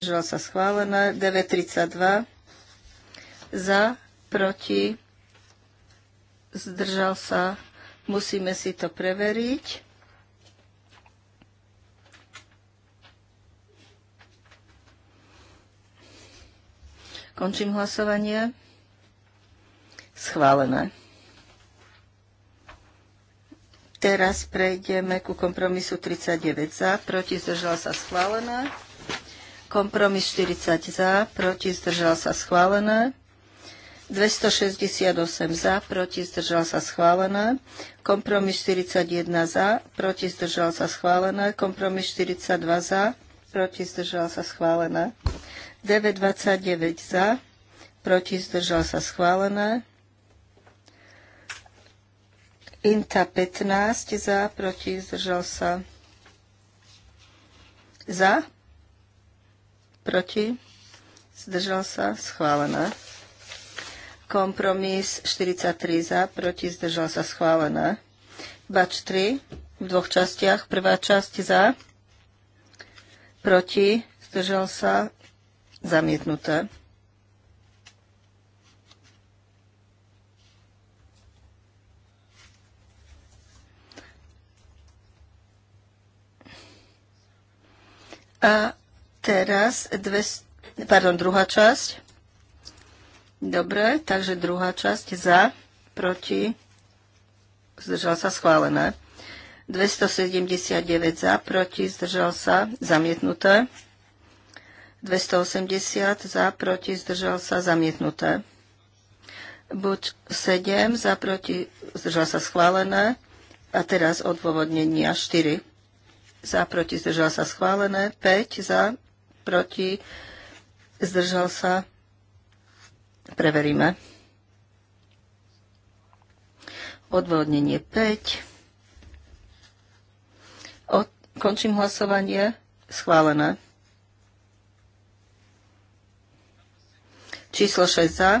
Zdržala sa schválené. 932 za, proti, zdržal sa. Musíme si to preveriť. Končím hlasovanie. Schválené. Teraz prejdeme ku kompromisu 39 za, proti zdržala sa schválená. Kompromis 40 za, proti zdržal sa schválené. 268 za, proti zdržal sa schválené. Kompromis 41 za, proti zdržal sa schválené. Kompromis 42 za, proti zdržal sa schválené. 929 za, proti zdržal sa schválené. Inta 15 za, proti zdržal sa za, proti, zdržal sa, schválené. Kompromis 43 za, proti, zdržal sa, schválené. Bač 3 v dvoch častiach. Prvá časť za, proti, zdržal sa, zamietnuté. A Teraz dve, pardon, druhá časť. Dobre, takže druhá časť za, proti, zdržal sa schválené. 279 za, proti, zdržal sa, zamietnuté. 280 za, proti, zdržal sa, zamietnuté. Buď 7 za, proti, zdržal sa, schválené. A teraz odôvodnenia 4 za, proti, zdržal sa, schválené. 5 za, proti, zdržal sa, preveríme. Odvodnenie 5. Od, končím hlasovanie. Schválené. Číslo 6 za,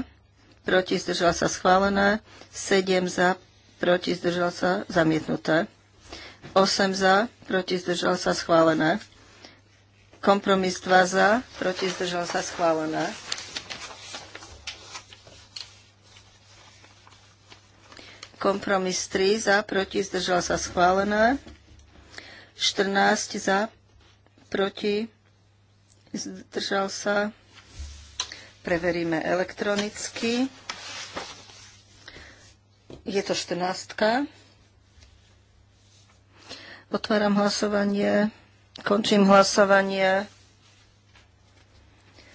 proti zdržal sa schválené, 7 za, proti zdržal sa zamietnuté, 8 za, proti zdržal sa schválené. Kompromis 2 za, proti zdržal sa schválené. Kompromis 3 za, proti zdržal sa schválené. 14 za, proti zdržal sa. Preveríme elektronicky. Je to 14. Otváram hlasovanie. Končím hlasovanie.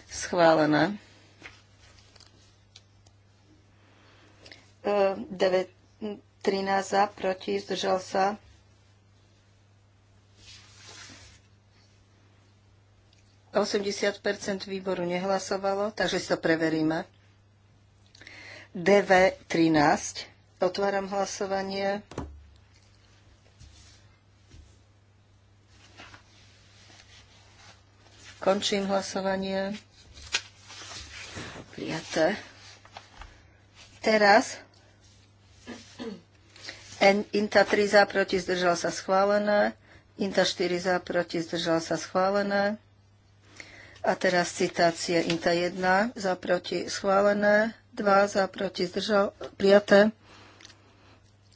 Schválené. 9, 13 za, proti, zdržal sa. Osemdesiat percent výboru nehlasovalo, takže si to preveríme. DV 13. Otváram hlasovanie. Končím hlasovanie. Prijaté. Teraz Inta 3 za, proti, zdržal sa schválené. Inta 4 za, proti, zdržal sa schválené. A teraz citácie. Inta 1 za, proti, schválené. 2 za, proti, zdržal, prijaté.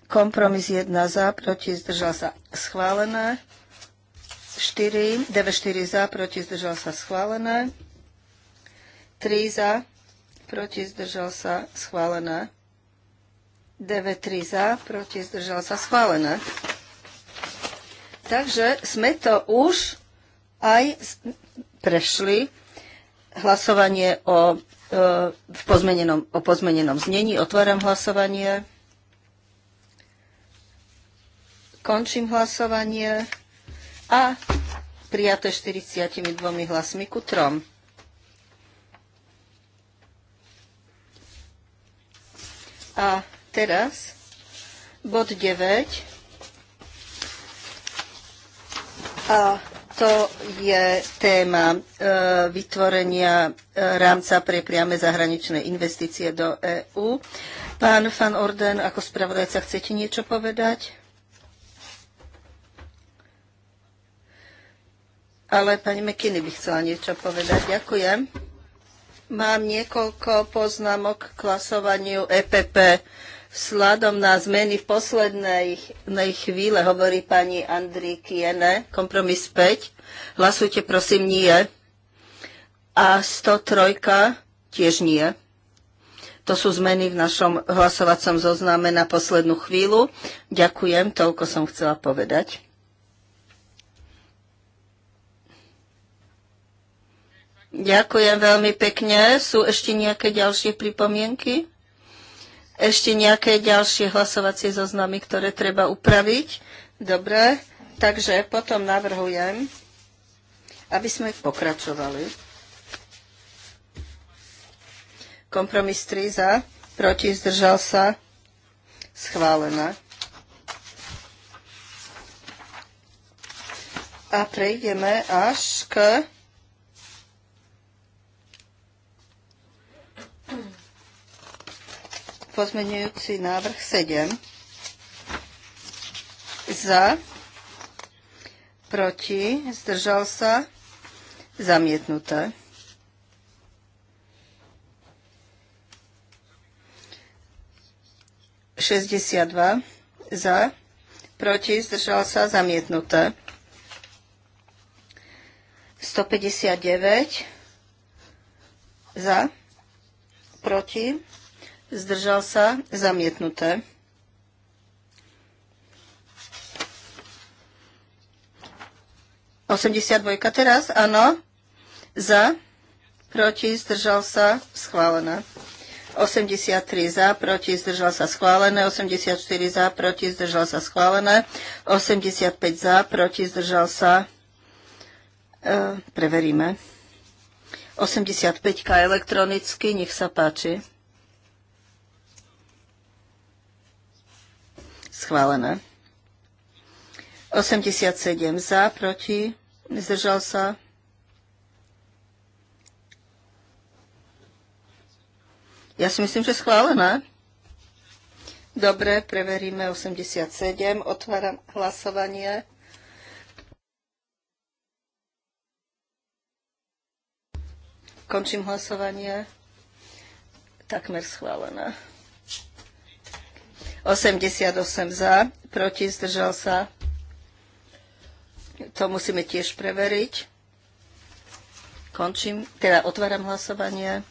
Kompromis 1 za, proti, zdržal sa schválené. 4, 9, 4 za, proti zdržal sa schválené. 3 za, proti zdržal sa schválené. 9 3 za, proti zdržal sa schválené. Takže sme to už aj prešli hlasovanie o, e, v pozmenenom, o pozmenenom znení. Otváram hlasovanie. Končím hlasovanie a prijaté 42 hlasmi ku trom. A teraz bod 9. A to je téma e, vytvorenia e, rámca pre priame zahraničné investície do EÚ. Pán Van Orden, ako spravodajca, chcete niečo povedať? ale pani Mekiny by chcela niečo povedať. Ďakujem. Mám niekoľko poznámok k hlasovaniu EPP. Sladom na zmeny v poslednej chvíle, hovorí pani Andri Kiene, kompromis 5. Hlasujte prosím nie. A 103 tiež nie. To sú zmeny v našom hlasovacom zozname na poslednú chvíľu. Ďakujem, toľko som chcela povedať. Ďakujem veľmi pekne. Sú ešte nejaké ďalšie pripomienky? Ešte nejaké ďalšie hlasovacie zoznamy, ktoré treba upraviť? Dobre, takže potom navrhujem, aby sme pokračovali. Kompromis 3 za, proti, zdržal sa, schválená. A prejdeme až k Pozmenujúci návrh 7. Za. Proti. Zdržal sa. Zamietnuté. Šesťdesiatdva. Za. Proti. Zdržal sa. Zamietnuté. 159 za, proti, zdržal sa, zamietnuté. Osemdesiat dvojka teraz, áno, za, proti, zdržal sa, schválená. 83 za, proti, zdržal sa schválené, 84 za, proti, zdržal sa schválené, 85 za, proti, zdržal sa, e, preveríme. 85 elektronicky, nech sa páči. Schválené. 87 za, proti, zdržal sa. Ja si myslím, že schválené. Dobre, preveríme 87. Otváram hlasovanie. Končím hlasovanie. Takmer schválené. 88 za, proti, zdržal sa. To musíme tiež preveriť. Končím, teda otváram hlasovanie.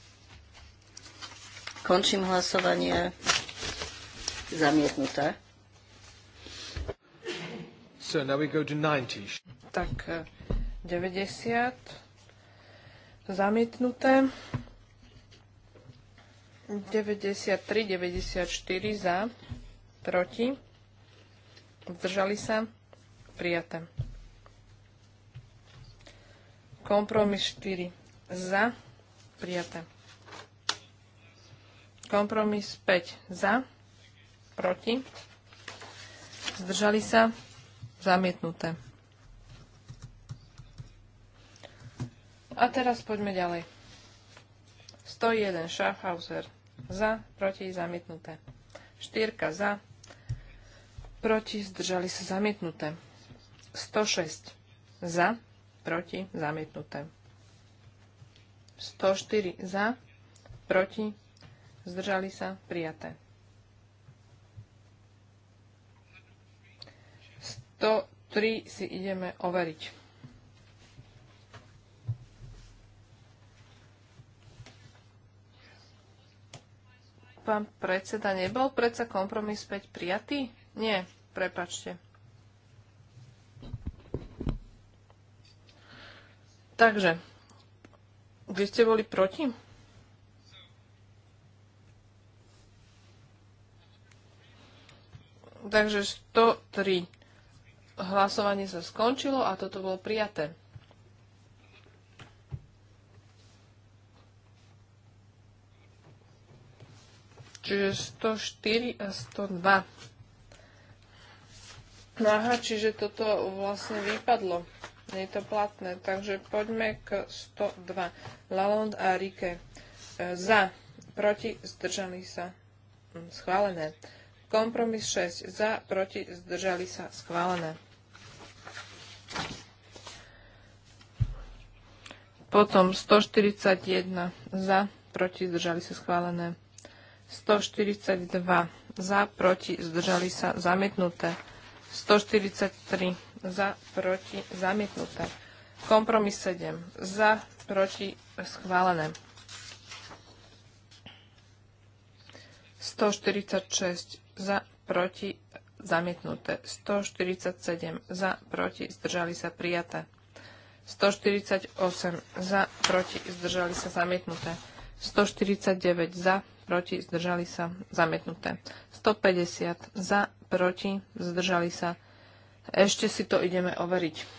Končím hlasovanie. Zamietnuté. So now we go to 90. Tak 90. E, Zamietnuté. 93, 94 za proti, zdržali sa, prijaté. Kompromis 4 za, prijaté. Kompromis 5 za, proti, zdržali sa, zamietnuté. A teraz poďme ďalej. 101 Schaffhauser za, proti, zamietnuté. 4 za, proti, zdržali sa zamietnuté. 106 za, proti, zamietnuté. 104 za, proti, zdržali sa, prijaté. 103 si ideme overiť. Pán predseda, nebol predsa kompromis 5 prijatý? Nie, prepačte. Takže, vy ste boli proti? Takže 103. Hlasovanie sa skončilo a toto bolo prijaté. Čiže 104 a 102. No Aha, čiže toto vlastne vypadlo. Je to platné. Takže poďme k 102. Lalonde a Rike. Za, proti, zdržali sa. Hm, schválené. Kompromis 6. Za, proti, zdržali sa. Schválené. Potom 141 za, proti, zdržali sa schválené. 142 za, proti, zdržali sa zamietnuté. 143 za, proti, zamietnuté. Kompromis 7 za, proti, schválené. 146 za, proti, zamietnuté. 147 za, proti, zdržali sa prijaté. 148 za, proti, zdržali sa zamietnuté. 149 za, proti, zdržali sa, zamietnuté. 150 za, proti, zdržali sa. Ešte si to ideme overiť.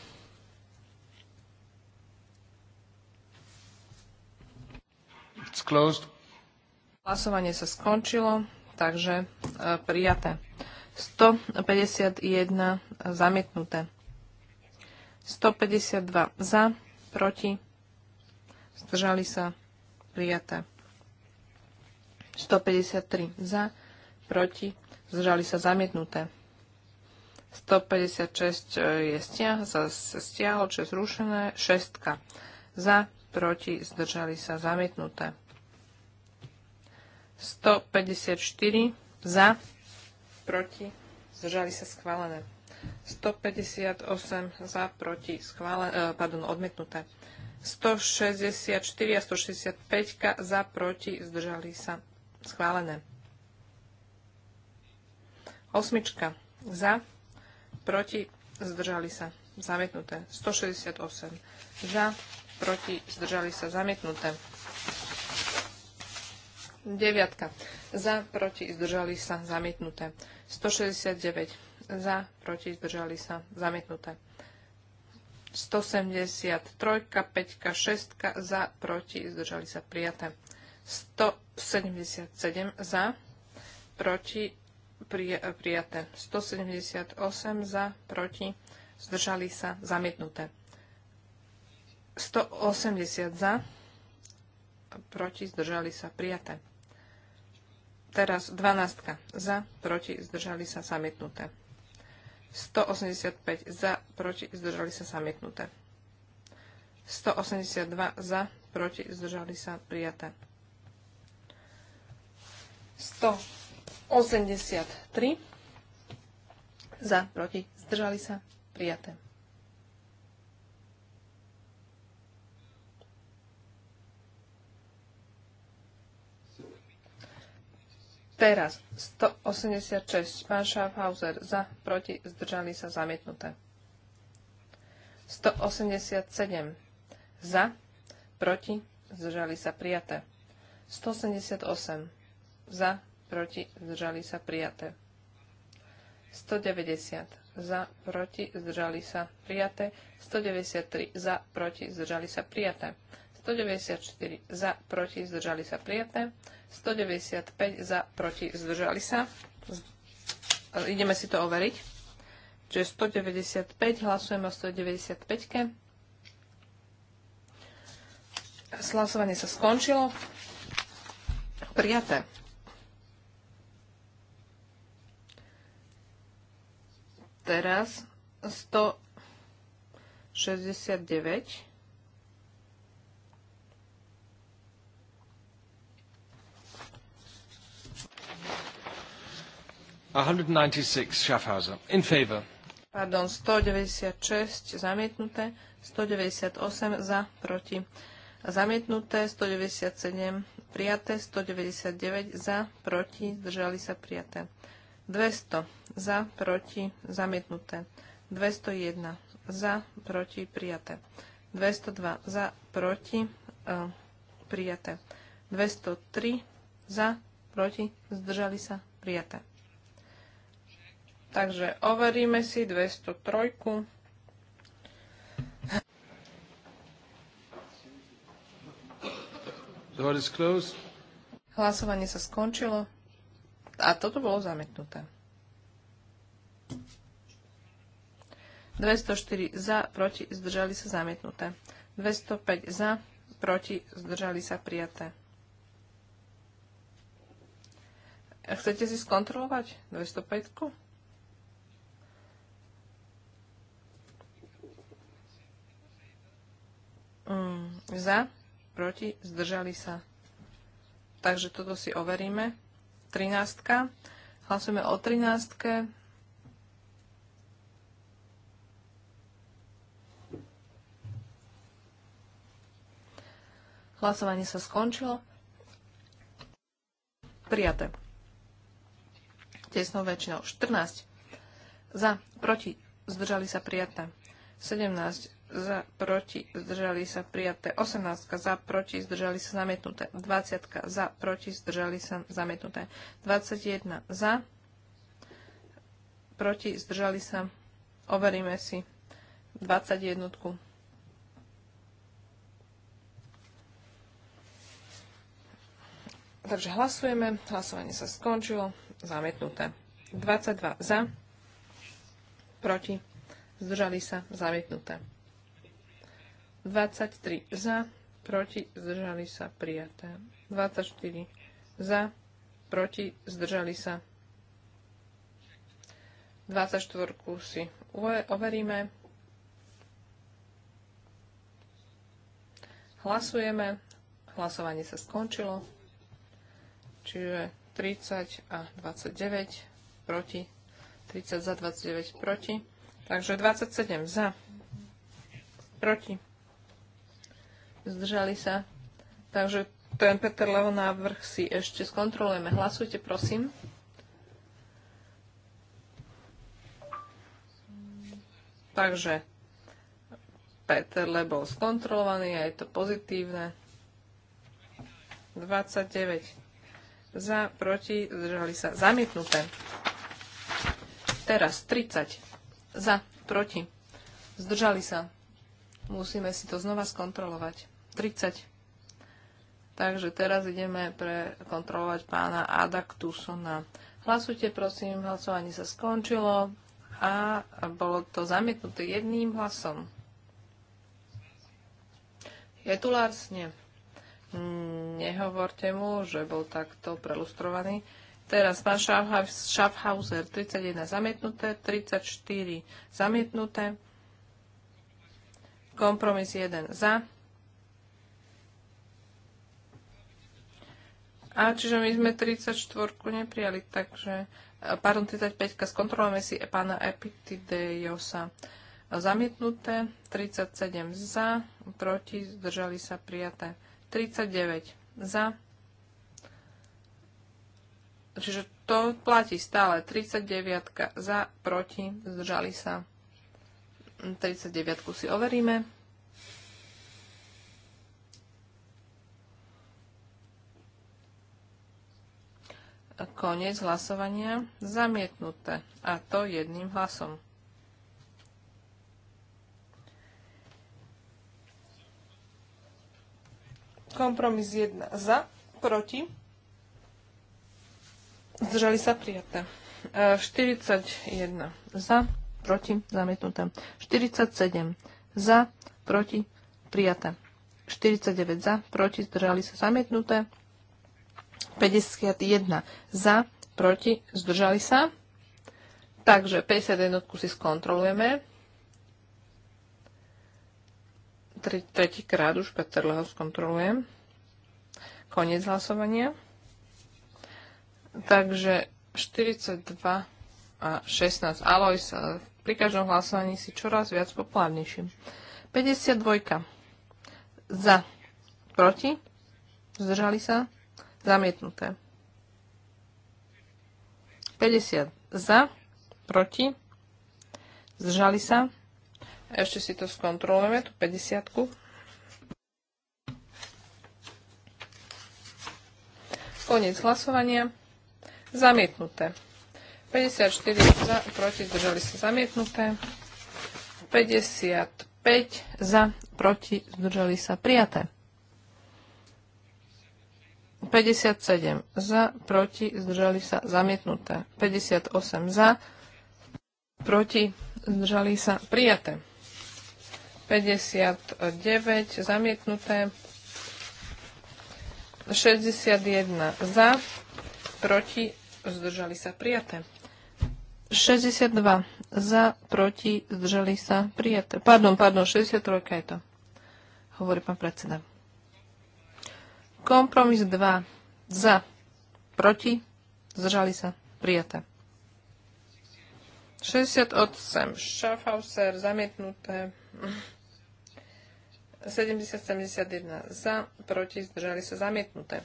Hlasovanie sa skončilo, takže e, prijaté. 151 zamietnuté. 152 za, proti, zdržali sa, prijaté. 153 za, proti, zdržali sa zamietnuté. 156 e, je stiah, sa stiahol, čo je zrušené, 6 za, proti, zdržali sa zamietnuté. 154 za, proti, zdržali sa schválené. 158 za, proti, schválené, e, pardon, odmietnuté. 164 a 165 za, proti, zdržali sa Schválené. Osmička. Za. Proti. Zdržali sa. Zamietnuté. 168. Za. Proti. Zdržali sa. Zamietnuté. Deviatka. Za. Proti. Zdržali sa. Zamietnuté. 169. Za. Proti. Zdržali sa. Zamietnuté. 173, 5, 6 za, proti, zdržali sa prijaté. 100 177 za, proti, prijaté. 178 za, proti, zdržali sa, zamietnuté. 180 za, proti, zdržali sa, prijaté. Teraz 12 za, proti, zdržali sa, zamietnuté. 185 za, proti, zdržali sa, zamietnuté. 182 za, proti, zdržali sa, prijaté. 183 za, proti, zdržali sa, prijaté. Teraz 186. Pán Schaffhauser za, proti, zdržali sa, zamietnuté. 187. Za, proti, zdržali sa, prijaté. 188 za, proti, zdržali sa prijaté. 190 za, proti, zdržali sa prijaté. 193 za, proti, zdržali sa prijaté. 194 za, proti, zdržali sa prijaté. 195 za, proti, zdržali sa. Ideme si to overiť. Čiže 195, hlasujeme o 195. -ke. Hlasovanie sa skončilo. Prijaté. Teraz 169. 196 Schaffhauser. In favor. Pardon, 196 zamietnuté, 198 za, proti. Zamietnuté, 197 prijaté, 199 za, proti, zdržali sa prijaté. 200 za, proti, zamietnuté. 201 za, proti, prijaté. 202 za, proti, e, prijaté. 203 za, proti, zdržali sa, prijaté. Takže overíme si 203. Hlasovanie sa skončilo. A toto bolo zamietnuté. 204 za, proti, zdržali sa zamietnuté. 205 za, proti, zdržali sa prijaté. Chcete si skontrolovať 205? -ku? Mm, za, proti, zdržali sa. Takže toto si overíme. 13. Hlasujeme o 13. Hlasovanie sa skončilo. Prijaté. Tesnou väčšinou. 14. Za, proti, zdržali sa prijaté. 17 za, proti, zdržali sa prijaté. 18 za, proti, zdržali sa zamietnuté. 20 za, proti, zdržali sa zamietnuté. 21 za, proti, zdržali sa. Overíme si 21. Takže hlasujeme. Hlasovanie sa skončilo. Zamietnuté. 22 za, proti, zdržali sa. Zamietnuté. 23 za, proti, zdržali sa prijaté. 24 za, proti, zdržali sa. 24 si overíme. Hlasujeme. Hlasovanie sa skončilo. Čiže 30 a 29 proti. 30 za 29 proti. Takže 27 za. Proti zdržali sa. Takže ten Peter Levo návrh si ešte skontrolujeme. Hlasujte, prosím. Takže Peter Le bol skontrolovaný a je to pozitívne. 29 za, proti, zdržali sa, zamietnuté. Teraz 30 za, proti, zdržali sa. Musíme si to znova skontrolovať. 30. Takže teraz ideme prekontrolovať pána Adaktusona. Hlasujte, prosím, hlasovanie sa skončilo a bolo to zamietnuté jedným hlasom. Je tu Lars? Nie. Nehovorte mu, že bol takto prelustrovaný. Teraz pán Schaffhauser 31 zamietnuté, 34 zamietnuté, kompromis 1 za, A čiže my sme 34 neprijali, takže, e, pardon, 35 skontrolujeme si pána Epitidejosa. Zamietnuté, 37 za, proti, zdržali sa prijaté. 39 za. Čiže to platí stále. 39 za, proti, zdržali sa. 39 si overíme. Koniec hlasovania. Zamietnuté. A to jedným hlasom. Kompromis 1 za, proti. Zdržali sa prijaté. 41 e, za, proti, zamietnuté. 47 za, proti, prijaté. 49 za, proti, zdržali sa zamietnuté. 51 za, proti, zdržali sa. Takže 51 si skontrolujeme. Tretíkrát už Peter Leho skontrolujem. Koniec hlasovania. Takže 42 a 16. Alois pri každom hlasovaní si čoraz viac populárnejším. 52. Za. Proti. Zdržali sa. Zamietnuté. 50 za, proti, zdržali sa. Ešte si to skontrolujeme, tú 50. Koniec hlasovania. Zamietnuté. 54 za, proti, zdržali sa zamietnuté. 55 za, proti, zdržali sa prijaté. 57 za, proti, zdržali sa, zamietnuté. 58 za, proti, zdržali sa, prijaté. 59 zamietnuté. 61 za, proti, zdržali sa, prijaté. 62 za, proti, zdržali sa, prijaté. Pardon, pardon, 63 je to, hovorí pán predseda. Kompromis 2. Za. Proti. Zdržali sa. Prijaté. 68. Schaffhauser. Zamietnuté. 70-71. Za. Proti. Zdržali sa. Zamietnuté.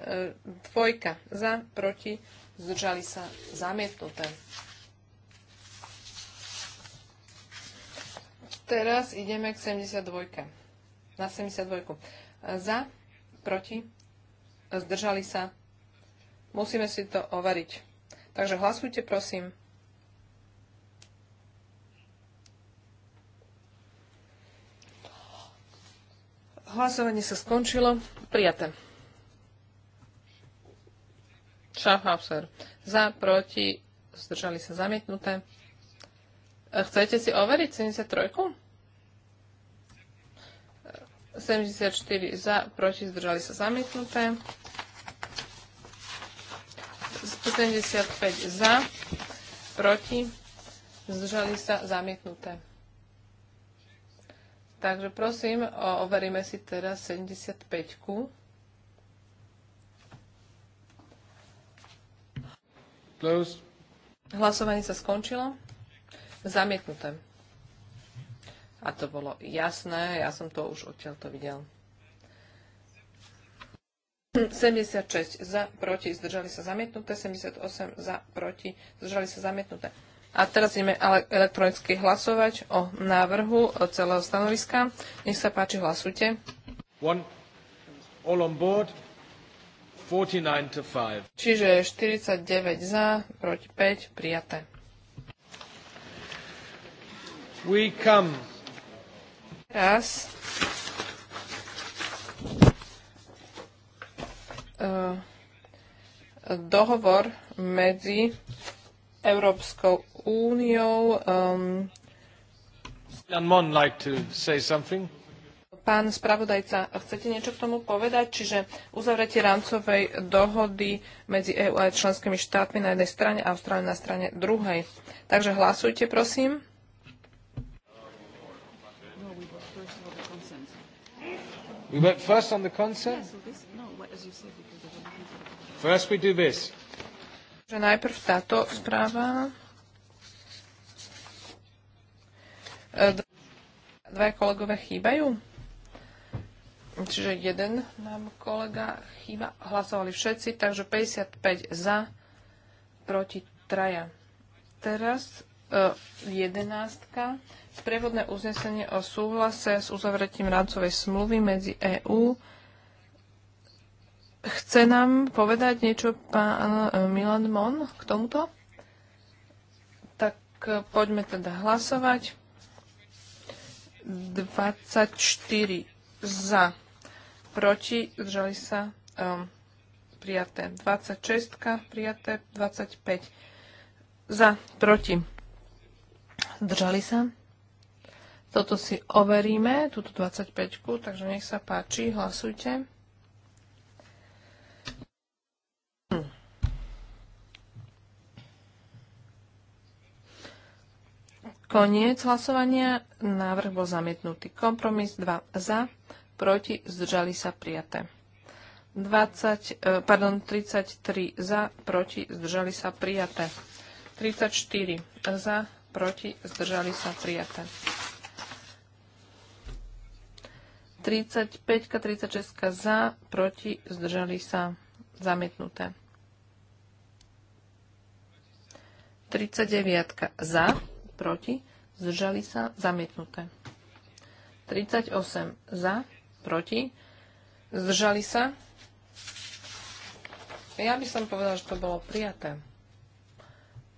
E, dvojka. Za. Proti. Zdržali sa. Zamietnuté. Teraz ideme k 72 na 72. Za, proti, zdržali sa. Musíme si to overiť. Takže hlasujte, prosím. Hlasovanie sa skončilo. Prijaté. Schaffhauser. Za, proti, zdržali sa zamietnuté. Chcete si overiť 73? 74 za, proti, zdržali sa zamietnuté. 75 za, proti, zdržali sa zamietnuté. Takže prosím, overíme si teraz 75. -ku. Close. Hlasovanie sa skončilo. Zamietnuté. A to bolo jasné, ja som to už odtiaľ to videl. 76 za, proti, zdržali sa zamietnuté, 78 za, proti, zdržali sa zamietnuté. A teraz ideme elektronicky hlasovať o návrhu celého stanoviska. Nech sa páči, hlasujte. One, all on board, 49 to 5. Čiže 49 za, proti 5, prijaté. We come Teraz e, dohovor medzi Európskou úniou. Um, Pán spravodajca, chcete niečo k tomu povedať? Čiže uzavretie rámcovej dohody medzi EU a členskými štátmi na jednej strane a Austrálii na strane druhej. Takže hlasujte, prosím. We work first on the concept. No, first we do this. Že najprv táto správa. E, Dva kolegové chýbajú. Čiže jeden nám kolega chýba. Hlasovali všetci, takže 55 za, proti traja. Teraz e, jedenáctka. Uh, Sprievodné uznesenie o súhlase s uzavretím rámcovej smluvy medzi EÚ. Chce nám povedať niečo pán e, Milan Mon k tomuto? Tak e, poďme teda hlasovať. 24 za, proti, zdržali sa um, prijaté. 26 prijaté, 25 za, proti, zdržali sa toto si overíme, túto 25, takže nech sa páči, hlasujte. Koniec hlasovania. Návrh bol zamietnutý. Kompromis 2 za, proti, zdržali sa prijaté. 20, e, pardon, 33 za, proti, zdržali sa prijaté. 34 za, proti, zdržali sa prijaté. 35, 36 za, proti, zdržali sa, zamietnuté. 39 za, proti, zdržali sa, zamietnuté. 38 za, proti, zdržali sa. Ja by som povedala, že to bolo prijaté.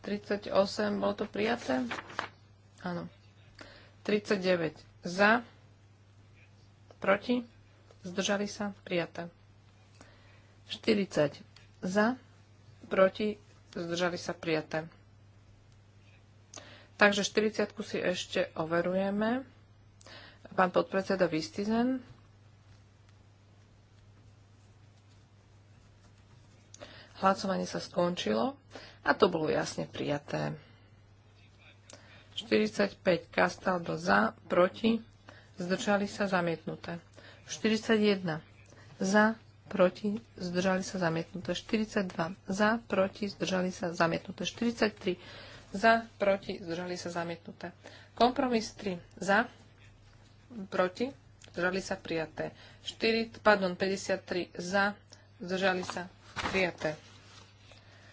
38, bolo to prijaté? Áno. 39 za, proti, zdržali sa, prijaté. 40 za, proti, zdržali sa, prijaté. Takže 40 si ešte overujeme. Pán podpredseda Vistizen. Hlasovanie sa skončilo a to bolo jasne prijaté. 45 do za, proti, zdržali sa zamietnuté. 41 za, proti, zdržali sa zamietnuté. 42 za, proti, zdržali sa zamietnuté. 43 za, proti, zdržali sa zamietnuté. Kompromis 3 za, proti, zdržali sa prijaté. 4, pardon, 53 za, zdržali sa prijaté.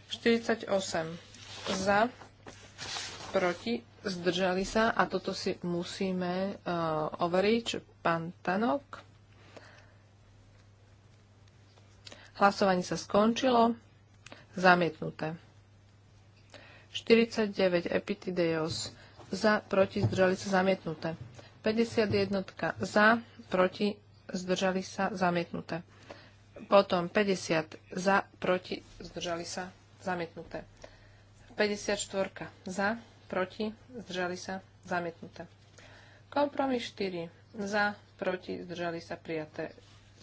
48 za, proti, zdržali sa a toto si musíme uh, overiť. Pán Tanok. Hlasovanie sa skončilo. Zamietnuté. 49 epitideos za, proti, zdržali sa, zamietnuté. 51 za, proti, zdržali sa, zamietnuté. Potom 50 za, proti, zdržali sa, zamietnuté. 54 za, proti, zdržali sa, zamietnuté. Kompromis 4, za, proti, zdržali sa, prijaté.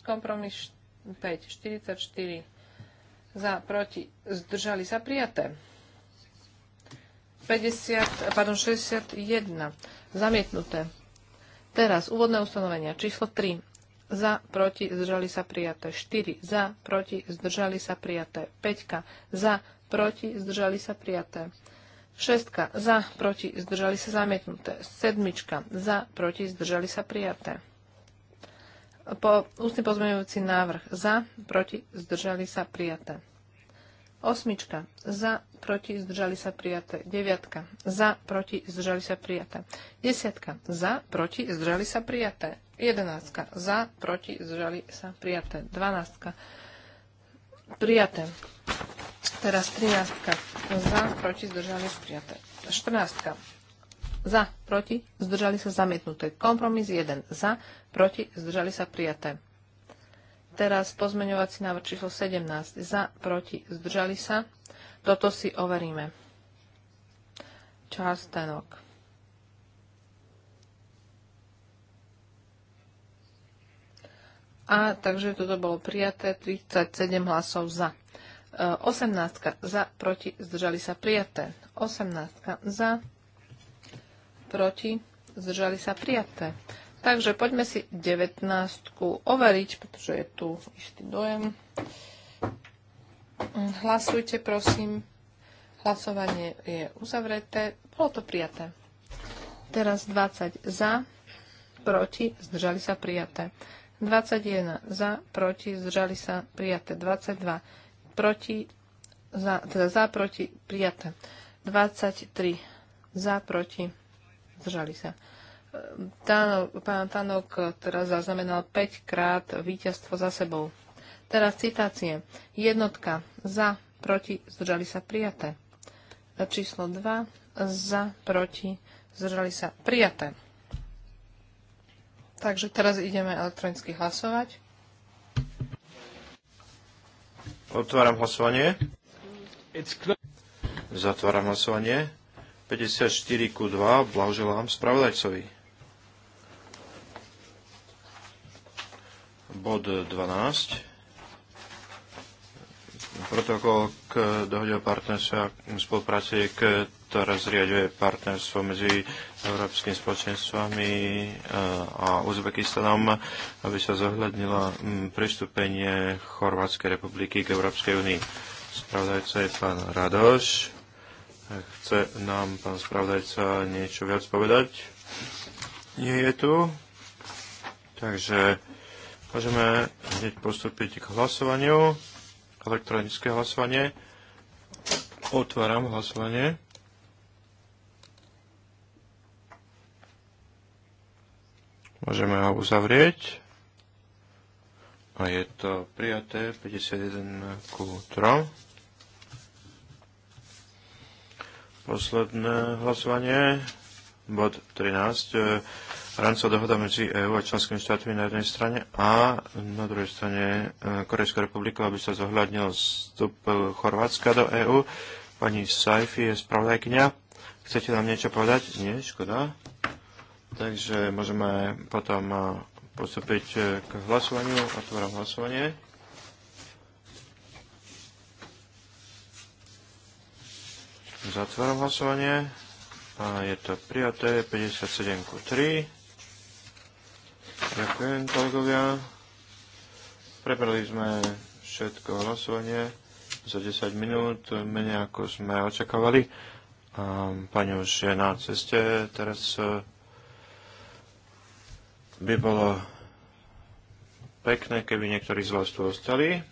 Kompromis 5, 44, za, proti, zdržali sa, prijaté. 50, pardon, 61, zamietnuté. Teraz úvodné ustanovenia. Číslo 3. Za, proti, zdržali sa prijaté. 4. Za, proti, zdržali sa prijaté. 5. Za, proti, zdržali sa prijaté. Šestka za, proti, zdržali sa zamietnuté. Sedmička za, proti, zdržali sa prijaté. Po, ústny pozmeňujúci návrh za, proti, zdržali sa prijaté. Osmička za, proti, zdržali sa prijaté. Deviatka za, proti, zdržali sa prijaté. Desiatka za, proti, zdržali sa prijaté. Jedenáctka za, proti, zdržali sa prijaté. Dvanáctka za, prijaté. Teraz 13. Za, proti, zdržali sa prijaté. 14. Za, proti, zdržali sa zamietnuté. Kompromis 1. Za, proti, zdržali sa prijaté. Teraz pozmeňovací návrh číslo 17. Za, proti, zdržali sa. Toto si overíme. Charles Tenok. A takže toto bolo prijaté 37 hlasov za. 18 e, za, proti, zdržali sa prijaté. 18 za, proti, zdržali sa prijaté. Takže poďme si 19 overiť, pretože je tu istý dojem. Mm, hlasujte, prosím. Hlasovanie je uzavreté. Bolo to prijaté. Teraz 20 za, proti, zdržali sa prijaté. 21 za, proti, zdržali sa, prijaté. 22 proti, za, teda za, proti, prijaté. 23 za, proti, zdržali sa. Tano, pán Tanok teraz zaznamenal 5 krát víťazstvo za sebou. Teraz citácie. Jednotka za, proti, zdržali sa, prijaté. Číslo 2 za, proti, zdržali sa, prijaté. Takže teraz ideme elektronicky hlasovať. Otváram hlasovanie. Zatváram hlasovanie. 54 ku 2. Blahoželám spravodajcovi. Bod 12 protokol k dohode o partnerstve a spolupráci, ktorá zriaduje partnerstvo medzi Európskym spoločenstvami eh, a Uzbekistanom, aby sa zohľadnila mm, pristúpenie Chorvátskej republiky k Európskej únii. Spravodajca je pán Radoš. Chce nám pán spravodajca niečo viac povedať? Nie je tu. Takže môžeme hneď postúpiť k hlasovaniu elektronické hlasovanie. Otváram hlasovanie. Môžeme ho uzavrieť. A je to prijaté 51 ku 3. Posledné hlasovanie bod 13, e, rámcová dohoda medzi EÚ a členskými štátmi na jednej strane a na druhej strane e, Korejskou republikou, aby sa zohľadnil vstup e, Chorvátska do EÚ. Pani Saifi je spravodajkňa. Chcete nám niečo povedať? Nie, škoda. Takže môžeme potom postúpiť k hlasovaniu. Otváram hlasovanie. Zatváram hlasovanie. A je to prijaté 57 ku 3. Ďakujem, kolegovia. Prebrali sme všetko hlasovanie za 10 minút, menej ako sme očakávali. pani už je na ceste, teraz e, by bolo pekné, keby niektorí z vás tu ostali.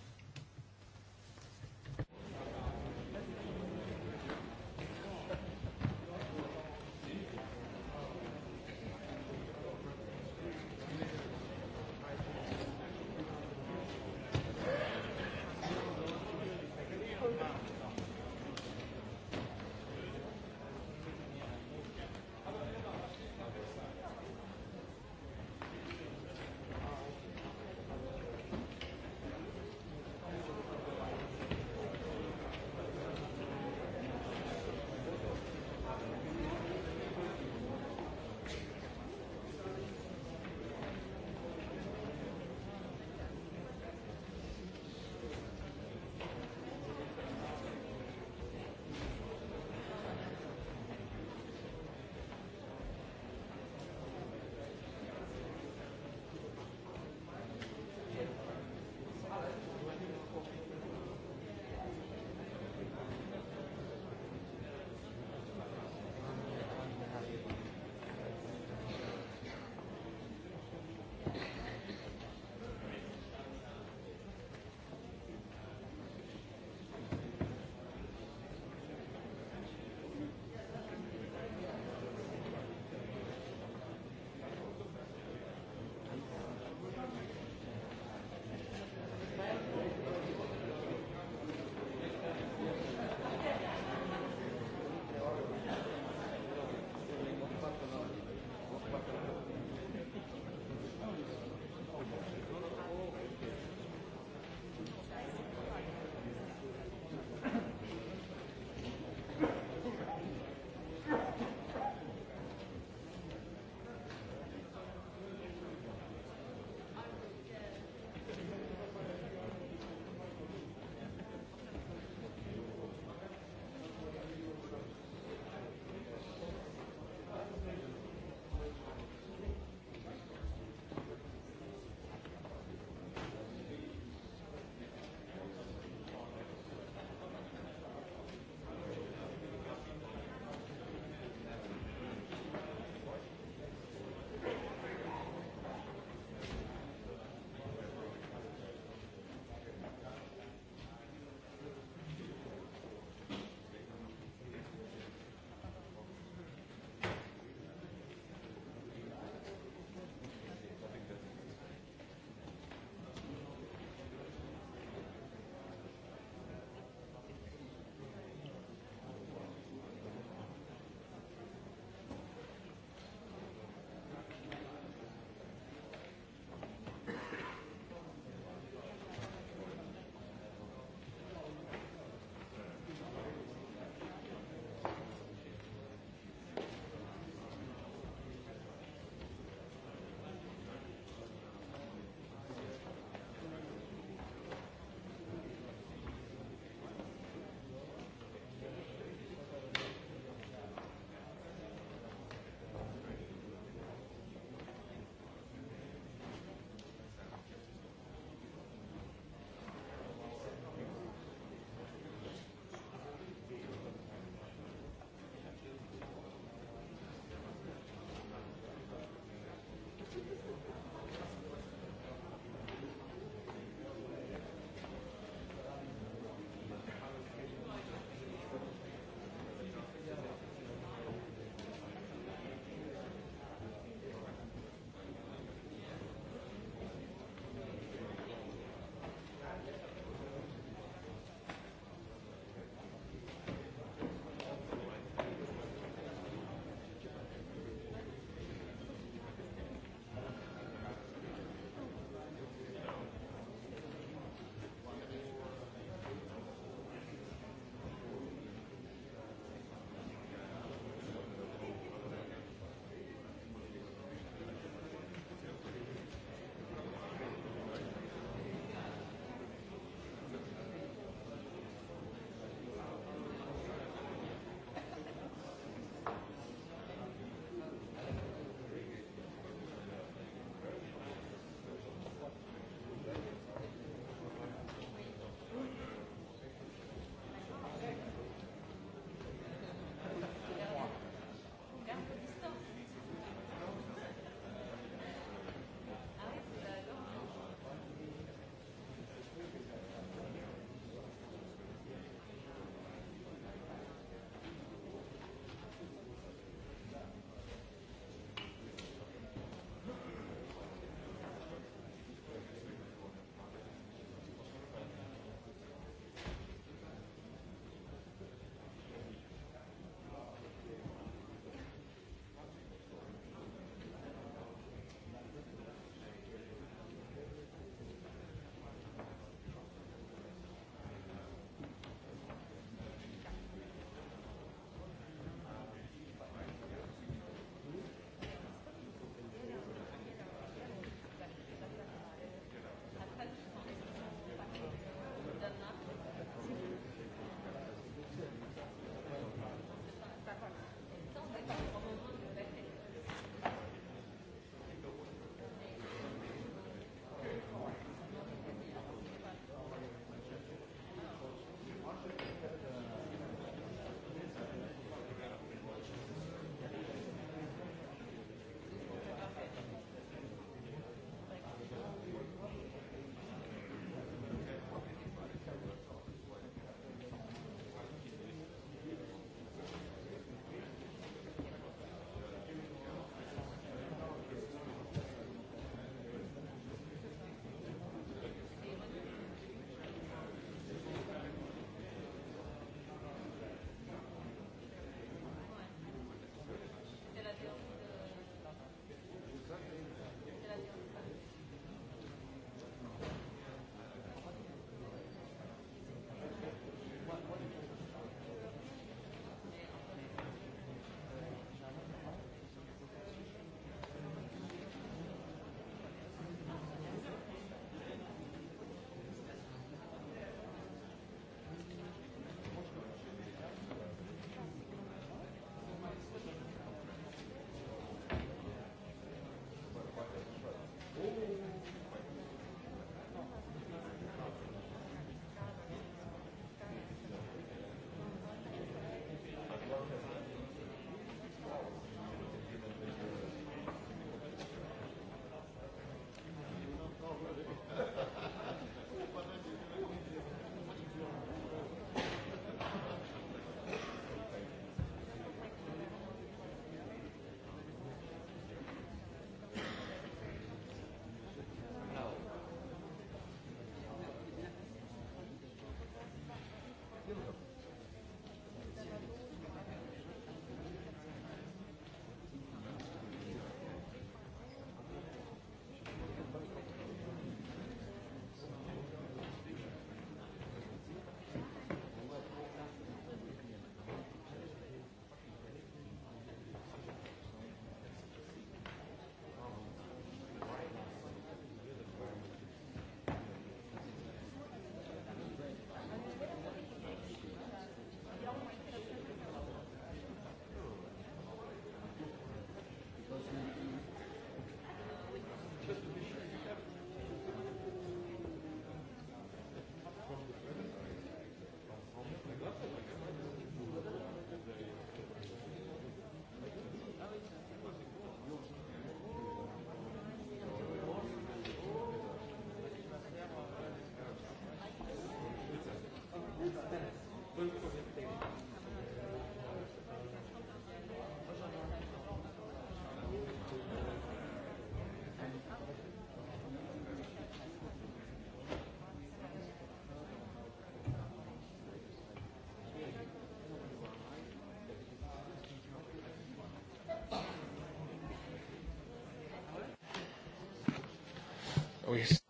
We... Oh,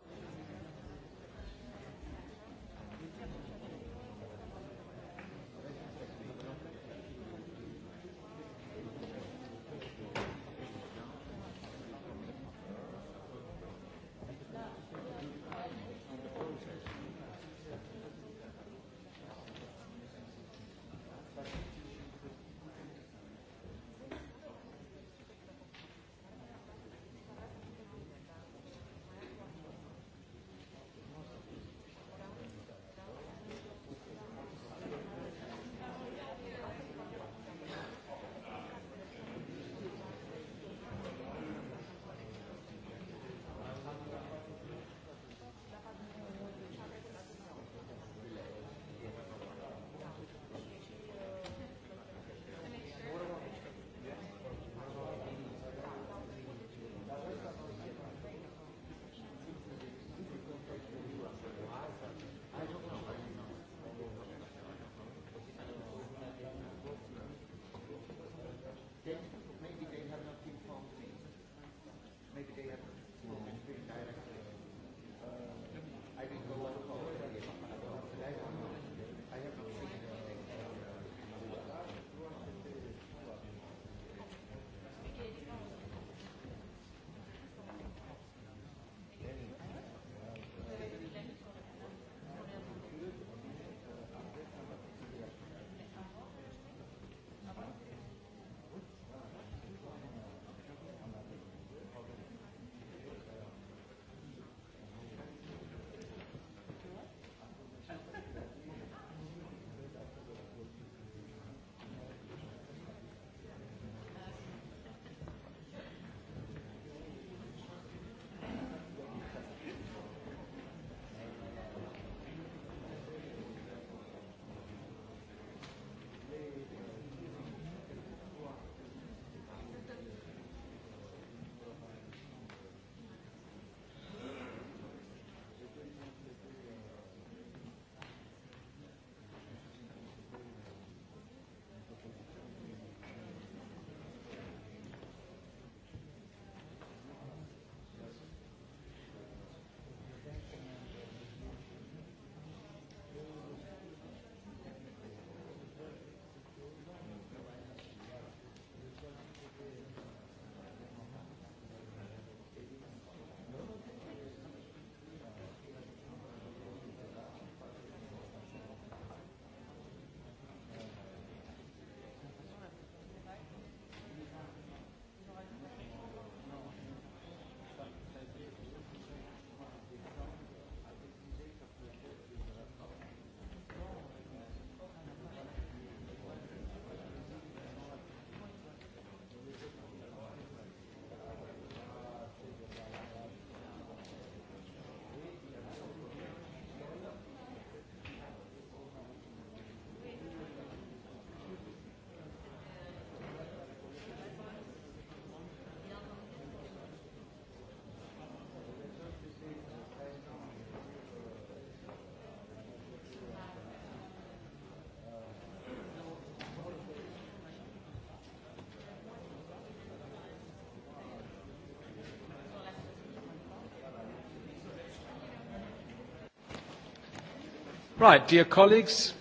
Right, dear colleagues.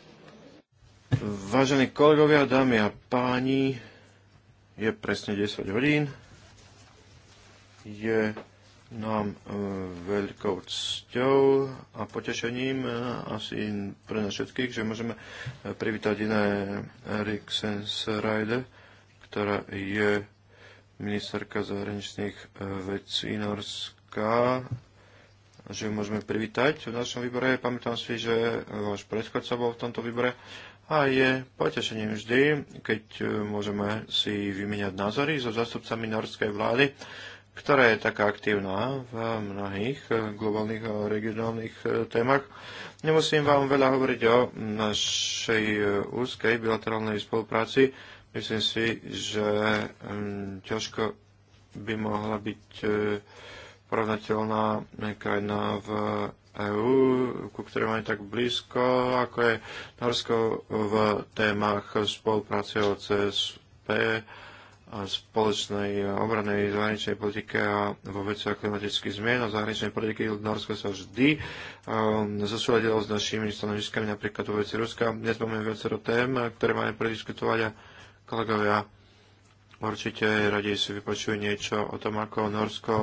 Vážení kolegovia, dámy a páni, je presne 10 hodín. Je nám e, veľkou cťou a potešením e, asi pre nás všetkých, že môžeme e, privítať iné Riksens Rider, ktorá je ministerka zahraničných vecí Norska že ju môžeme privítať v našom výbore. Pamätám si, že váš predchodca bol v tomto výbore a je potešením vždy, keď e, môžeme si vymeniať názory so zastupcami norskej vlády, ktorá je taká aktívna v mnohých e, globálnych a regionálnych e, témach. Nemusím vám veľa hovoriť o našej úzkej bilaterálnej spolupráci. Myslím si, že mm, ťažko by mohla byť porovnateľná krajina v EÚ, ku ktorej máme tak blízko, ako je Norsko v témach spolupráce OCSP a spoločnej obranej zahraničnej politike a vo veciach klimatických zmien a zahraničnej politiky Norsko sa vždy um, zosúladilo s našimi stanoviskami, napríklad vo veci Ruska. Dnes máme viacero tém, ktoré máme prediskutovať a kolegovia určite radi si vypočujú niečo o tom, ako Norsko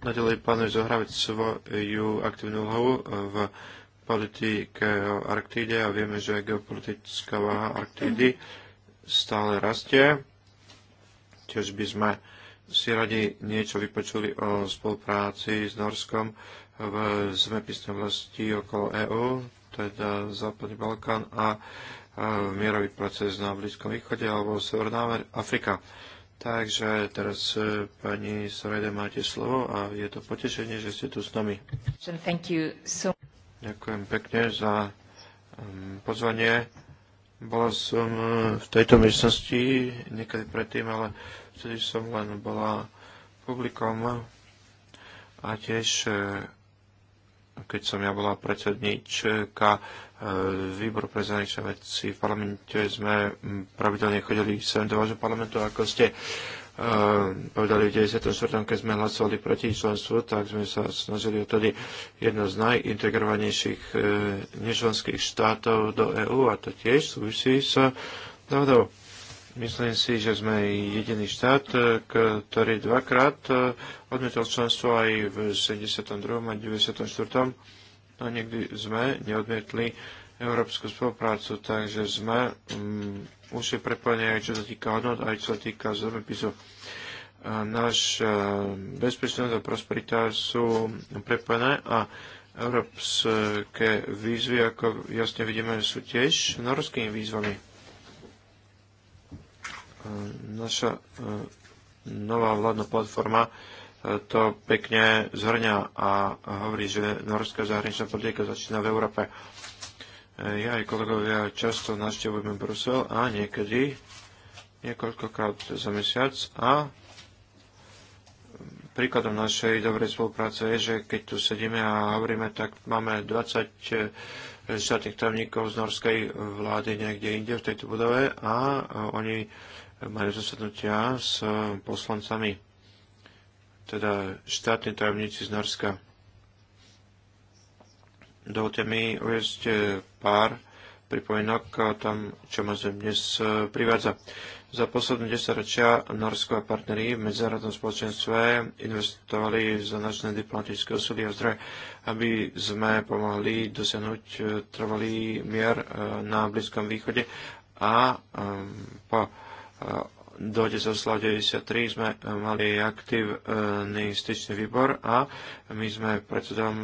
naďalej plánuje zohrávať svoju aktívnu úlohu v politike Arktíde a vieme, že geopolitická váha Arktídy stále rastie. Tiež by sme si radi niečo vypočuli o spolupráci s Norskom v zemepisnej oblasti okolo EÚ, teda Západný Balkán a mierový proces na Blízkom východe alebo Severná Afrika. Takže teraz e, pani Sorajda máte slovo a je to potešenie, že ste tu s nami. So... Ďakujem pekne za pozvanie. Bola som e, v tejto miestnosti niekedy predtým, ale vtedy som len bola publikom a tiež e, keď som ja bola predsedníčka e, výboru pre zahraničné veci v parlamente, sme pravidelne chodili sem do vášho parlamentu, ako ste e, povedali v 94. keď sme hlasovali proti členstvu, tak sme sa snažili odtedy jedno z najintegrovanejších e, nečlenských štátov do EÚ a to tiež súvisí s dohodou. Myslím si, že sme jediný štát, e, ktorý dvakrát e, odmietol členstvo aj v 72. a 94. No nikdy sme neodmietli európsku spoluprácu, takže sme um, už je prepojené aj čo sa týka hodnot, aj čo sa týka zemepisu. E, Náš bezpečnosť a prosperita sú prepojené a európske výzvy, ako jasne vidíme, sú tiež norskými výzvami. E, naša e, nová vládna platforma e, to pekne zhrňa a hovorí, že norská zahraničná politika začína v Európe. Ja aj kolegovia často navštevujem Brusel a niekedy niekoľkokrát za mesiac a príkladom našej dobrej spolupráce je, že keď tu sedíme a hovoríme, tak máme 20 štátnych tajomníkov z norskej vlády niekde inde v tejto budove a oni majú zasadnutia s eh, poslancami, teda štátni tajomníci z Norska. Dovolte mi uviezť eh, pár pripomienok eh, tam, čo ma zem dnes privádza. Za posledné 10 ročia Norsko a partneri v medzinárodnom spoločenstve investovali značné diplomatické osudy a zdroje, aby sme pomohli dosiahnuť trvalý mier na Blízkom východe a po dohode zo sme eh, mali aktívny styčný výbor a my sme predsedom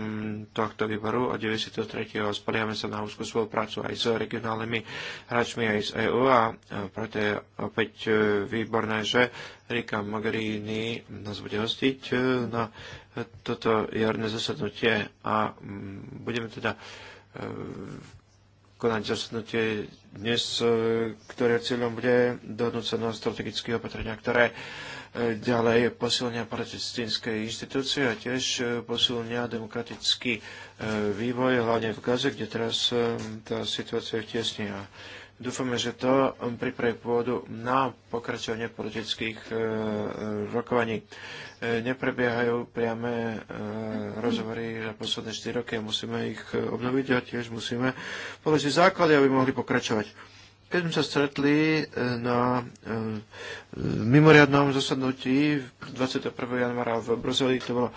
tohto výboru od 1993. spoliehame sa na úzkú spoluprácu aj s regionálnymi hráčmi, aj z EÚ a eh, preto je opäť eh, výborné, že Rika Mogherini nás bude hostiť na toto jarné zasadnutie a mm, budeme teda konať zasadnutie dnes, e, ktoré cieľom bude dohodnúť sa na strategické opatrenia, ktoré e, ďalej posilnia palestinské inštitúcie a tiež e, posilnia demokratický vývoj, hlavne v Gaze, kde teraz tá situácia je tesne. Dúfame, že to pripraví pôdu na pokračovanie politických e, e, rokovaní. E, neprebiehajú priame rozhovory za posledné 4 roky, musíme ich obnoviť a tiež musíme položiť základy, aby mohli pokračovať. Keď sme sa stretli na mimoriadnom zasadnutí 21. januára v Bruseli, to bolo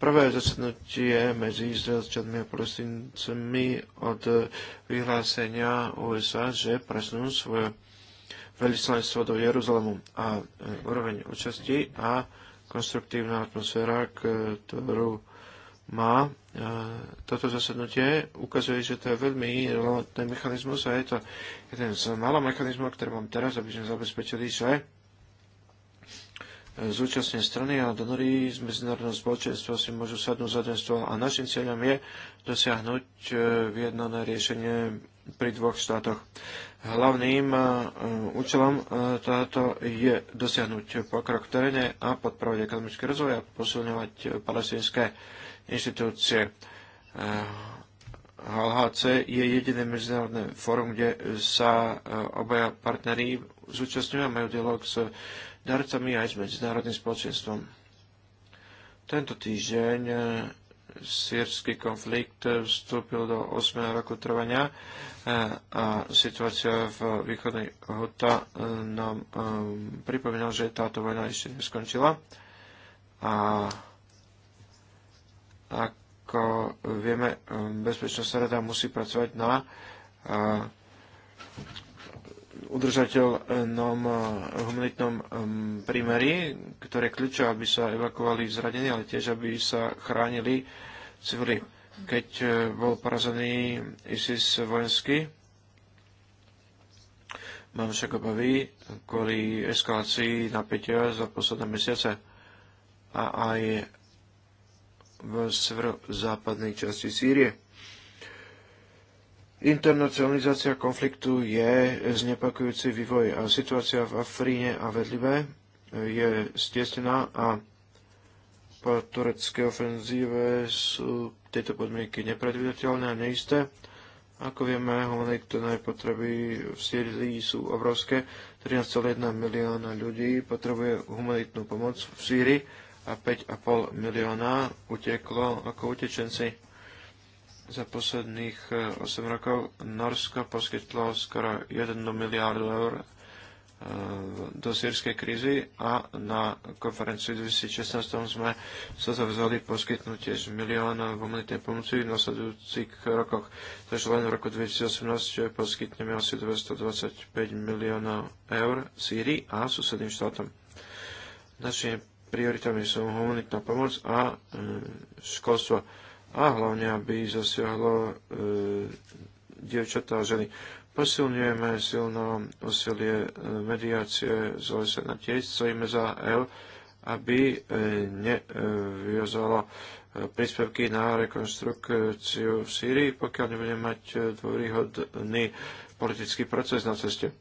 prvé zasadnutie medzi Izraelčanmi a Palestíncami od eh, vyhlásenia USA, že presunú svoje veľvyslanectvo do Jeruzalemu a eh, úroveň účasti a konstruktívna atmosféra, ktorú má eh, toto zasadnutie, ukazuje, že to je veľmi relevantný mechanizmus a je to jeden z malých mechanizmov, ktoré mám teraz, aby sme zabezpečili, že zúčastnené strany a donory z medzinárodného spoločenstva si môžu sadnúť za ten stôl a našim cieľom je dosiahnuť e, vyjednané riešenie pri dvoch štátoch. Hlavným e, účelom e, táto je dosiahnuť pokrok v teréne a podporovať ekonomický rozvoj a posilňovať palestinské inštitúcie. HLHC je jediné medzinárodné fórum, kde sa obaja partnerí zúčastňujú a majú dialog s darcami aj s medzinárodným spoločenstvom. Tento týždeň e, sírsky konflikt vstúpil do 8. roku trvania e, a situácia v východnej Hota e, nám pripomínala, že táto vojna ešte neskončila. A ako vieme, Bezpečnostná rada musí pracovať na udržateľnom eh, humanitnom prímeri, ktoré kľúčo, aby sa evakuovali zradení, ale tiež, aby sa chránili civili. Keď eh, bol porazený ISIS vojenský, mám však obavy kvôli eskalácii napätia za posledné mesiace a aj v severozápadnej časti Sýrie Internacionalizácia konfliktu je znepakujúci vývoj a situácia v Afríne a vedlibe je stiesnená a po tureckej ofenzíve sú tieto podmienky nepredvidateľné a neisté. Ako vieme, humanitárne potreby v Sýrii sú obrovské. 13,1 milióna ľudí potrebuje humanitnú pomoc v Sýrii a 5,5 milióna uteklo ako utečenci za posledných 8 eh, rokov Norsko poskytlo skoro 1 miliardu eur eh, do sírskej krízy a na konferencii 2016 sme sa zavzali poskytnúť tiež milión humanitnej pomoci v nasledujúcich rokoch. Takže len v roku 2018 poskytneme asi 225 miliónov eur Sýrii a susedným štátom. Našimi prioritami sú humanitná pomoc a eh, školstvo a hlavne, aby zasiahlo e, dievčatá a ženy. Posilňujeme silno e, mediácie z OSN na tiež stojíme za L, aby e, nevyjazala e, príspevky na rekonstrukciu v Sýrii, pokiaľ nebude mať e, dôryhodný politický proces na ceste.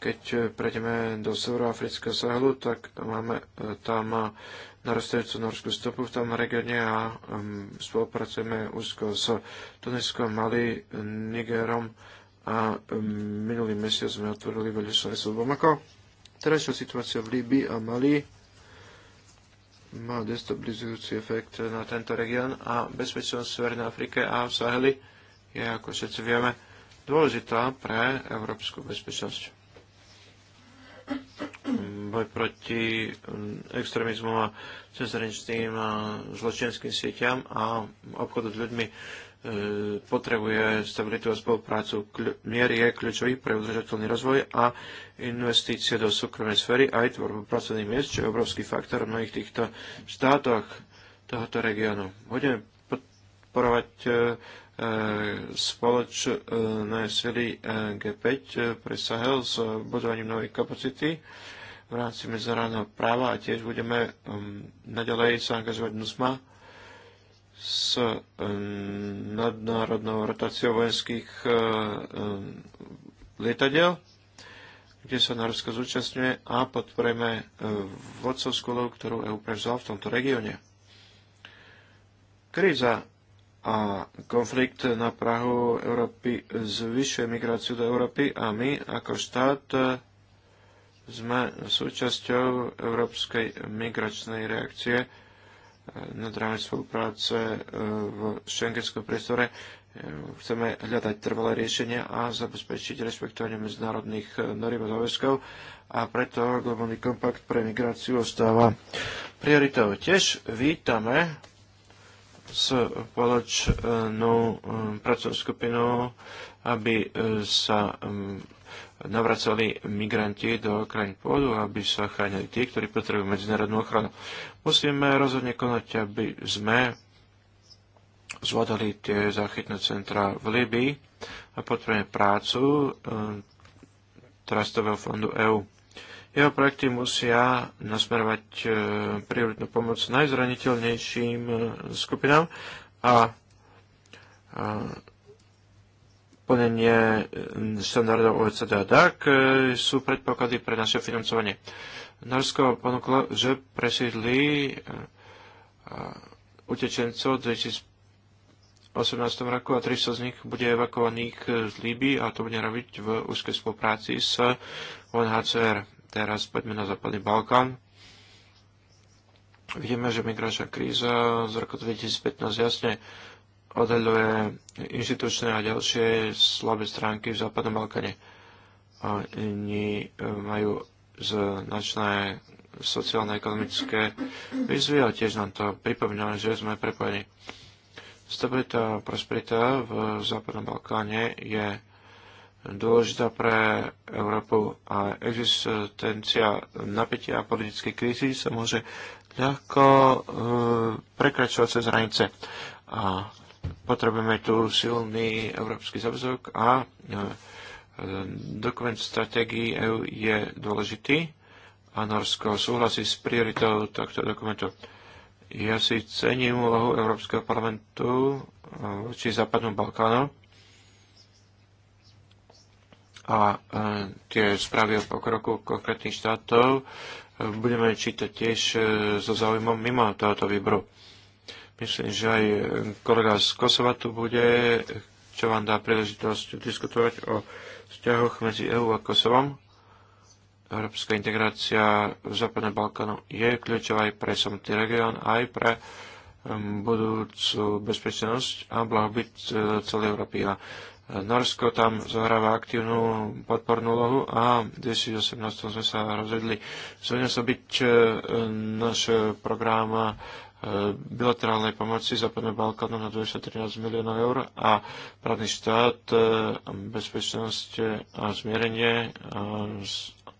Keď e, prejdeme do Severoafrického sahlu, tak máme e, tam narastajúcu norskú stopu v tom regióne a um, spolupracujeme úzko s Tuniskom, Mali, Nigerom a um, minulý mesiac sme otvorili veľvyslanectvo v Bamako. Terajšia situácia v Líbii a Mali má destabilizujúci efekt na tento región a bezpečnosť v Severnej Afrike a v Saheli je, ako všetci vieme, dôležitá pre európsku bezpečnosť boj proti um, extrémizmu a cezhraničným a zločinským sieťam a obchodu s ľuďmi e, potrebuje stabilitu a spoluprácu. Mier je kľúčový pre udržateľný rozvoj a investície do súkromnej sféry aj tvorbu pracovných miest, čo je obrovský faktor v mnohých týchto štátoch tohoto regiónu. Budeme podporovať e, e, spoločné sily G5 pre Sahel s budovaním novej kapacity v rámci medzinárodného práva a tiež budeme um, naďalej sa angažovať NUSMA s um, nadnárodnou rotáciou vojenských uh, um, lietadiel, kde sa Norsko zúčastňuje a podporujeme uh, vodcovskú lov, ktorú EU prevzala v tomto regióne. Kríza a konflikt na Prahu Európy zvyšuje migráciu do Európy a my ako štát sme súčasťou európskej migračnej reakcie e, na dráme spolupráce e, v šengenskom priestore. E, chceme hľadať trvalé riešenia a zabezpečiť rešpektovanie medzinárodných noriem a záväzkov a preto globálny kompakt pre migráciu ostáva prioritou. Tiež vítame spoločnú pracovnú skupinu, aby sa navracali migranti do krajín pôdu, aby sa chránili tí, ktorí potrebujú medzinárodnú ochranu. Musíme rozhodne konať, aby sme zvládali tie záchytné centra v Libii a potrebujeme prácu eh, Trastového fondu EÚ. Jeho projekty musia nasmerovať eh, prioritnú pomoc najzraniteľnejším eh, skupinám a splnenie štandardov OECD a DAC e, sú predpoklady pre naše financovanie. Norsko ponúklo, že presídli e, utečencov v 2018 roku a 300 z nich bude evakovaných z Líby a to bude robiť v úzkej spolupráci s UNHCR. Teraz poďme na Západný Balkán. Vidíme, že migračná kríza z roku 2015 jasne odhaľuje inštitučné a ďalšie slabé stránky v Západnom Balkáne. Oni e, majú značné sociálne-ekonomické výzvy a tiež nám to pripomína, že sme prepojení. Stabilita a prosperita v Západnom Balkáne je dôležitá pre Európu a existencia napätia a politickej krízy sa môže ľahko e, prekračovať cez hranice. A Potrebujeme tu silný európsky záväzok a e, dokument stratégií EU je dôležitý a Norsko súhlasí s prioritou tohto dokumentu. Ja si cením úlohu Európskeho parlamentu e, voči Západnom Balkánu a e, tie správy o pokroku konkrétnych štátov budeme čítať tiež so záujmom mimo tohoto výboru. Myslím, že aj e, kolega z Kosova tu bude, čo vám dá príležitosť diskutovať o vzťahoch medzi EU a Kosovom. Európska integrácia v Západnom Balkánu je kľúčová aj pre samotný región, aj pre budúcu bezpečnosť a blahobyt e, celej Európy. A e, Norsko tam zohráva aktívnu podpornú lohu a v 2018 sme sa rozhodli zhodne byť náš program E, bilaterálnej pomoci západnom Balkánu na 213 miliónov eur a právny štát, e, bezpečnosť e, a zmierenie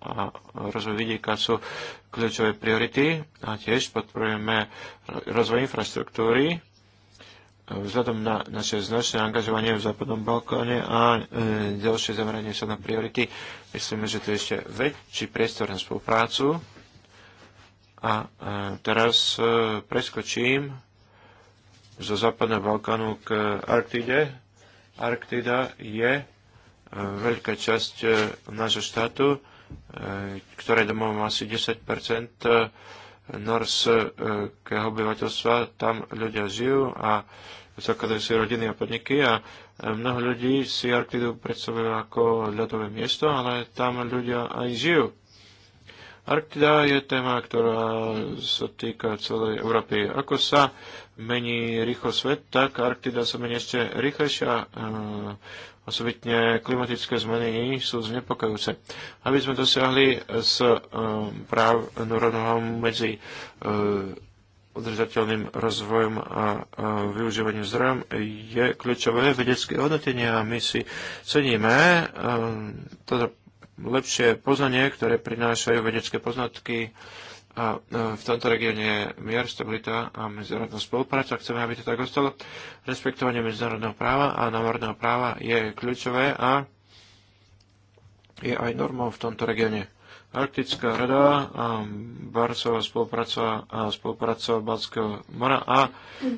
a rozvoj vidieka sú kľúčové priority a tiež podporujeme rozvoj infraštruktúry vzhľadom na naše značné angažovanie v Západnom Balkóne a e, ďalšie zameranie sa na priority, myslíme, že to je ešte väčší priestor na spoluprácu a e, teraz e, preskočím zo západného Balkánu k Arktide. Arktida je e, veľká časť nášho štátu, ktoré má asi 10 norského obyvateľstva. Tam ľudia žijú a zakladajú si rodiny a podniky a mnoho ľudí si Arktidu predstavuje ako ľadové miesto, ale tam ľudia aj žijú. Arktida je téma, ktorá sa týka celej Európy. Ako sa mení rýchlo svet, tak Arktida sa mení ešte rýchlejšia. E, osobitne klimatické zmeny sú znepokajúce. Aby sme dosiahli s e, právnu rovnováhu medzi e, udržateľným rozvojom a, využívaním zdrojom je kľúčové vedecké hodnotenie a my si ceníme teda lepšie poznanie, ktoré prinášajú vedecké poznatky a e, v tomto regióne je mier, stabilita a medzinárodná spolupráca. Chceme, aby to tak ostalo. Respektovanie medzinárodného práva a námorného práva je kľúčové a je aj normou v tomto regióne. Arktická rada a Barcová spolupráca a spolupráca Balckého mora a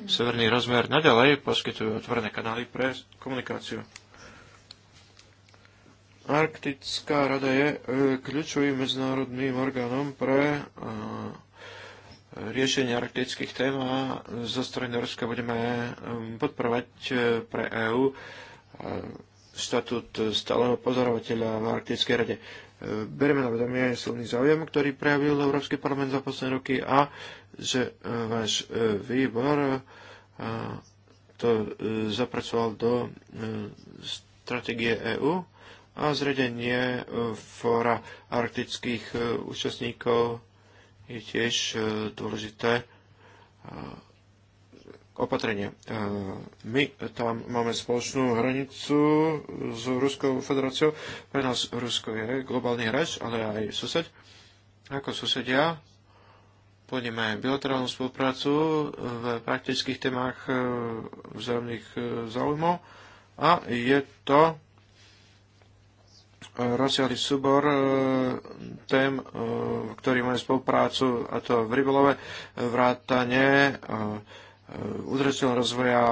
severný rozmer naďalej poskytujú otvorené kanály pre komunikáciu. Arktická rada je e, kľúčovým medzinárodným orgánom pre e, riešenie arktických tém a zo strany Norska budeme podporovať e, pre EÚ štatút stáleho pozorovateľa v Arktickej rade. Bereme na vedomie silný záujem, ktorý prejavil Európsky parlament za posledné roky a že váš výbor to zapracoval do stratégie EÚ a zredenie e, fóra arktických e, účastníkov je tiež e, dôležité opatrenie. My tam máme spoločnú hranicu s Ruskou federáciou. Pre nás Rusko je globálny hráč, ale aj sused. Ako susedia pôjdeme bilaterálnu spoluprácu v praktických témach vzájomných záujmov a je to rozsiahly súbor e, tém, e, ktorý majú spoluprácu, a to v rybolove, vrátane e, udržateľného rozvoja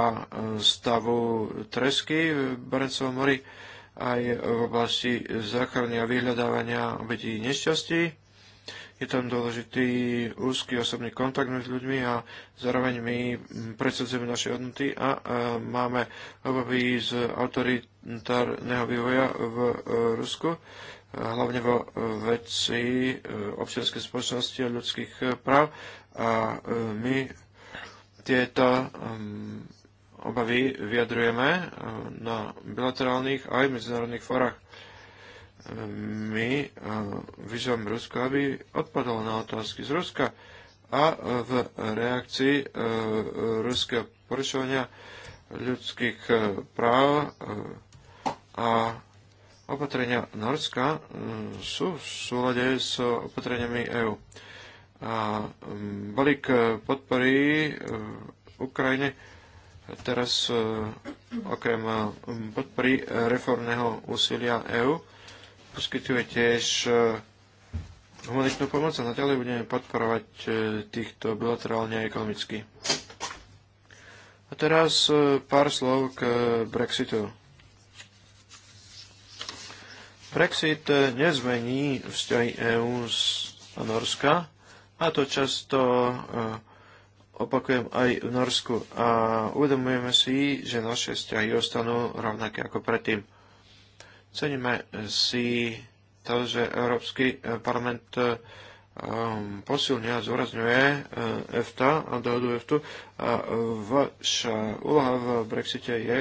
stavu tresky v Barencovom mori, aj v oblasti záchrany a vyhľadávania obetí nešťastí. Je tam dôležitý úzky osobný kontakt medzi ľuďmi a zároveň my predsedzujeme naše hodnoty a máme obavy z autorít humanitárneho vývoja v e, Rusku, e, hlavne vo e, veci občianskej spoločnosti a ľudských práv. A my tieto obavy vyjadrujeme na bilaterálnych aj medzinárodných forách. My vyzývame Rusko, aby odpadalo na otázky z Ruska a v reakcii ruského porušovania ľudských práv a opatrenia Norska mm, sú v súlade s opatreniami EÚ. A mm, balík podpory eh, Ukrajine teraz eh, okrem mm, podpory reformného úsilia EÚ poskytuje tiež eh, humanitnú pomoc a naďalej budeme podporovať týchto bilaterálne a ekonomicky. A teraz pár slov k Brexitu. Brexit eh, nezmení vzťahy EÚ z Norska a to často eh, opakujem aj v Norsku a uvedomujeme si, že naše vzťahy ostanú rovnaké ako predtým. Ceníme si to, že Európsky eh, parlament posilňuje a zúrazňuje EFTA a dohodu EFTA a vaša úloha v Brexite je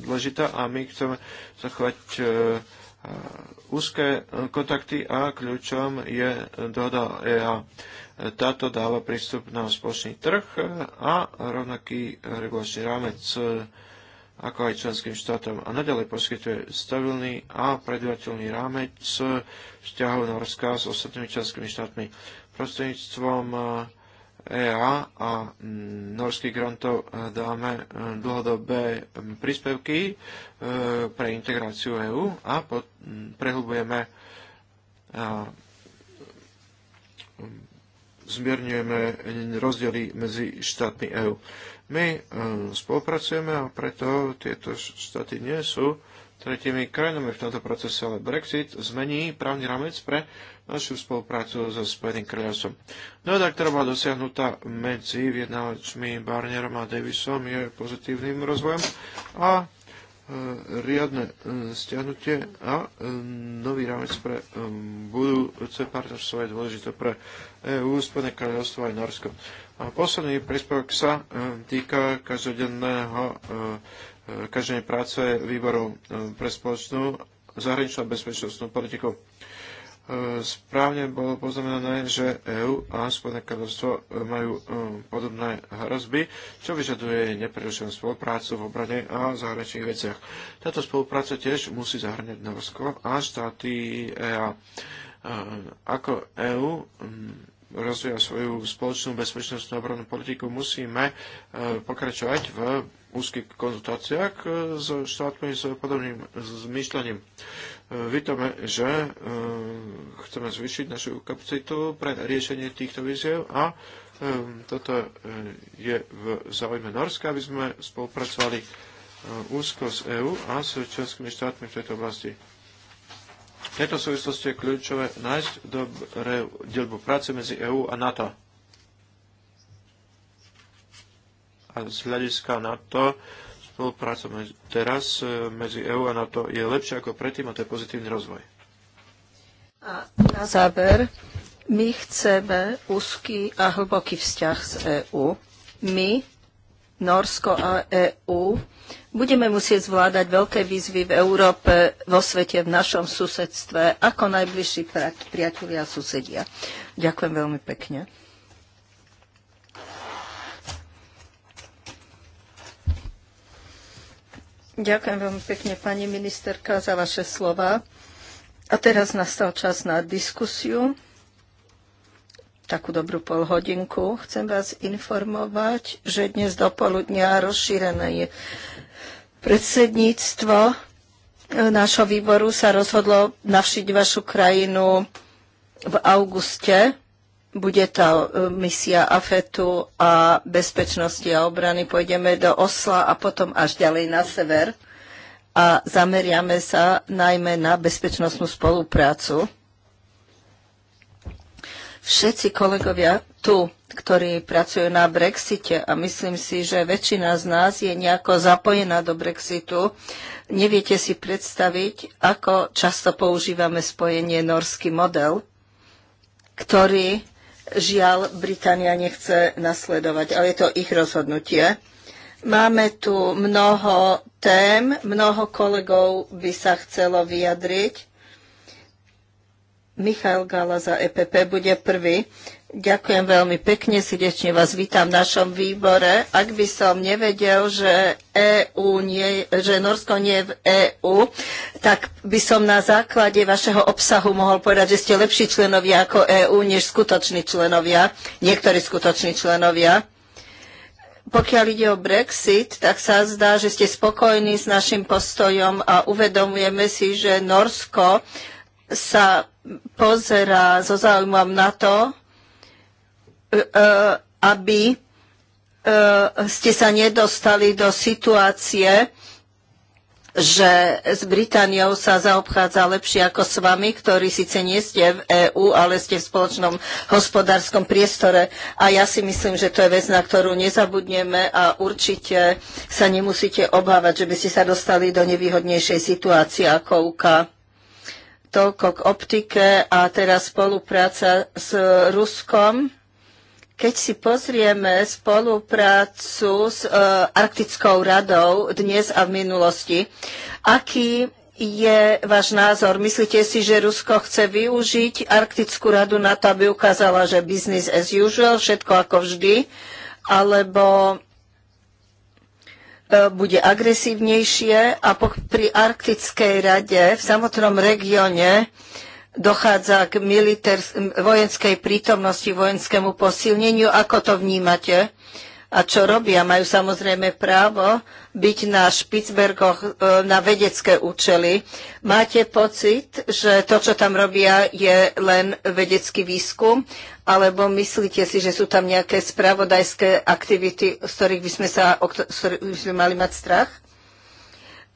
dôležitá a my chceme zachovať e, e, úzke kontakty a kľúčom je dohoda EA. Táto dáva prístup na spoločný trh a rovnaký regulačný rámec e, ako aj členským štátom a nadalej poskytuje stabilný a predvateľný rámec vzťahov Norska s ostatnými členskými štátmi prostredníctvom EA a norských grantov e, dáme e, dlhodobé príspevky e, pre integráciu EÚ a prehlbujeme a zmierňujeme rozdiely medzi štátmi EÚ. My spolupracujeme a preto tieto štáty nie sú tretími krajinami v tomto procese, ale Brexit zmení právny ramec pre našu spoluprácu so Spojeným kráľovstvom. Dohoda, ktorá bola dosiahnutá medzi vyjednávačmi Barnierom a Davisom, je pozitívnym rozvojom a e, riadne e, stiahnutie a e, nový rámec pre budúce partnerstvo je dôležité pre EU, Spojené kráľovstvo aj Norsko. A posledný príspevok sa týka každodenného každej práce výborov pre spoločnú zahraničnú a bezpečnostnú politiku. E, správne bolo poznamenané, že EÚ a Spodné kráľovstvo e, majú e, podobné hrozby, čo vyžaduje neprerušenú spoluprácu v obrane a zahraničných veciach. Táto spolupráca tiež musí zahrňať Norsko a štáty EA. Ako EÚ mm, rozvíja svoju spoločnú bezpečnostnú obrannú politiku, musíme pokračovať v úzkých konzultáciách so štátmi s podobným zmyšľaním vítame, že e, chceme zvýšiť našu kapacitu pre riešenie týchto víziev a e, toto e, je v záujme Norska, aby sme spolupracovali úzko s EÚ a s členskými štátmi v tejto oblasti. V tejto súvislosti je kľúčové nájsť dobré dielbu práce medzi EÚ a NATO. A z hľadiska NATO Spolupráca e, medzi, teraz medzi EÚ a NATO je lepšia ako predtým a to je pozitívny rozvoj. A na záver, my chceme úzky a hlboký vzťah s EÚ. My, Norsko a EÚ, budeme musieť zvládať veľké výzvy v Európe, vo svete, v našom susedstve, ako najbližší priatelia a susedia. Ďakujem veľmi pekne. Ďakujem veľmi pekne, pani ministerka, za vaše slova. A teraz nastal čas na diskusiu. Takú dobrú polhodinku. Chcem vás informovať, že dnes do poludnia rozšírené je predsedníctvo nášho výboru sa rozhodlo navšiť vašu krajinu v auguste bude to e, misia AFETu a bezpečnosti a obrany. Pôjdeme do Osla a potom až ďalej na sever a zameriame sa najmä na bezpečnostnú spoluprácu. Všetci kolegovia tu, ktorí pracujú na Brexite a myslím si, že väčšina z nás je nejako zapojená do Brexitu, neviete si predstaviť, ako často používame spojenie norský model, ktorý Žiaľ, Británia nechce nasledovať, ale je to ich rozhodnutie. Máme tu mnoho tém, mnoho kolegov by sa chcelo vyjadriť. Michal Gala za EPP bude prvý. Ďakujem veľmi pekne, srdečne vás vítam v našom výbore. Ak by som nevedel, že, EU nie, že Norsko nie je v EÚ, tak by som na základe vašeho obsahu mohol povedať, že ste lepší členovia ako EÚ, než skutoční členovia, niektorí skutoční členovia. Pokiaľ ide o Brexit, tak sa zdá, že ste spokojní s našim postojom a uvedomujeme si, že Norsko sa pozerá so záujmom na to, E, e, aby e, ste sa nedostali do situácie, že s Britániou sa zaobchádza lepšie ako s vami, ktorí síce nie ste v EÚ, ale ste v spoločnom hospodárskom priestore. A ja si myslím, že to je vec, na ktorú nezabudneme a určite sa nemusíte obávať, že by ste sa dostali do nevýhodnejšej situácie ako UK. Toľko k optike a teraz spolupráca s Ruskom. Keď si pozrieme spoluprácu s e, Arktickou radou dnes a v minulosti, aký je váš názor? Myslíte si, že Rusko chce využiť Arktickú radu na to, aby ukázala, že business as usual, všetko ako vždy, alebo e, bude agresívnejšie a pri Arktickej rade v samotnom regióne dochádza k militer, vojenskej prítomnosti, vojenskému posilneniu. Ako to vnímate? A čo robia? Majú samozrejme právo byť na Špicbergoch e, na vedecké účely. Máte pocit, že to, čo tam robia, je len vedecký výskum? Alebo myslíte si, že sú tam nejaké spravodajské aktivity, z ktorých by sme, sa, z ktorých by sme mali mať strach?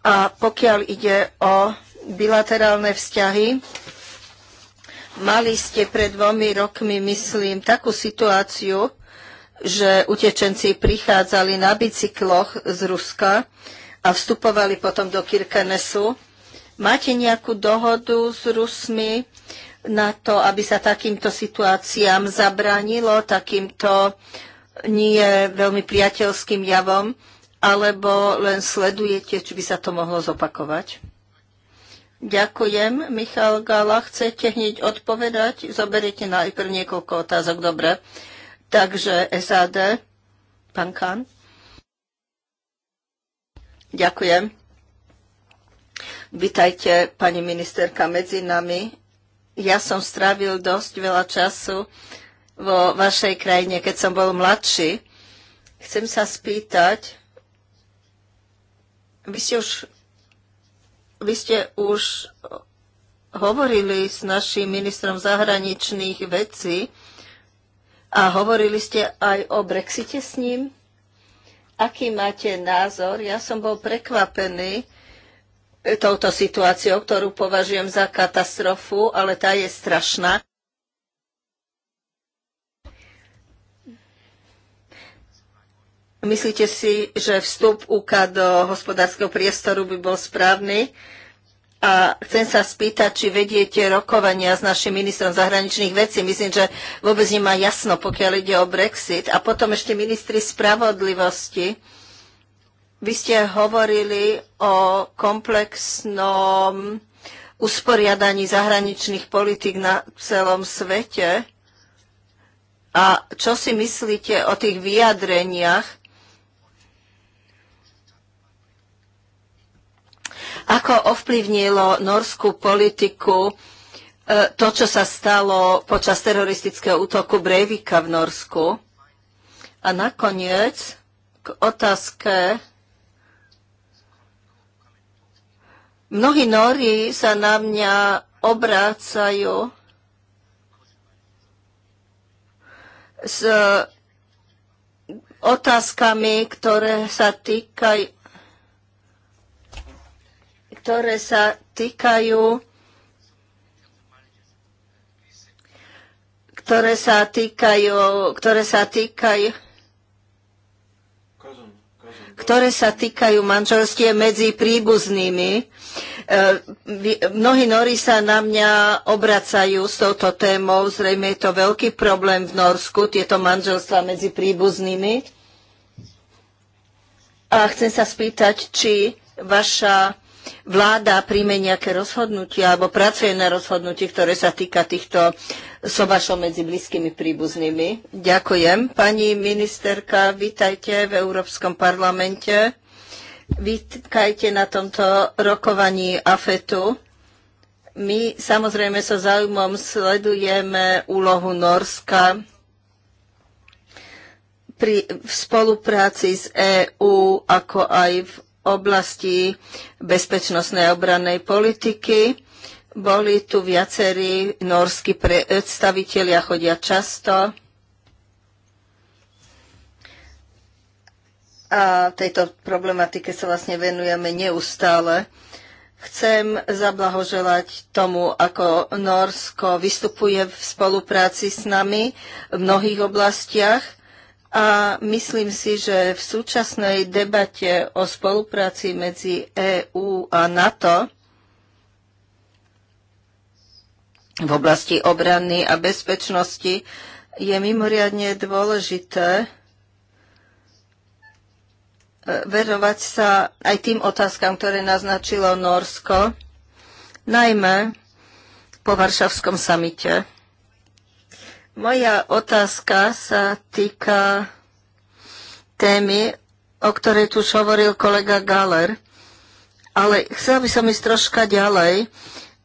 A pokiaľ ide o bilaterálne vzťahy, Mali ste pred dvomi rokmi, myslím, takú situáciu, že utečenci prichádzali na bicykloch z Ruska a vstupovali potom do Kirkenesu. Máte nejakú dohodu s Rusmi na to, aby sa takýmto situáciám zabránilo, takýmto nie veľmi priateľským javom, alebo len sledujete, či by sa to mohlo zopakovať? Ďakujem. Michal Gala, chcete hneď odpovedať? Zoberiete najprv niekoľko otázok, dobre. Takže SAD, pán Kán. Ďakujem. Vítajte, pani ministerka, medzi nami. Ja som strávil dosť veľa času vo vašej krajine, keď som bol mladší. Chcem sa spýtať, vy ste už vy ste už hovorili s našim ministrom zahraničných vecí a hovorili ste aj o Brexite s ním. Aký máte názor? Ja som bol prekvapený, touto situáciou, ktorú považujem za katastrofu, ale tá je strašná. Myslíte si, že vstup UK do hospodárskeho priestoru by bol správny? A chcem sa spýtať, či vediete rokovania s našim ministrom zahraničných vecí. Myslím, že vôbec nemá jasno, pokiaľ ide o Brexit. A potom ešte ministri spravodlivosti. Vy ste hovorili o komplexnom usporiadaní zahraničných politik na celom svete. A čo si myslíte o tých vyjadreniach Ako ovplyvnilo norskú politiku e, to, čo sa stalo počas teroristického útoku Breivika v Norsku? A nakoniec k otázke Mnohí Nóri sa na mňa obrácajú s otázkami, ktoré sa týkajú ktoré sa týkajú ktoré sa týkajú, ktoré sa týkajú, ktoré sa týkajú manželstie medzi príbuznými. E, mnohí nori sa na mňa obracajú s touto témou, zrejme je to veľký problém v Norsku, tieto manželstva medzi príbuznými. A chcem sa spýtať, či vaša vláda príjme nejaké rozhodnutie alebo pracuje na rozhodnutí, ktoré sa týka týchto sobašov medzi blízkymi príbuznými. Ďakujem. Pani ministerka, vítajte v Európskom parlamente. Vítajte na tomto rokovaní AFETu. My samozrejme so záujmom sledujeme úlohu Norska pri, v spolupráci s EÚ, ako aj v oblasti bezpečnostnej obrannej politiky. Boli tu viacerí norskí predstavitelia, chodia často. A tejto problematike sa vlastne venujeme neustále. Chcem zablahoželať tomu, ako Norsko vystupuje v spolupráci s nami v mnohých oblastiach a myslím si, že v súčasnej debate o spolupráci medzi EÚ a NATO v oblasti obrany a bezpečnosti je mimoriadne dôležité e, verovať sa aj tým otázkam, ktoré naznačilo Norsko, najmä po Varšavskom samite. Moja otázka sa týka témy, o ktorej tu už hovoril kolega Galer, ale chcela by som ísť troška ďalej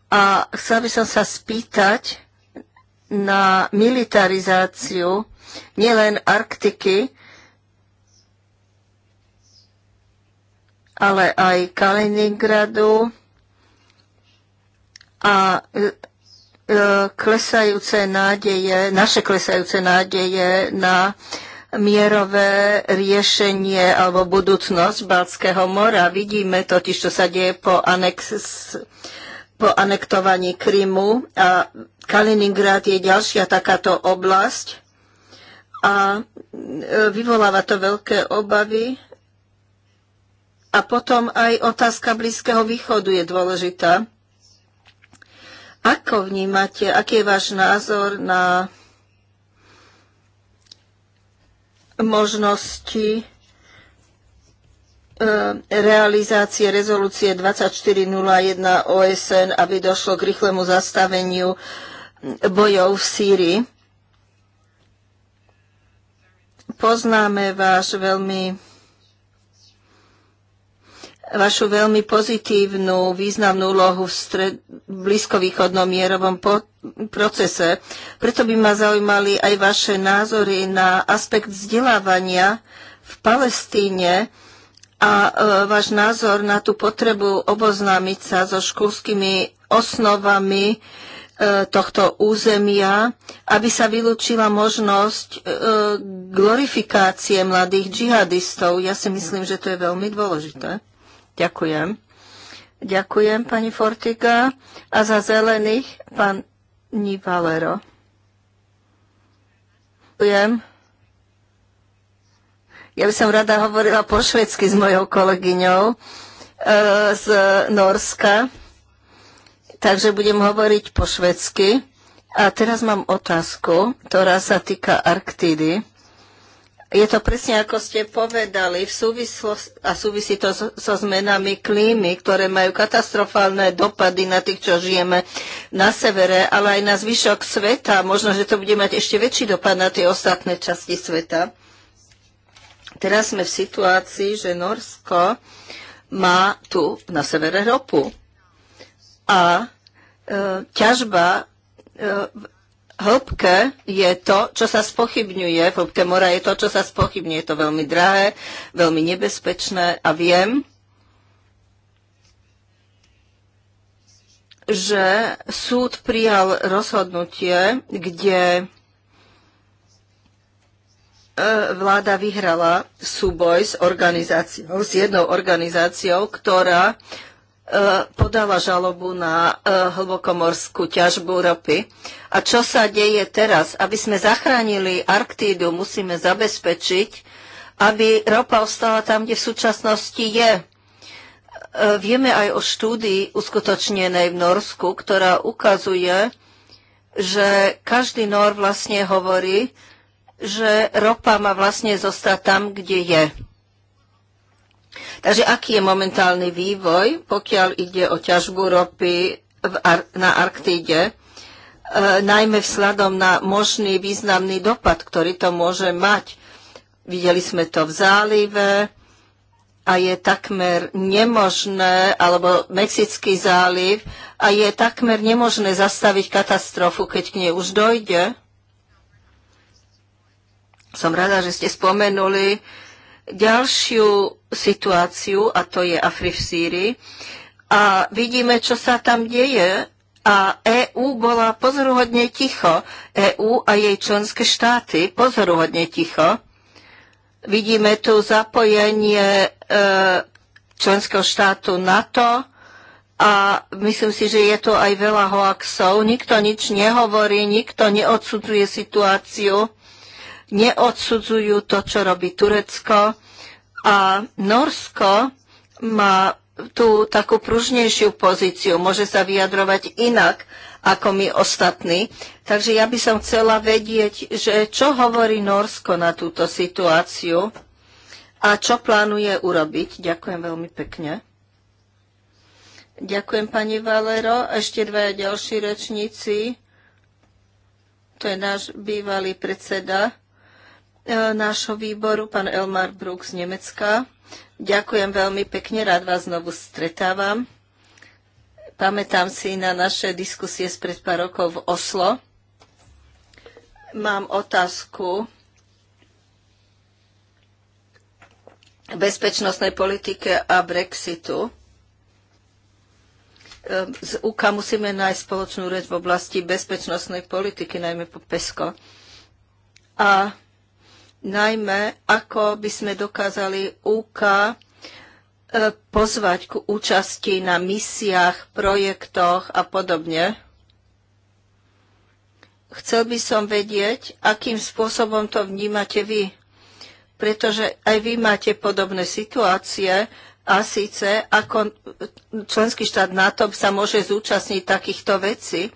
a chcela by som sa spýtať na militarizáciu nielen Arktiky, ale aj Kaliningradu a E, klesajúce nádeje, naše klesajúce nádeje na mierové riešenie alebo budúcnosť Baltského mora. Vidíme totiž, čo sa deje po, anex, po anektovaní Krymu a Kaliningrad je ďalšia takáto oblasť a e, vyvoláva to veľké obavy. A potom aj otázka Blízkeho východu je dôležitá ako vnímate, aký je váš názor na možnosti e, realizácie rezolúcie 2401 OSN, aby došlo k rýchlemu zastaveniu bojov v Sýrii. Poznáme váš veľmi vašu veľmi pozitívnu, významnú úlohu v stred, blízkovýchodnom mierovom po, procese. Preto by ma zaujímali aj vaše názory na aspekt vzdelávania v Palestíne a e, váš názor na tú potrebu oboznámiť sa so školskými osnovami e, tohto územia, aby sa vylúčila možnosť e, glorifikácie mladých džihadistov. Ja si myslím, že to je veľmi dôležité. Ďakujem. Ďakujem, pani Fortiga. A za zelených, pán Valero. Ďakujem. Ja by som rada hovorila po švedsky s mojou kolegyňou e, z Norska, takže budem hovoriť po švedsky. A teraz mám otázku, ktorá sa týka Arktídy. Je to presne ako ste povedali v a súvisí to so, so zmenami klímy, ktoré majú katastrofálne dopady na tých, čo žijeme na severe, ale aj na zvyšok sveta. Možno, že to bude mať ešte väčší dopad na tie ostatné časti sveta. Teraz sme v situácii, že Norsko má tu na severe ropu a e, ťažba e, hĺbke je to, čo sa spochybňuje, v hĺbke mora je to, čo sa spochybňuje. Je to veľmi drahé, veľmi nebezpečné a viem, že súd prijal rozhodnutie, kde e, vláda vyhrala súboj s organizáciou, s jednou organizáciou, ktorá E, podala žalobu na e, hlbokomorskú ťažbu ropy. A čo sa deje teraz? Aby sme zachránili Arktídu, musíme zabezpečiť, aby ropa ostala tam, kde v súčasnosti je. E, vieme aj o štúdii uskutočnenej v Norsku, ktorá ukazuje, že každý Nor vlastne hovorí, že ropa má vlastne zostať tam, kde je Takže aký je momentálny vývoj, pokiaľ ide o ťažbu ropy v Ar- na Arktíde, e, najmä vzhľadom na možný významný dopad, ktorý to môže mať. Videli sme to v zálive a je takmer nemožné, alebo Mexický záliv, a je takmer nemožné zastaviť katastrofu, keď k nej už dojde. Som rada, že ste spomenuli ďalšiu situáciu, a to je Afri v Sýrii, a vidíme, čo sa tam deje. A EÚ bola pozoruhodne ticho. EÚ a jej členské štáty pozoruhodne ticho. Vidíme tu zapojenie e, členského štátu NATO a myslím si, že je tu aj veľa hoaxov. Nikto nič nehovorí, nikto neodsudzuje situáciu neodsudzujú to, čo robí Turecko. A Norsko má tú takú pružnejšiu pozíciu, môže sa vyjadrovať inak ako my ostatní. Takže ja by som chcela vedieť, že čo hovorí Norsko na túto situáciu a čo plánuje urobiť. Ďakujem veľmi pekne. Ďakujem, pani Valero. Ešte dva ďalší rečníci. To je náš bývalý predseda E, nášho výboru, pán Elmar Brux z Nemecka. Ďakujem veľmi pekne, rád vás znovu stretávam. Pamätám si na naše diskusie z pár rokov v Oslo. Mám otázku bezpečnostnej politike a Brexitu. E, z UK musíme nájsť spoločnú reč v oblasti bezpečnostnej politiky, najmä po PESCO. A najmä ako by sme dokázali UK e, pozvať k účasti na misiách, projektoch a podobne. Chcel by som vedieť, akým spôsobom to vnímate vy, pretože aj vy máte podobné situácie a síce ako členský štát NATO sa môže zúčastniť takýchto vecí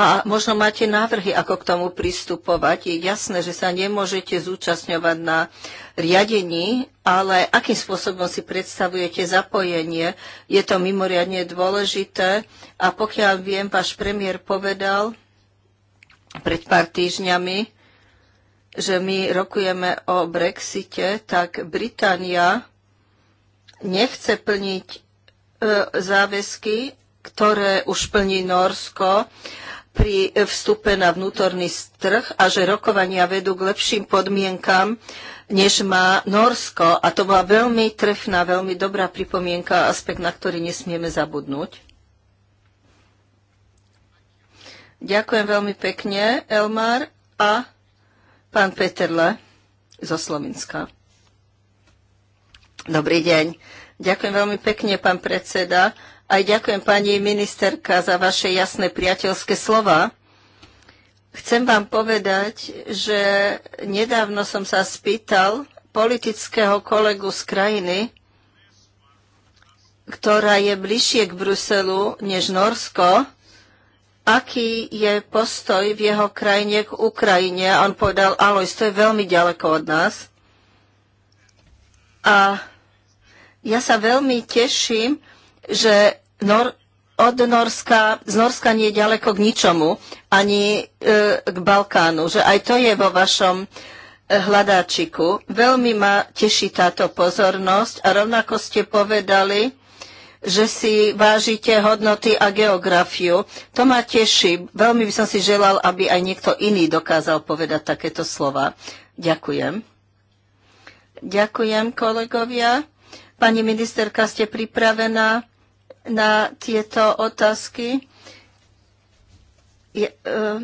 a možno máte návrhy, ako k tomu pristupovať. Je jasné, že sa nemôžete zúčastňovať na riadení, ale akým spôsobom si predstavujete zapojenie? Je to mimoriadne dôležité a pokiaľ viem, váš premiér povedal pred pár týždňami, že my rokujeme o Brexite, tak Británia nechce plniť e, záväzky, ktoré už plní Norsko pri vstupe na vnútorný trh a že rokovania vedú k lepším podmienkam, než má Norsko. A to bola veľmi trefná, veľmi dobrá pripomienka, a aspekt, na ktorý nesmieme zabudnúť. Ďakujem veľmi pekne, Elmar a pán Peterle zo Slovenska. Dobrý deň. Ďakujem veľmi pekne, pán predseda. Aj ďakujem pani ministerka za vaše jasné priateľské slova. Chcem vám povedať, že nedávno som sa spýtal politického kolegu z krajiny, ktorá je bližšie k Bruselu než Norsko, aký je postoj v jeho krajine k Ukrajine. A on povedal, Alois, to je veľmi ďaleko od nás. A ja sa veľmi teším, že Nor- od Norska, z Norska nie je ďaleko k ničomu, ani e, k Balkánu, že aj to je vo vašom e, hľadáčiku. Veľmi ma teší táto pozornosť a rovnako ste povedali, že si vážite hodnoty a geografiu. To ma teší. Veľmi by som si želal, aby aj niekto iný dokázal povedať takéto slova. Ďakujem. Ďakujem, kolegovia. Pani ministerka, ste pripravená? na tieto otázky. Je, uh,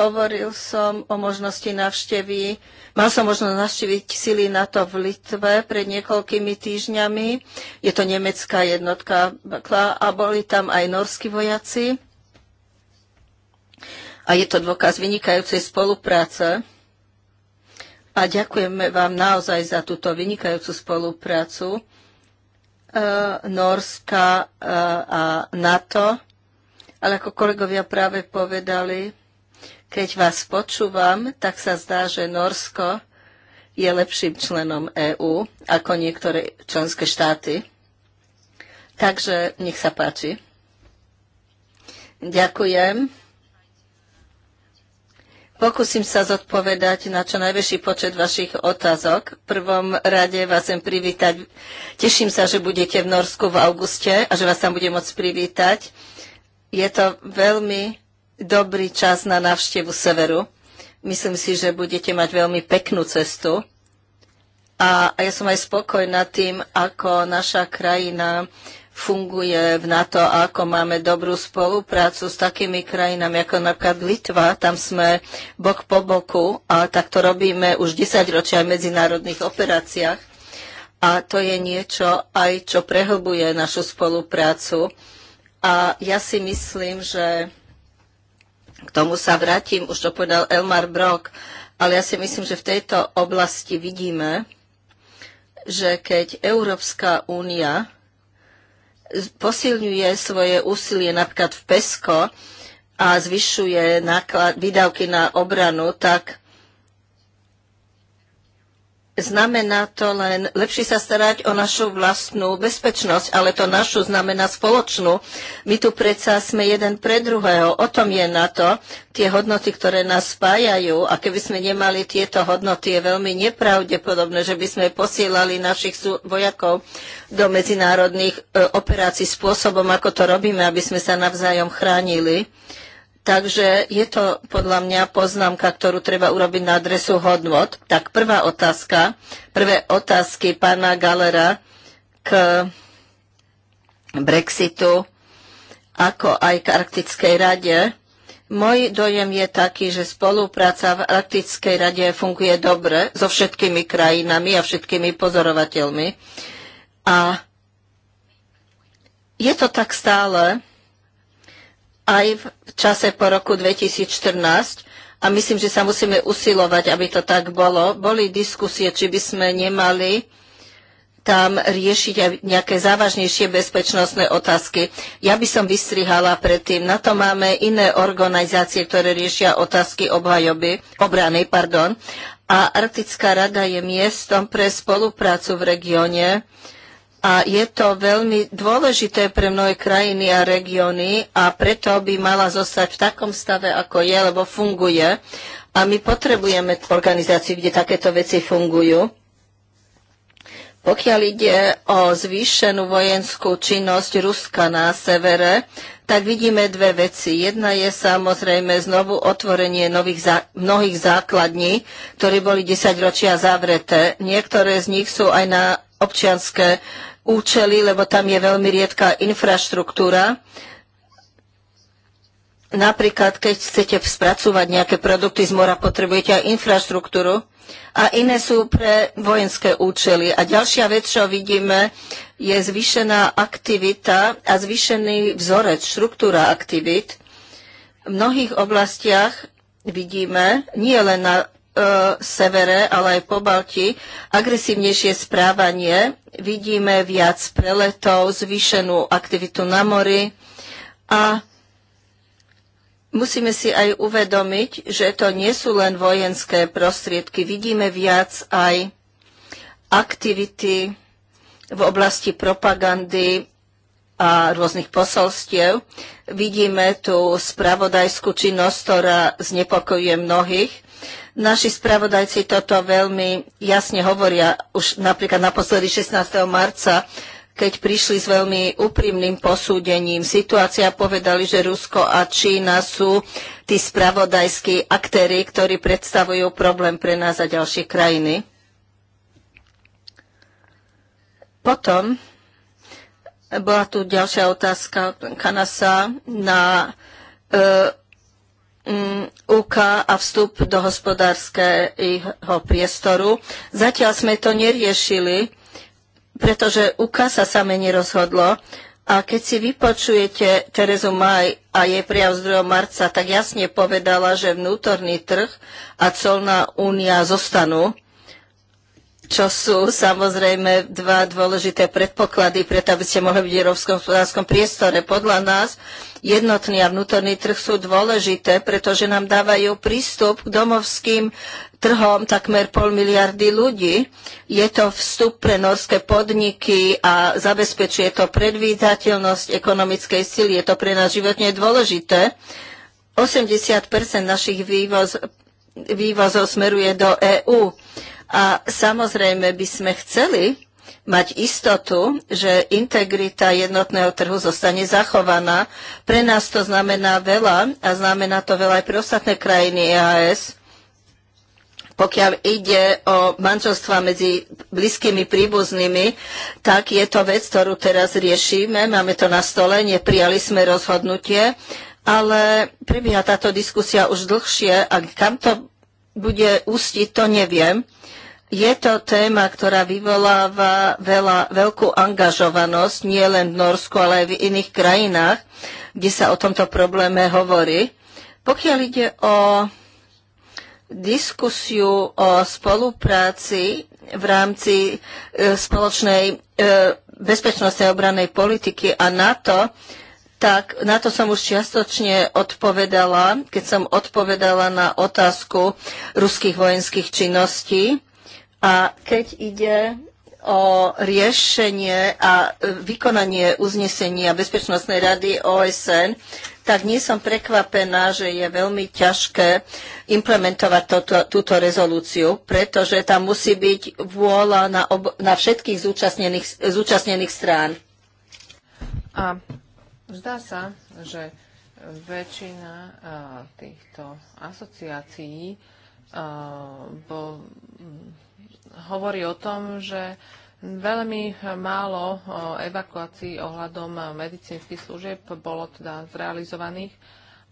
hovoril som o možnosti navštevy, mal som možnosť navštíviť sily NATO v Litve pred niekoľkými týždňami. Je to nemecká jednotka a boli tam aj norskí vojaci. A je to dôkaz vynikajúcej spolupráce. A ďakujeme vám naozaj za túto vynikajúcu spoluprácu. E, Norska e, a NATO. Ale ako kolegovia práve povedali, keď vás počúvam, tak sa zdá, že Norsko je lepším členom EÚ ako niektoré členské štáty. Takže nech sa páči. Ďakujem. Pokúsim sa zodpovedať na čo najväčší počet vašich otázok. V prvom rade vás chcem privítať. Teším sa, že budete v Norsku v auguste a že vás tam budem môcť privítať. Je to veľmi dobrý čas na návštevu severu. Myslím si, že budete mať veľmi peknú cestu. A ja som aj spokojná tým, ako naša krajina funguje v NATO a ako máme dobrú spoluprácu s takými krajinami ako napríklad Litva. Tam sme bok po boku a tak to robíme už 10 ročia v medzinárodných operáciách. A to je niečo aj, čo prehlbuje našu spoluprácu. A ja si myslím, že k tomu sa vrátim, už to povedal Elmar Brock, ale ja si myslím, že v tejto oblasti vidíme, že keď Európska únia posilňuje svoje úsilie napríklad v PESCO a zvyšuje náklad, výdavky na obranu, tak Znamená to len lepšie sa starať o našu vlastnú bezpečnosť, ale to našu znamená spoločnú. My tu predsa sme jeden pre druhého. O tom je na to. Tie hodnoty, ktoré nás spájajú a keby sme nemali tieto hodnoty, je veľmi nepravdepodobné, že by sme posielali našich vojakov do medzinárodných e, operácií spôsobom, ako to robíme, aby sme sa navzájom chránili. Takže je to podľa mňa poznámka, ktorú treba urobiť na adresu hodnot. Tak prvá otázka, prvé otázky pána Galera k Brexitu, ako aj k Arktickej rade. Môj dojem je taký, že spolupráca v Arktickej rade funguje dobre so všetkými krajinami a všetkými pozorovateľmi. A je to tak stále, aj v čase po roku 2014 a myslím, že sa musíme usilovať, aby to tak bolo. Boli diskusie, či by sme nemali tam riešiť aj nejaké závažnejšie bezpečnostné otázky. Ja by som vystrihala predtým. Na to máme iné organizácie, ktoré riešia otázky obhajoby, obrany. Pardon. A Arktická rada je miestom pre spoluprácu v regióne, a je to veľmi dôležité pre mnohé krajiny a regióny a preto by mala zostať v takom stave, ako je, lebo funguje. A my potrebujeme organizáciu, kde takéto veci fungujú. Pokiaľ ide o zvýšenú vojenskú činnosť Ruska na severe, tak vidíme dve veci. Jedna je samozrejme znovu otvorenie nových zá- mnohých základní, ktoré boli desaťročia zavreté. Niektoré z nich sú aj na občianské účely, lebo tam je veľmi riedká infraštruktúra. Napríklad, keď chcete spracovať nejaké produkty z mora, potrebujete aj infraštruktúru a iné sú pre vojenské účely. A ďalšia vec, čo vidíme, je zvýšená aktivita a zvýšený vzorec, štruktúra aktivít. V mnohých oblastiach vidíme, nie len na E, severe, ale aj po Balti, agresívnejšie správanie. Vidíme viac preletov, zvýšenú aktivitu na mori a musíme si aj uvedomiť, že to nie sú len vojenské prostriedky. Vidíme viac aj aktivity v oblasti propagandy a rôznych posolstiev. Vidíme tu spravodajskú činnosť, ktorá znepokojuje mnohých Naši spravodajci toto veľmi jasne hovoria už napríklad naposledy 16. marca keď prišli s veľmi úprimným posúdením situácia, povedali, že Rusko a Čína sú tí spravodajskí aktéry, ktorí predstavujú problém pre nás a ďalšie krajiny. Potom bola tu ďalšia otázka Kanasa na e, Mm, UK a vstup do hospodárskeho priestoru. Zatiaľ sme to neriešili, pretože UK sa same nerozhodlo. A keď si vypočujete Terezu Maj a jej prijav z 2. marca, tak jasne povedala, že vnútorný trh a colná únia zostanú čo sú samozrejme dva dôležité predpoklady, preto aby ste mohli byť v európskom hospodárskom priestore. Podľa nás jednotný a vnútorný trh sú dôležité, pretože nám dávajú prístup k domovským trhom takmer pol miliardy ľudí. Je to vstup pre norské podniky a zabezpečuje to predvídateľnosť ekonomickej sily. Je to pre nás životne dôležité. 80 našich vývoz, vývozov smeruje do EÚ. A samozrejme by sme chceli mať istotu, že integrita jednotného trhu zostane zachovaná. Pre nás to znamená veľa a znamená to veľa aj pre ostatné krajiny EAS. Pokiaľ ide o manželstva medzi blízkými príbuznými, tak je to vec, ktorú teraz riešime. Máme to na stole, neprijali sme rozhodnutie, ale prebieha táto diskusia už dlhšie a kam to bude ústiť, to neviem. Je to téma, ktorá vyvoláva veľa, veľkú angažovanosť, nie len v Norsku, ale aj v iných krajinách, kde sa o tomto probléme hovorí. Pokiaľ ide o diskusiu o spolupráci v rámci e, spoločnej e, bezpečnostnej obranej politiky a NATO, tak na to som už čiastočne odpovedala, keď som odpovedala na otázku ruských vojenských činností. A keď ide o riešenie a vykonanie uznesenia Bezpečnostnej rady OSN, tak nie som prekvapená, že je veľmi ťažké implementovať toto, túto rezolúciu, pretože tam musí byť vôľa na, ob, na všetkých zúčastnených, zúčastnených strán. A Zdá sa, že väčšina eh, týchto asociácií eh, bo, mm, hovorí o tom, že veľmi málo eh, evakuácií ohľadom medicínskych služieb bolo teda zrealizovaných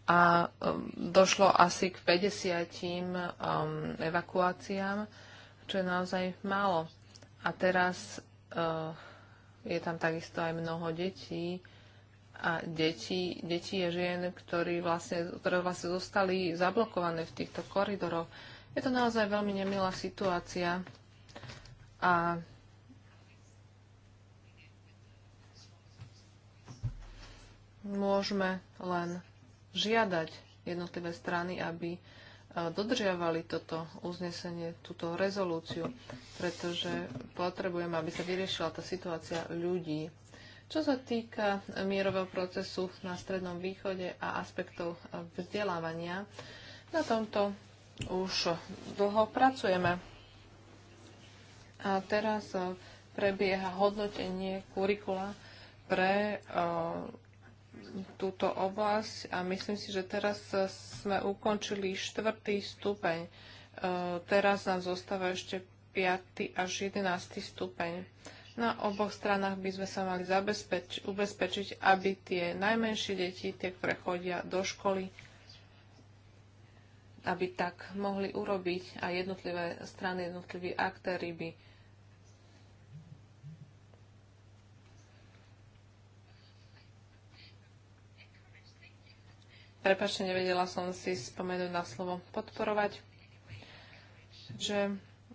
a došlo asi k 50 evakuáciám, čo je naozaj málo. A teraz je tam takisto aj mnoho detí, a detí, detí a žien, ktorí vlastne, ktoré vlastne zostali zablokované v týchto koridoroch. Je to naozaj veľmi nemilá situácia a môžeme len žiadať jednotlivé strany, aby e, dodržiavali toto uznesenie, túto rezolúciu, pretože potrebujeme, aby sa vyriešila tá situácia ľudí čo sa týka eh, mierového procesu na Strednom východe a aspektov eh, vzdelávania, na tomto už dlho pracujeme. A teraz eh, prebieha hodnotenie kurikula pre túto oblasť a myslím si, že teraz sme ukončili štvrtý stupeň. teraz nám zostáva ešte 5. až 11. stupeň. Na oboch stranách by sme sa mali zabezpeč- ubezpečiť, aby tie najmenšie deti, tie, ktoré chodia do školy, aby tak mohli urobiť a jednotlivé strany, jednotliví aktéry by Prepačte, nevedela som si spomenúť na slovo podporovať, že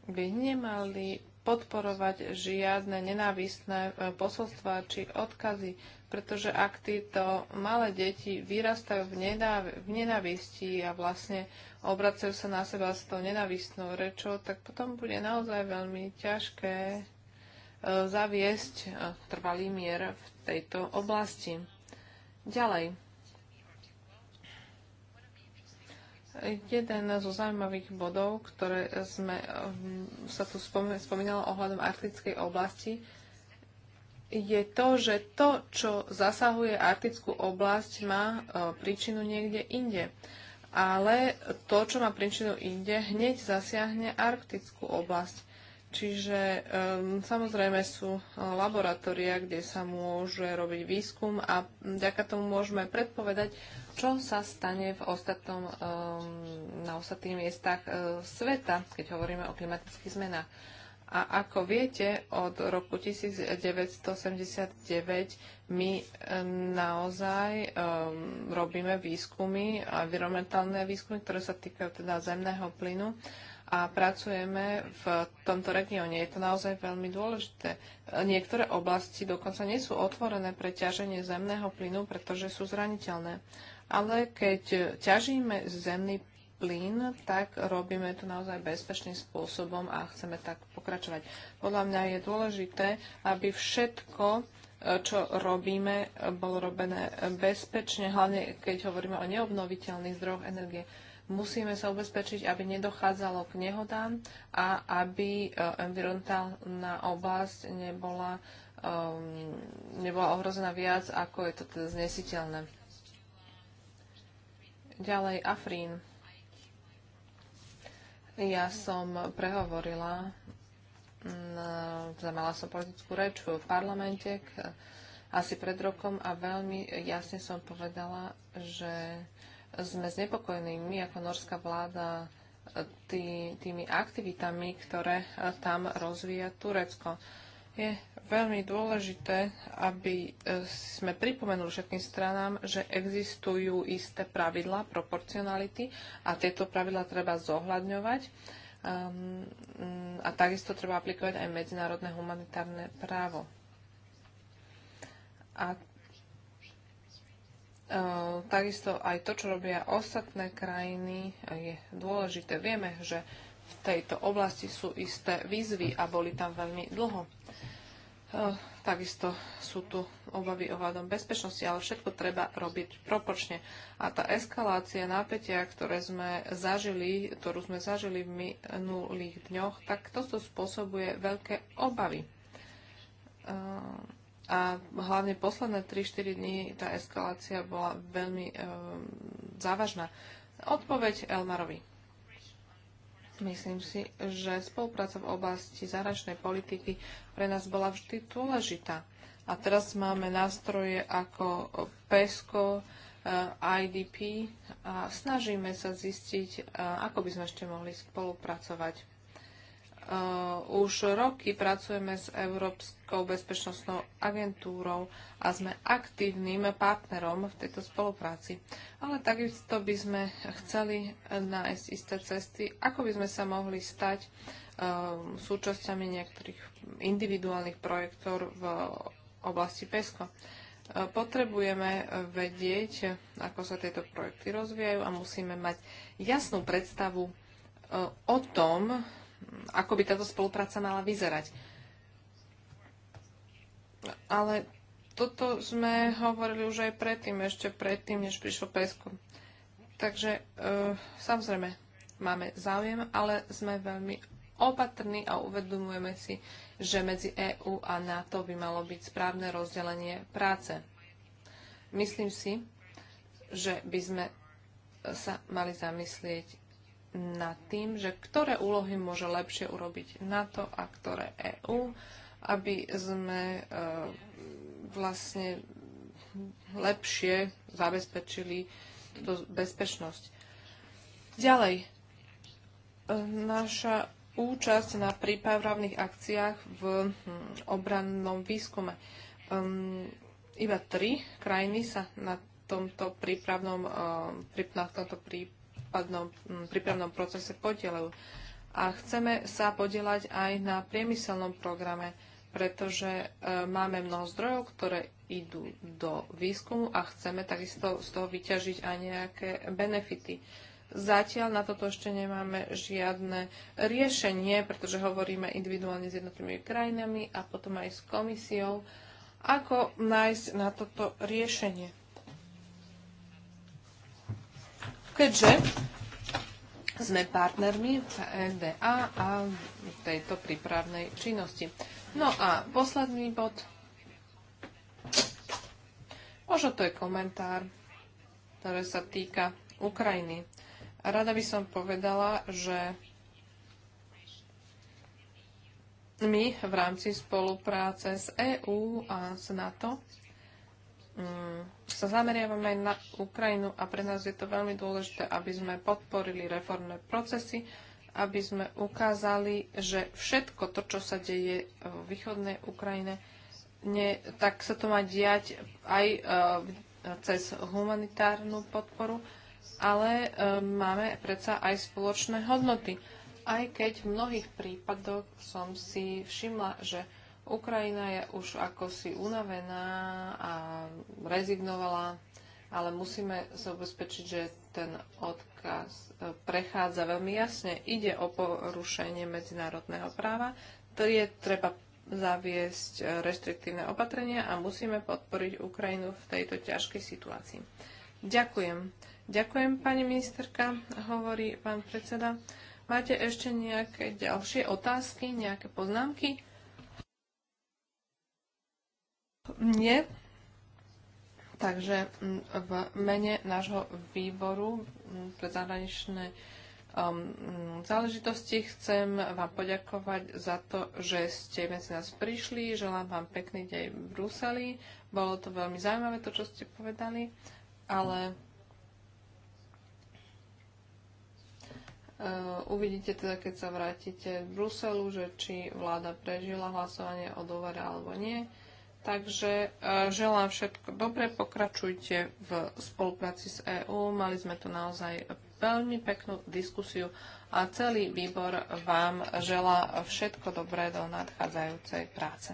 by nemali podporovať žiadne nenávistné e, posolstvá či odkazy, pretože ak títo malé deti vyrastajú v, nenáv- v nenávisti a vlastne obracajú sa na seba s tou nenávistnou rečou, tak potom bude naozaj veľmi ťažké e, zaviesť e, trvalý mier v tejto oblasti. Ďalej Jeden zo zaujímavých bodov, ktoré sme, mm, sa tu spomínalo ohľadom arktickej oblasti, je to, že to, čo zasahuje arktickú oblasť, má e, príčinu niekde inde. Ale to, čo má príčinu inde, hneď zasiahne arktickú oblasť. Čiže um, samozrejme sú e, laboratória, kde sa môže robiť výskum a vďaka tomu môžeme predpovedať, čo sa stane v ostatnom, um, na ostatných miestach uh, sveta, keď hovoríme o klimatických zmenách. A ako viete, od roku 1979 my e, naozaj um, robíme výskumy, environmentálne výskumy, ktoré sa týkajú teda zemného plynu a pracujeme v tomto regióne. Je to naozaj veľmi dôležité. Niektoré oblasti dokonca nie sú otvorené pre ťaženie zemného plynu, pretože sú zraniteľné ale keď ťažíme zemný plyn, tak robíme to naozaj bezpečným spôsobom a chceme tak pokračovať. Podľa mňa je dôležité, aby všetko, e, čo robíme, bolo robené bezpečne, hlavne keď hovoríme o neobnoviteľných zdrojoch energie. Musíme sa ubezpečiť, aby nedochádzalo k nehodám a aby e, environmentálna oblasť nebola, um, nebola ohrozená viac, ako je to teda znesiteľné. Ďalej Afrín. Ja som prehovorila, mm, teda mala som politickú reč v parlamente k, asi pred rokom a veľmi jasne som povedala, že sme znepokojení my ako norská vláda e, tý, tými aktivitami, ktoré e, tam rozvíja Turecko. Je veľmi dôležité, aby e, sme pripomenuli všetkým stranám, že existujú isté pravidlá proporcionality a tieto pravidlá treba zohľadňovať. Ehm, mm, a takisto treba aplikovať aj medzinárodné humanitárne právo. A e, takisto aj to, čo robia ostatné krajiny, je dôležité. Vieme, že v tejto oblasti sú isté výzvy a boli tam veľmi dlho. Eh, takisto sú tu obavy o hľadom bezpečnosti, ale všetko treba robiť propočne. A tá eskalácia napätia, ktoré sme zažili, ktorú sme zažili v minulých dňoch, tak toto spôsobuje veľké obavy. Eh, a hlavne posledné 3-4 dní tá eskalácia bola veľmi eh, závažná. Odpoveď Elmarovi. Myslím si, že spolupráca v oblasti zahraničnej politiky pre nás bola vždy dôležitá. A teraz máme nástroje ako PESCO, eh, IDP a snažíme sa zistiť, eh, ako by sme ešte mohli spolupracovať. Eh, už roky pracujeme s Európskou bezpečnostnou agentúrou a sme aktívnym partnerom v tejto spolupráci. Ale takisto by sme chceli nájsť isté cesty, ako by sme sa mohli stať uh, súčasťami niektorých individuálnych projektov v oblasti PESCO. Eh, potrebujeme vedieť, ako sa tieto projekty rozvíjajú a musíme mať jasnú predstavu o tom, ako by táto spolupráca mala vyzerať. Ale toto sme hovorili už aj predtým, ešte predtým, než prišlo preskum. Takže e, samozrejme máme záujem, ale sme veľmi opatrní a uvedomujeme si, že medzi EÚ a NATO by malo byť správne rozdelenie práce. Myslím si, že by sme sa mali zamyslieť nad tým, že ktoré úlohy môže lepšie urobiť NATO a ktoré EÚ, aby sme eh, vlastne lepšie zabezpečili bezpečnosť. Ďalej, eh, naša účasť na prípravných akciách v hm, obrannom výskume. Um, iba tri krajiny sa na tomto prípravnom, um, na tomto prípravnom prípadnom mm, prípravnom procese podielajú. A chceme sa podielať aj na priemyselnom programe, pretože e, máme mnoho zdrojov, ktoré idú do výskumu a chceme takisto z toho vyťažiť aj nejaké benefity. Zatiaľ na toto ešte nemáme žiadne riešenie, pretože hovoríme individuálne s jednotlivými krajinami a potom aj s komisiou, ako nájsť na toto riešenie. keďže sme partnermi v NDA a v tejto prípravnej činnosti. No a posledný bod. Možno to je komentár, ktorý sa týka Ukrajiny. Rada by som povedala, že my v rámci spolupráce s EÚ a s NATO Mm, sa zameriavame na Ukrajinu a pre nás je to veľmi dôležité, aby sme podporili reformné procesy, aby sme ukázali, že všetko to, čo sa deje v východnej Ukrajine, nie, tak sa to má diať aj uh, cez humanitárnu podporu, ale uh, máme predsa aj spoločné hodnoty. Aj keď v mnohých prípadoch som si všimla, že Ukrajina je už ako si unavená a rezignovala, ale musíme sa ubezpečiť, že ten odkaz e, prechádza veľmi jasne. Ide o porušenie medzinárodného práva, ktorý je treba zaviesť e, reštriktívne opatrenia a musíme podporiť Ukrajinu v tejto ťažkej situácii. Ďakujem. Ďakujem, pani ministerka, hovorí pán predseda. Máte ešte nejaké ďalšie otázky, nejaké poznámky? Nie. Takže mm, v mene nášho výboru mm, pre zahraničné um, mm, záležitosti chcem vám poďakovať za to, že ste medzi nás prišli. Želám vám pekný deň v Bruseli. Bolo to veľmi zaujímavé to, čo ste povedali, ale Uh, uvidíte teda, keď sa vrátite v Bruselu, že či vláda prežila hlasovanie o dôvere alebo nie. Takže e, želám všetko dobre, pokračujte v spolupráci s EÚ. Mali sme tu naozaj veľmi peknú diskusiu a celý výbor vám želá všetko dobré do nadchádzajúcej práce.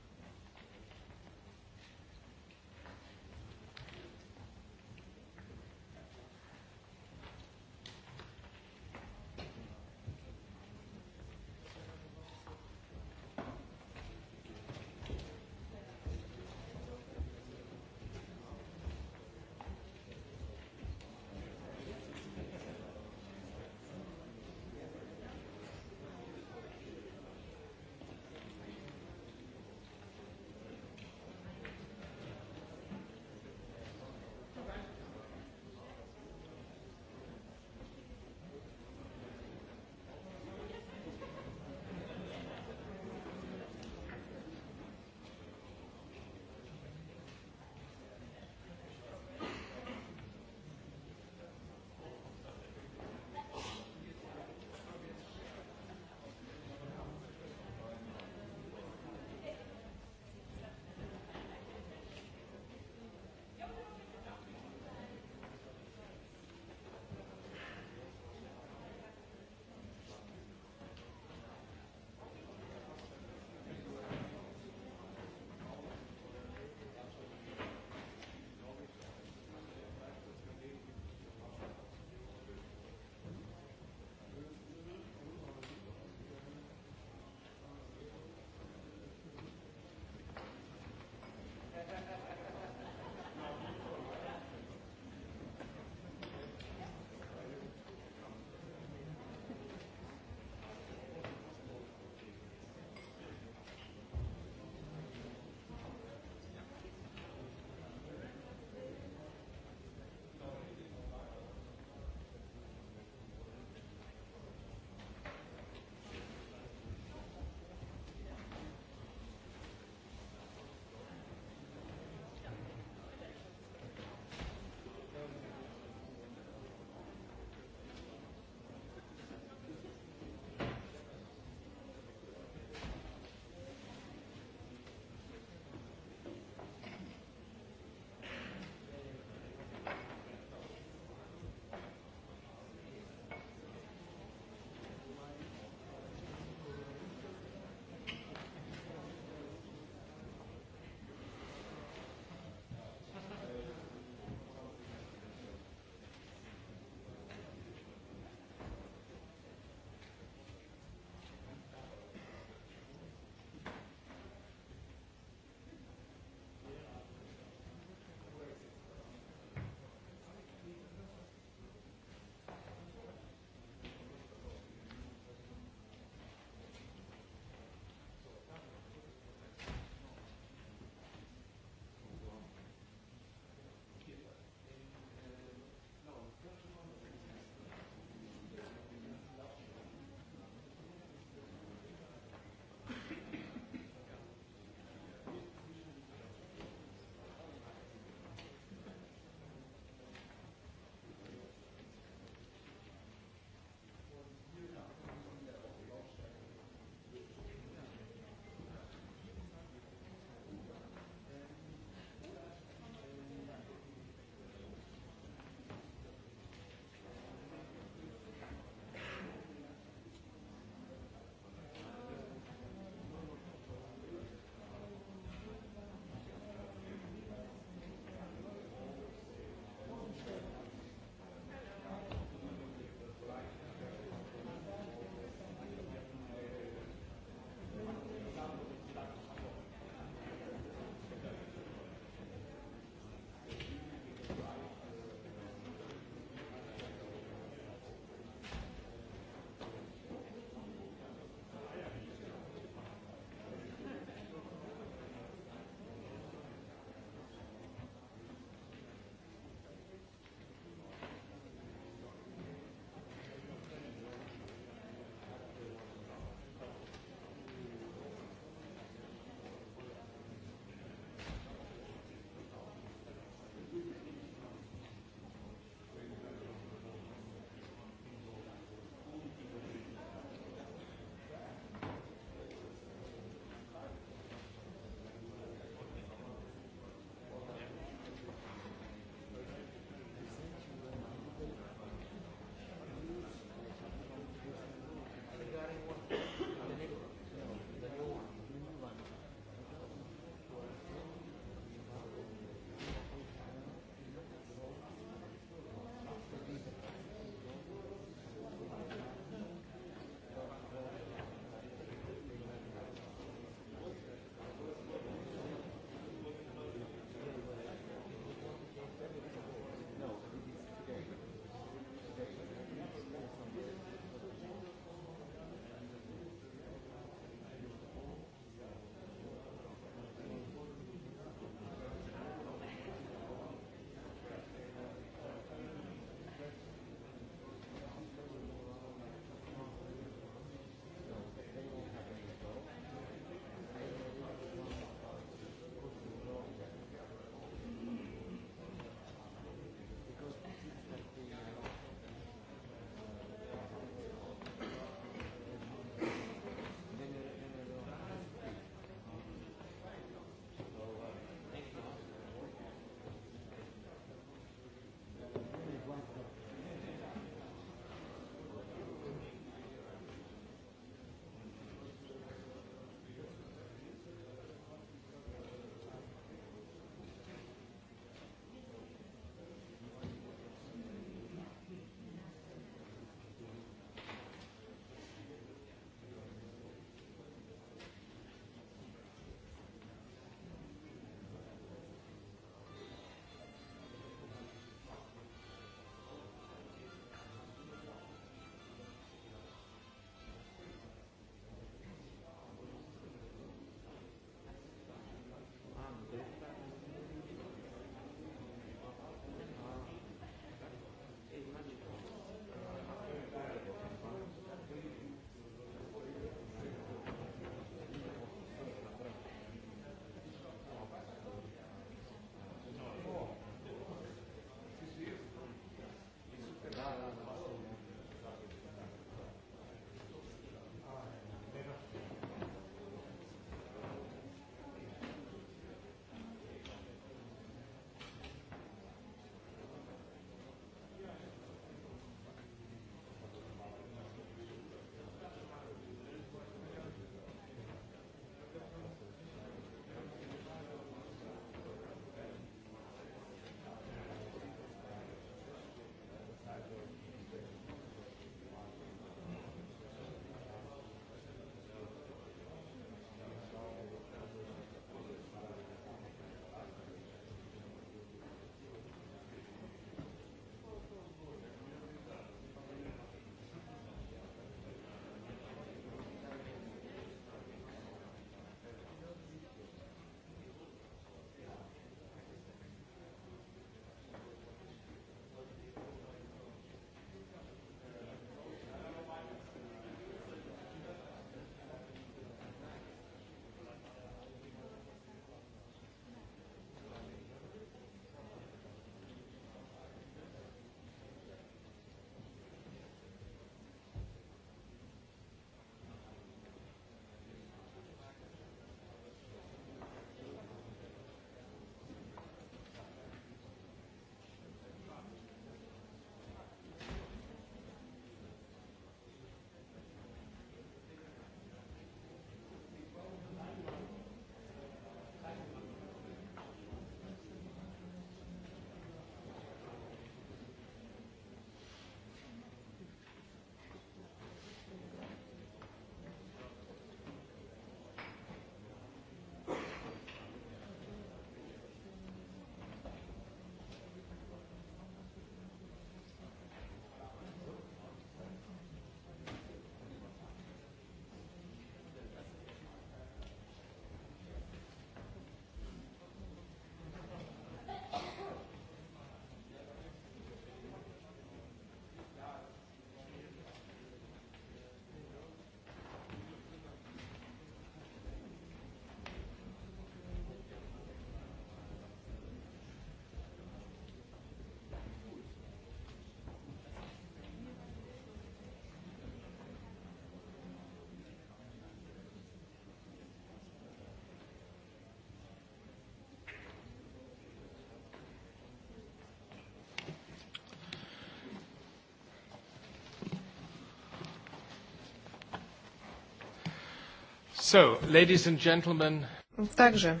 So, ladies and gentlemen. Takže,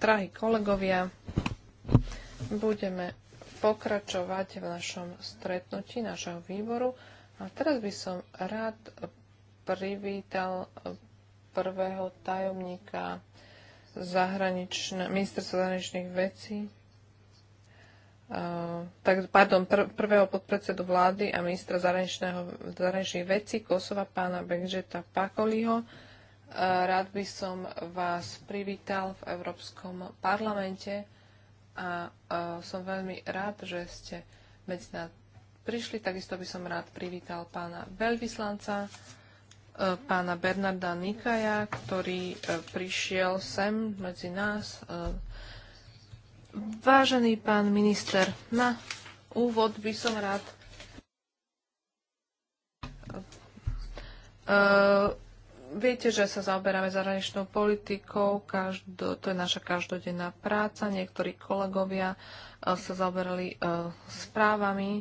drahí kolegovia, budeme pokračovať v našom stretnutí našeho výboru. A teraz by som rád privítal prvého tajomníka ministerstva zahraničných vecí, uh, tak, pardon, pr- prvého podpredsedu vlády a ministra zahraničných vecí Kosova, pána Begžeta Pakoliho. Eh, rád by som vás privítal v Európskom parlamente a eh, som veľmi rád, že ste medzi nás prišli. Takisto by som rád privítal pána veľvyslanca, eh, pána Bernarda Nikaja, ktorý prišiel sem medzi nás. Vážený pán minister, na úvod by som rád Viete, že sa zaoberáme zahraničnou politikou, každo, to je naša každodenná práca. Niektorí kolegovia uh, sa zaoberali uh, správami,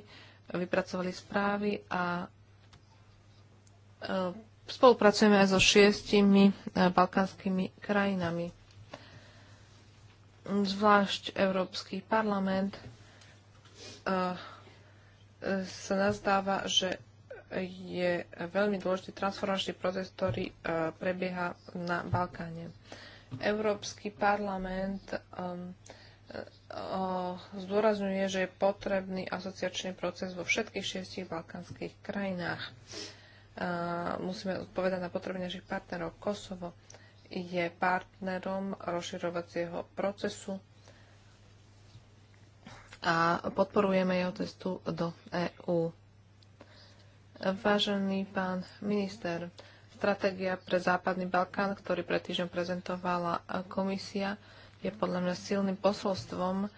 vypracovali správy a uh, spolupracujeme aj so šiestimi balkánskymi krajinami. Zvlášť Európsky parlament sa nazdáva, že je veľmi dôležitý transformačný proces, ktorý e, prebieha na Balkáne. Európsky parlament um, e, zdôrazňuje, že je potrebný asociačný proces vo všetkých šiestich balkánskych krajinách. E, musíme odpovedať na potreby našich partnerov. Kosovo je partnerom rozširovacieho procesu a podporujeme jeho cestu do EÚ. Vážený pán minister, stratégia pre Západný Balkán, ktorý pred týždňom prezentovala komisia, je podľa mňa silným posolstvom,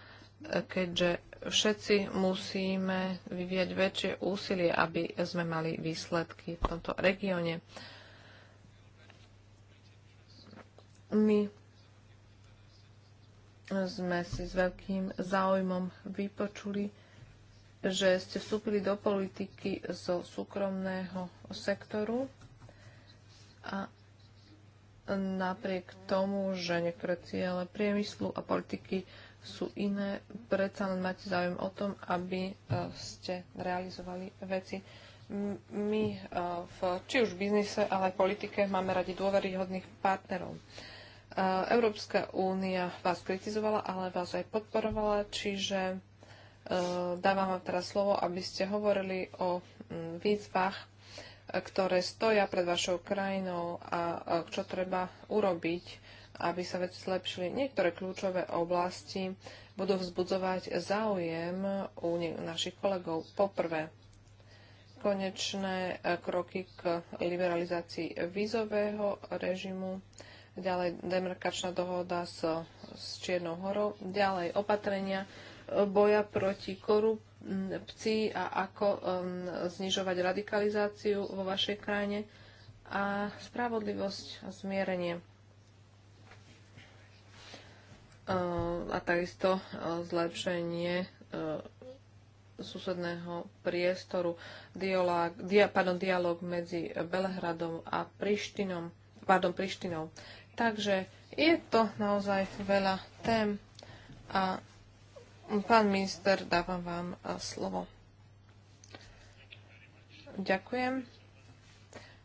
keďže všetci musíme vyvíjať väčšie úsilie, aby sme mali výsledky v tomto regióne. My sme si s veľkým záujmom vypočuli že ste vstúpili do politiky zo súkromného sektoru a napriek tomu, že niektoré ciele priemyslu a politiky sú iné, predsa len máte záujem o tom, aby e, ste realizovali veci. My e, v, či už v biznise, ale aj v politike máme radi dôveryhodných partnerov. E, Európska únia vás kritizovala, ale vás aj podporovala, čiže Eh, dávam vám teraz slovo, aby ste hovorili o mm, výzvach, ktoré stoja pred vašou krajinou a čo treba urobiť, aby sa veci zlepšili. Niektoré kľúčové oblasti budú vzbudzovať záujem u našich kolegov. Poprvé, konečné eh, kroky k liberalizácii vízového režimu, ďalej demarkačná dohoda s, s Čiernou horou, ďalej opatrenia, boja proti korupcii a ako um, znižovať radikalizáciu vo vašej krajine a spravodlivosť a zmierenie. Uh, a takisto uh, zlepšenie uh, susedného priestoru, dialog, dia, pardon, dialog medzi Belehradom a Prištinom, pardon, Prištinou. Takže je to naozaj veľa tém a Pán minister, dávam vám e, slovo. Ďakujem.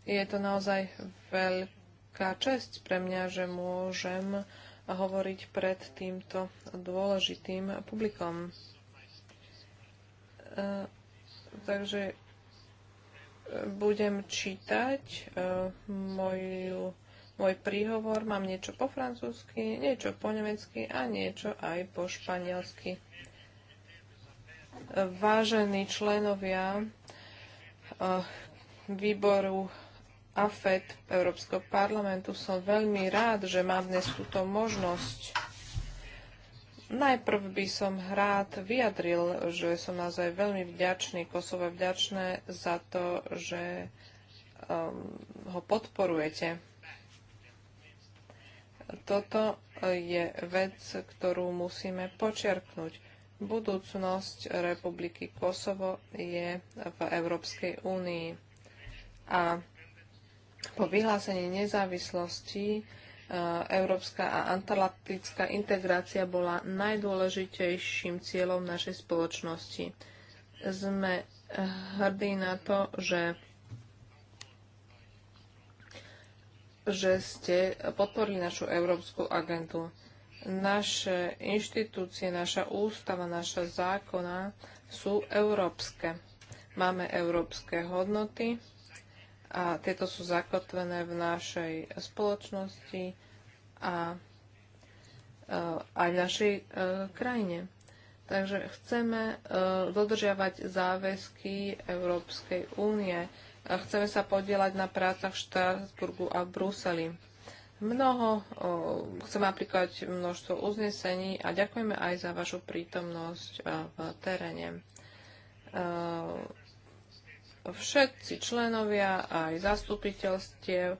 Je to naozaj veľká čest pre mňa, že môžem hovoriť pred týmto dôležitým publikom. E, takže e, budem čítať moju môj príhovor, mám niečo po francúzsky, niečo po nemecky a niečo aj po španielsky. Vážení členovia eh, výboru AFET Európskeho parlamentu, som veľmi rád, že mám dnes túto možnosť. Najprv by som rád vyjadril, že som naozaj veľmi vďačný, Kosovo vďačné za to, že um, ho podporujete. Toto je vec, ktorú musíme počerknúť. Budúcnosť Republiky Kosovo je v Európskej únii a po vyhlásení nezávislosti e, európska a antarktická integrácia bola najdôležitejším cieľom našej spoločnosti. Sme hrdí na to, že že ste podporili našu európsku agentu. Naše inštitúcie, naša ústava, naša zákona sú európske. Máme európske hodnoty a tieto sú zakotvené v našej spoločnosti a eh, aj v našej eh, krajine. Takže chceme eh, dodržiavať záväzky Európskej únie. Chceme sa podielať na prácach v a v Bruseli. Mnoho, chcem napríklad množstvo uznesení a ďakujeme aj za vašu prítomnosť e, v teréne. E, všetci členovia aj zastupiteľstiev e,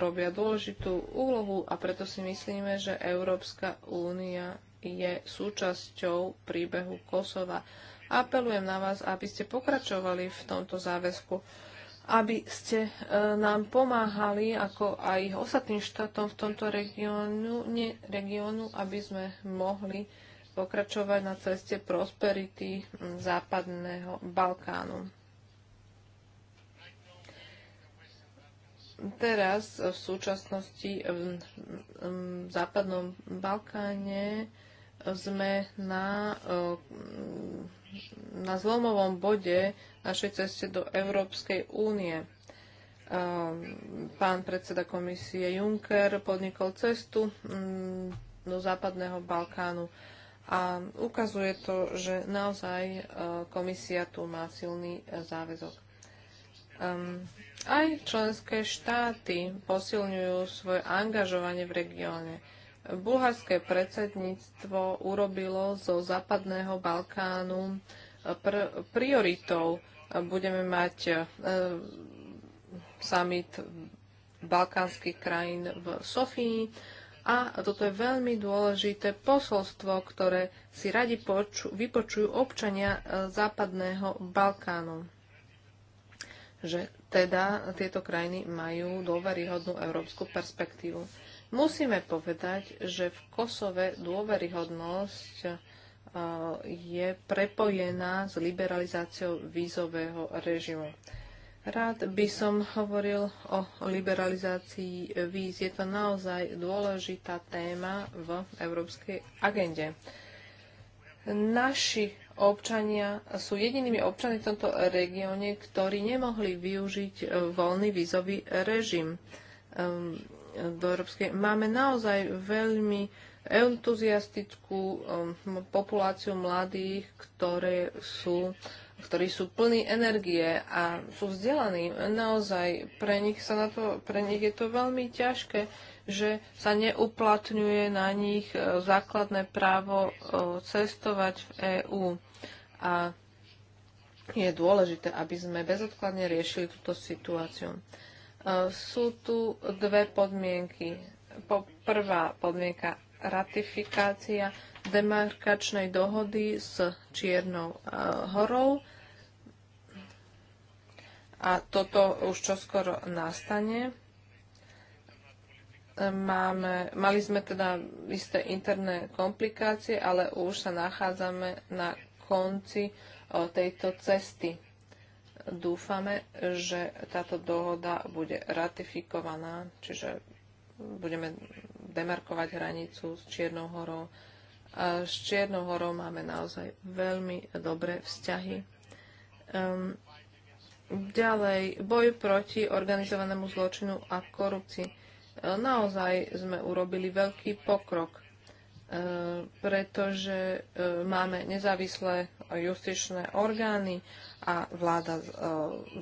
robia dôležitú úlohu a preto si myslíme, že Európska únia je súčasťou príbehu Kosova. Apelujem na vás, aby ste pokračovali v tomto záväzku aby ste e, nám pomáhali, ako aj ostatným štátom v tomto regiónu, nie regiónu, aby sme mohli pokračovať na ceste prosperity západného Balkánu. Teraz v súčasnosti v západnom Balkáne sme na, eh, na zlomovom bode našej ceste do Európskej únie. Eh, pán predseda komisie Juncker podnikol cestu mm, do Západného Balkánu a ukazuje to, že naozaj eh, komisia tu má silný záväzok. Ehm, aj členské štáty posilňujú svoje angažovanie v regióne Bulharské predsedníctvo urobilo zo západného Balkánu eh, pr- prioritou. Budeme mať e, summit balkánskych krajín v Sofii a toto je veľmi dôležité posolstvo, ktoré si radi poču- vypočujú občania eh, západného Balkánu. Že teda tieto krajiny majú dôveryhodnú európsku perspektívu. Musíme povedať, že v Kosove dôveryhodnosť e, je prepojená s liberalizáciou vízového režimu. Rád by som hovoril o liberalizácii víz. Je to naozaj dôležitá téma v európskej agende. Naši občania sú jedinými občany v tomto regióne, ktorí nemohli využiť voľný vízový režim. Ehm, do Európskej. Máme naozaj veľmi entuziastickú um, populáciu mladých, ktoré sú, ktorí sú plní energie a sú vzdelaní. Naozaj pre nich, sa na to, pre nich je to veľmi ťažké, že sa neuplatňuje na nich e, základné právo e, cestovať v EÚ. A je dôležité, aby sme bezodkladne riešili túto situáciu. E, sú tu dve podmienky. Po prvá podmienka ratifikácia demarkačnej dohody s Čiernou e, horou. A toto už čoskoro nastane. Máme, mali sme teda isté interné komplikácie, ale už sa nachádzame na konci e, tejto cesty. Dúfame, že táto dohoda bude ratifikovaná, čiže budeme demarkovať hranicu s Čiernou horou. A s Čiernou horou máme naozaj veľmi dobré vzťahy. Um, ďalej, boj proti organizovanému zločinu a korupcii. Ehm, naozaj sme urobili veľký pokrok E, pretože e, máme nezávislé justičné orgány a vláda e,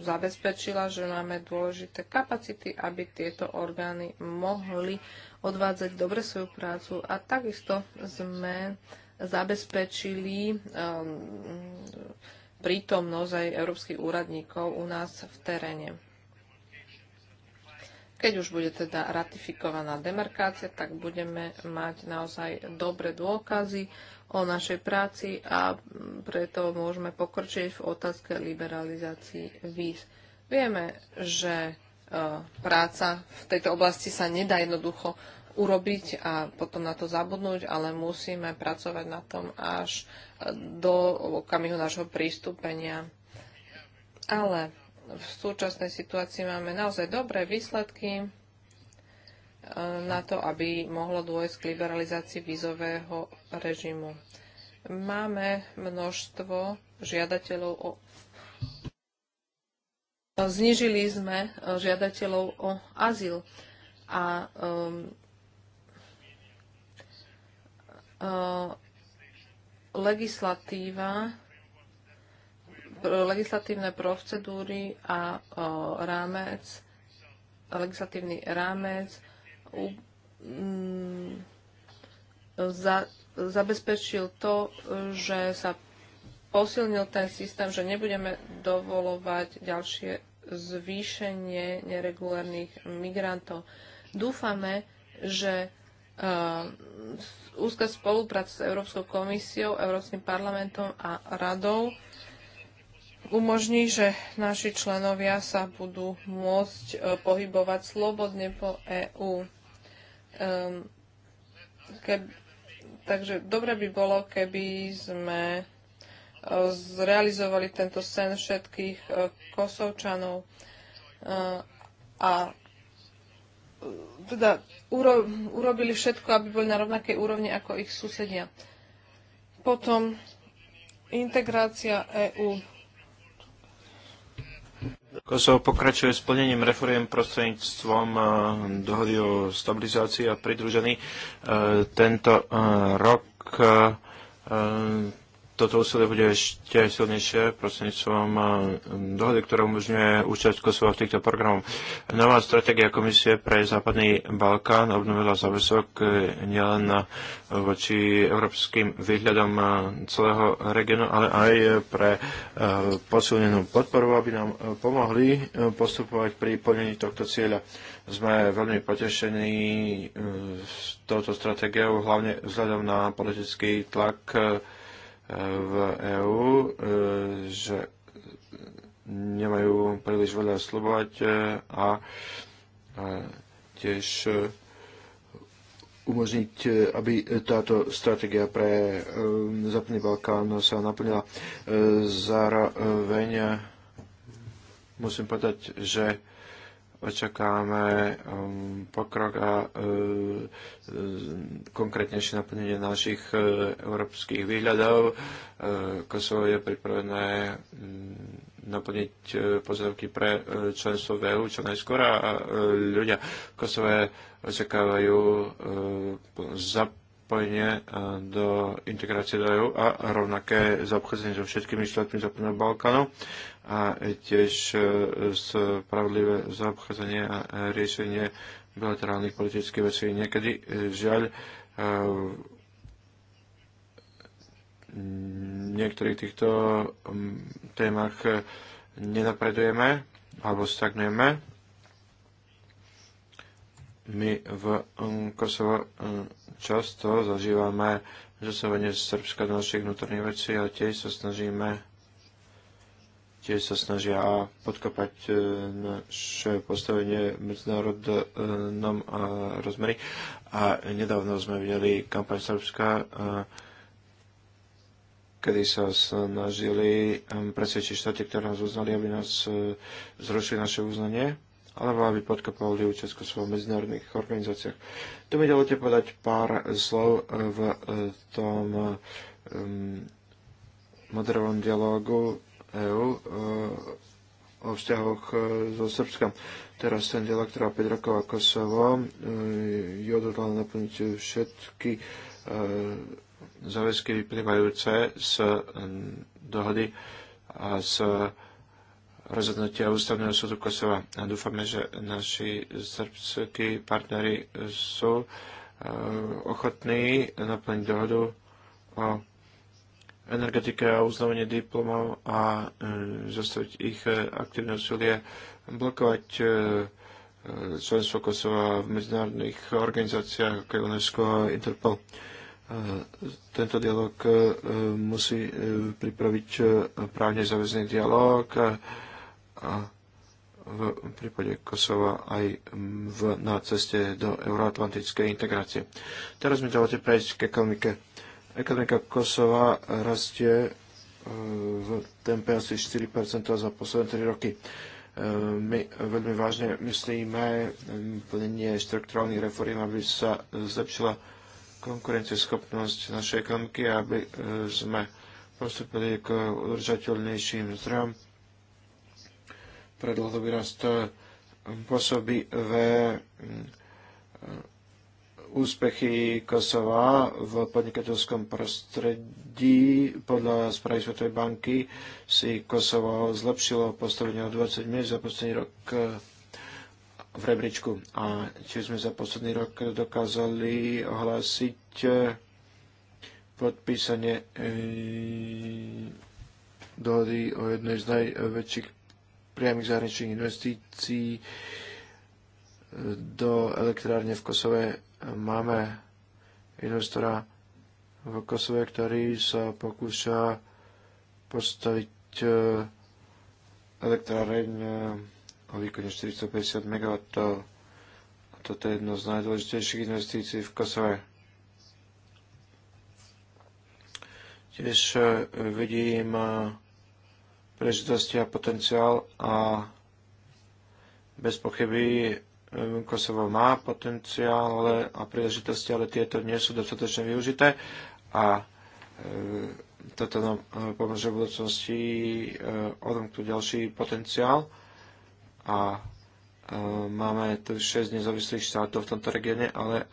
zabezpečila, že máme dôležité kapacity, aby tieto orgány mohli odvádzať dobre svoju prácu a takisto sme zabezpečili prítomnosť aj európskych úradníkov u nás v teréne. Keď už bude teda ratifikovaná demarkácia, tak budeme mať naozaj dobré dôkazy o našej práci a preto môžeme pokročiť v otázke liberalizácii víz. Vieme, že e, práca v tejto oblasti sa nedá jednoducho urobiť a potom na to zabudnúť, ale musíme pracovať na tom až e, do okamihu nášho prístupenia. Ale v súčasnej situácii máme naozaj dobré výsledky e, na to, aby mohlo dôjsť k liberalizácii vízového režimu. Máme množstvo žiadateľov o Znižili sme e, žiadateľov o azyl a um, uh, legislatíva legislatívne procedúry a o, rámec, legislatívny rámec u, m, mm, za, zabezpečil to, že sa posilnil ten systém, že nebudeme dovolovať ďalšie zvýšenie neregulárnych migrantov. Dúfame, že uh, úzka spolupráca s Európskou komisiou, Európskym parlamentom a radou umožní, že naši členovia sa budú môcť e, pohybovať slobodne po EÚ. Ehm, takže dobre by bolo, keby sme e, zrealizovali tento sen všetkých e, kosovčanov a teda uro, urobili všetko, aby boli na rovnakej úrovni ako ich susedia. Potom integrácia EÚ Kosovo pokračuje s plnením reforiem prostredníctvom e, dohody o stabilizácii a pridružení. E, tento e, rok toto úsilie bude ešte silnejšie prostredníctvom eh, dohody, ktorá umožňuje účasť Kosova v týchto programoch. Nová stratégia komisie pre Západný Balkán obnovila záväzok eh, nielen eh, voči európskym výhľadom celého regionu, ale aj pre posilnenú podporu, aby nám pomohli postupovať pri plnení tohto cieľa sme veľmi potešení s touto stratégiou, hlavne vzhľadom na politický tlak v EÚ, e, že nemajú príliš veľa slobovať e, a e, tiež umožniť, aby táto stratégia pre Západný Balkán sa naplnila. Zároveň musím povedať, že očakávame um, pokrok a uh, konkrétnejšie naplnenie našich uh, európskych výhľadov. Uh, Kosovo je pripravené um, naplniť požiadavky pre členstvo VEU EU čo najskôr a ľudia v Kosove očakávajú zapojenie zapojenie do integrácie do EU a rovnaké zaobchádzanie so všetkými štátmi Západného Balkánu a tiež e, spravodlivé zaobchádzanie a e, riešenie bilaterálnych politických vecí. Niekedy, e, žiaľ, niektorých týchto témach nenapredujeme alebo stagnujeme. My v Kosovo často zažívame zasovanie Srbska do našich vnútorných vecí a tiež sa snažíme tiež sa snažia podkopať e, naše postavenie v medzinárodnom e, rozmeri. A nedávno sme videli kampaň Srbska, e, kedy sa snažili presvedčiť štáty, ktoré nás uznali, aby nás zrušili naše uznanie alebo aby podkopovali účastku v medzinárodných organizáciách. Tu mi dovolte povedať pár slov v tom um, moderovom dialogu EÚ e, o vzťahoch e, so Srbskom. Teraz ten dialog trvá 5 rokov a Kosovo e, je odhodlané naplniť všetky záväzky vyplývajúce z dohody a z rozhodnutia ústavného súdu Kosova. A dúfame, že naši srbskí partnery sú ochotní naplniť dohodu o energetike a uznávanie diplomov a e, zastaviť ich e, aktívne úsilie, blokovať e, členstvo Kosova v medzinárodných organizáciách ako UNESCO a Interpol. Tento dialog musí pripraviť právne záväzný dialog a v prípade Kosova aj v, na ceste do euroatlantickej integrácie. Teraz mi dovolte prejsť k ekonomike Ekonomika Kosova rastie e, v tempe asi 4% za posledné 3 roky. E, my veľmi vážne myslíme plnenie štrukturálnych reform, aby sa zlepšila konkurencieschopnosť našej ekonomiky, aby e, sme postupili k udržateľnejším zdrojom pre dlhodobý rast pôsobí v úspechy Kosova v podnikateľskom prostredí. Podľa správy Svetovej banky si Kosovo zlepšilo postavenie o 20 miest za posledný rok e, v rebríčku. A či sme za posledný rok dokázali ohlásiť e, podpísanie e, dohody o jednej z najväčších priamých zahraničných investícií do elektrárne v Kosove máme investora v Kosove, ktorý sa pokúša postaviť e, elektráreň e, o výkone 450 MW. Toto je jedno z najdôležitejších investícií v Kosove. Tiež e, vidím prežitosti a potenciál a bez pochyby Kosovo má potenciál a príležitosti, ale tieto nie sú dostatočne využité a toto nám pomôže v budúcnosti odomknúť ďalší potenciál a máme tu 6 nezávislých štátov v tomto regióne, ale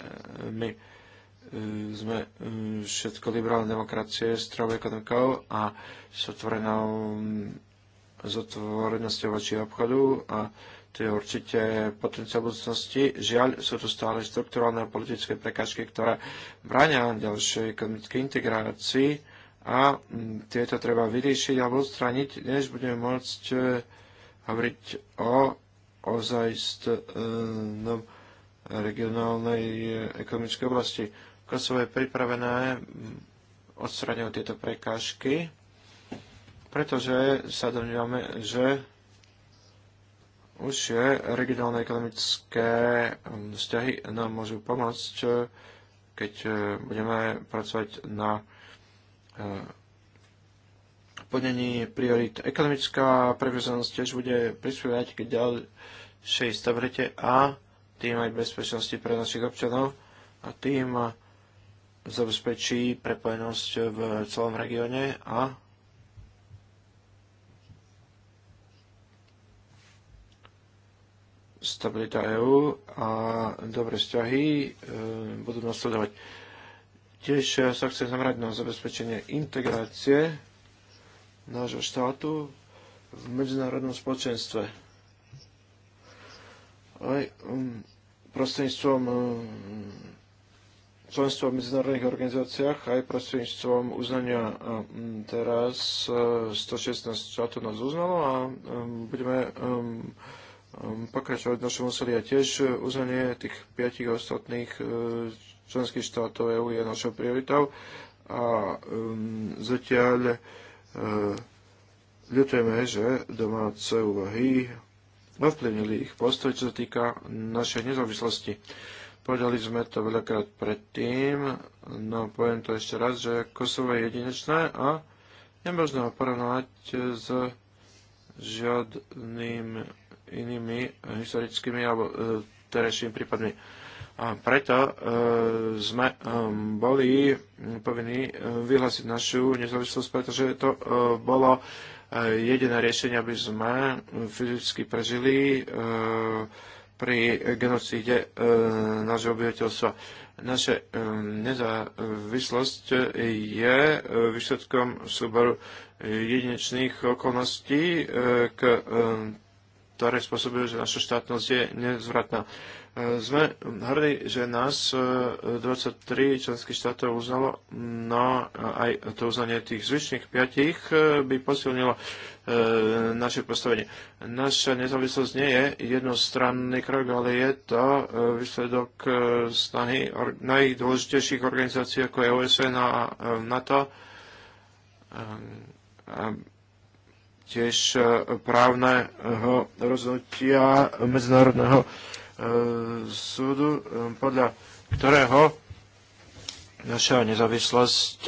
my sme všetko liberálne demokracie s trojou ekonomikou a s otvorenou s otvorenosťou voči obchodu a to je určite potenciál budúcnosti. Žiaľ, sú tu stále a politické prekážky, ktoré bráňa ďalšej ekonomickej integrácii a mm, tieto treba vyriešiť alebo odstrániť, než budeme môcť e, hovoriť o ozajstnom e, regionálnej e, ekonomickej oblasti. Kosovo je pripravené mm, odstraňovať tieto prekážky, pretože sa domnívame, že Užšie regionálne ekonomické um, vzťahy nám môžu pomôcť, uh, keď uh, budeme pracovať na uh, podnení priorit. Ekonomická previezenosť tiež bude prispievať k ďalšej stabilite a tým aj bezpečnosti pre našich občanov a tým zabezpečí prepojenosť v celom regióne a stabilita EÚ a dobré vzťahy e, budú nasledovať. Tiež sa chcem zamerať na zabezpečenie integrácie nášho štátu v medzinárodnom spoločenstve. Aj um, prostredníctvom um, členstva v medzinárodných organizáciách aj prostredníctvom uznania um, teraz 116 uh, štátov nás uznalo a budeme Um, pokračovať v našom úsilí a tiež uh, uznanie tých piatich ostatných uh, členských štátov EU je našou prioritou a um, zatiaľ uh, ľutujeme, že domáce úvahy ovplyvnili ich postoj, čo sa týka našej nezávislosti. Povedali sme to veľakrát predtým, no poviem to ešte raz, že Kosovo je jedinečné a nemôžno ho porovnať s žiadnym inými historickými alebo e, terajšími prípadmi. A preto e, sme e, boli povinní e, vyhlásiť našu nezávislosť, pretože to e, bolo e, jediné riešenie, aby sme fyzicky prežili e, pri genocíde e, nášho obyvateľstva. Naša e, nezávislosť je e, výsledkom súboru jedinečných okolností, e, k e, ktoré spôsobujú, že naša štátnosť je nezvratná. E, sme hrdí, že nás 23 e, členských štátov uznalo, no aj to uznanie tých zvyšných piatich e, by posilnilo naše postavenie. Naša nezávislosť nie je jednostranný krok, ale je to výsledok snahy najdôležitejších organizácií ako je OSN a NATO tiež e, právneho rozhodnutia Medzinárodného e, súdu, e, podľa ktorého naša nezávislosť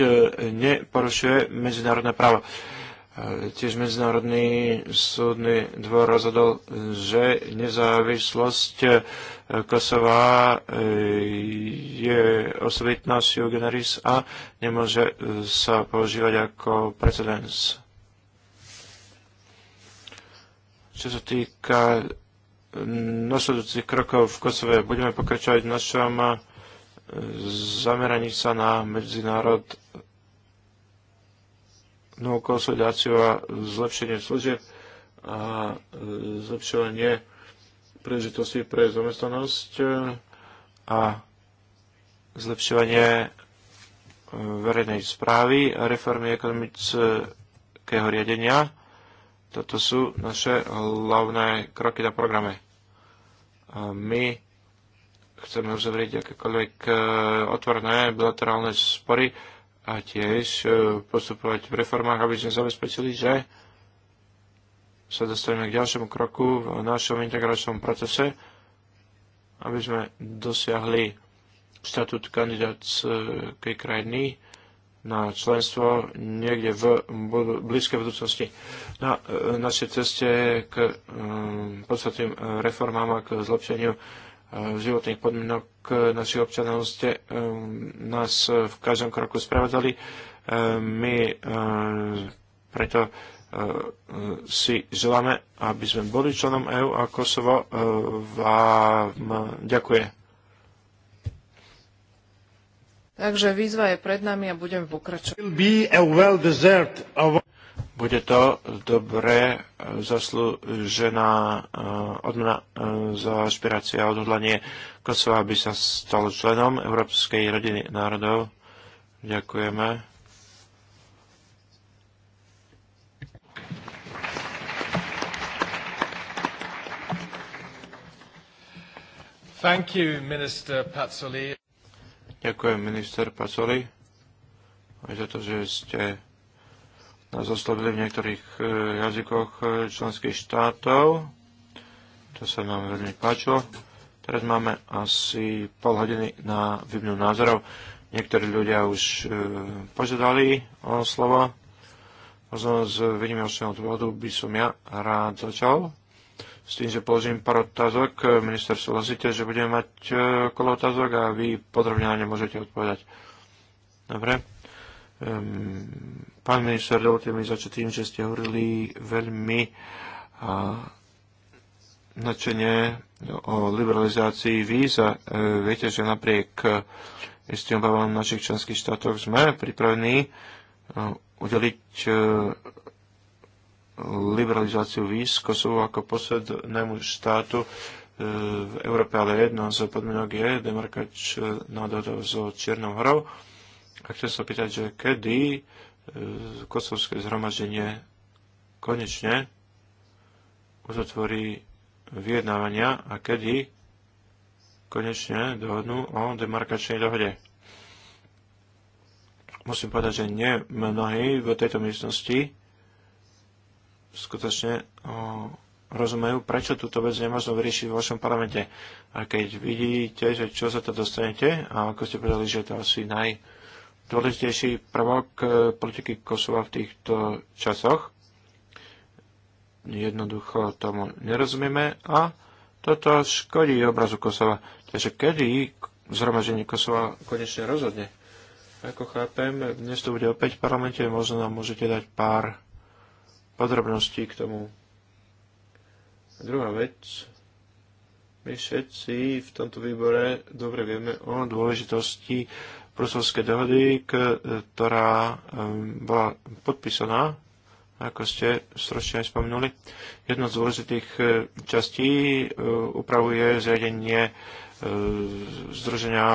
neporušuje medzinárodné právo. Tiež Medzinárodný súdny dvor rozhodol, že nezávislosť Kosova je osobitná sui generis a nemôže sa používať ako precedens. Čo sa týka eh, nasledujúcich krokov v Kosove, budeme pokračovať v našom eh, zameraní sa na medzinárod novú konsolidáciu a zlepšenie služieb a eh, zlepšovanie príležitosti pre zamestnanosť a zlepšovanie verejnej správy a reformy ekonomického riadenia toto sú naše hlavné kroky na programe. A my chceme uzavrieť akékoľvek e, otvorné bilaterálne spory a tiež e, postupovať v reformách, aby sme zabezpečili, že sa dostaneme k ďalšiemu kroku v našom integračnom procese, aby sme dosiahli štatút kandidátskej krajiny na členstvo niekde v blízkej budúcnosti. E, na našej ceste k e, podstatným e, reformám a k zlepšeniu životných podmienok našich občanov ste nás v každom kroku sprevádzali. My preto si želáme, aby sme boli členom EÚ a Kosovo vám ďakujem. Takže výzva je pred nami a budem pokračovať. Bude to dobre zaslúžená e, odmena e, za aspirácie a odhodlanie Kosova, aby sa stalo členom Európskej rodiny národov. Ďakujeme. Thank you, Minister Pazzoli. Ďakujem minister Pacoli aj za to, že ste nás oslovili v niektorých e, jazykoch e, členských štátov. To sa nám veľmi páčilo. Teraz máme asi pol hodiny na výmnu názorov. Niektorí ľudia už e, požiadali o slovo. Možno z vynimočného dôvodu by som ja rád začal s tým, že položím pár otázok. Minister, súhlasíte, že budeme mať e, kolo otázok a vy podrobne na ne môžete odpovedať. Dobre. Ehm, pán minister, dovolte mi začať tým, že ste hovorili veľmi načenie o liberalizácii víz a e, viete, že napriek istým obavám našich členských štátoch sme pripravení e, udeliť liberalizáciu víz Kosovo ako poslednému štátu e, v Európe, ale jedno z podmienok je na dohoda so Čiernou horou. A chcem sa pýtať, že kedy e, kosovské zhromaždenie konečne uzatvorí vyjednávania a kedy konečne dohodnú o demarkačnej dohode. Musím povedať, že nie mnohí v tejto miestnosti skutočne rozumejú, prečo túto vec nemôžno vyriešiť vo vašom parlamente. A keď vidíte, že čo sa to dostanete, a ako ste povedali, že je to asi najdôležitejší prvok e, politiky Kosova v týchto časoch, jednoducho tomu nerozumieme a toto škodí obrazu Kosova. Takže kedy zhromaženie Kosova konečne rozhodne? Ako chápem, dnes to bude opäť v parlamente, možno nám môžete dať pár podrobností k tomu. Druhá vec, my všetci v tomto výbore dobre vieme o dôležitosti Bruselskej dohody, ktorá ehm, bola podpísaná, ako ste stručne aj spomenuli. Jedna z dôležitých e, častí e, upravuje zriadenie e, Združenia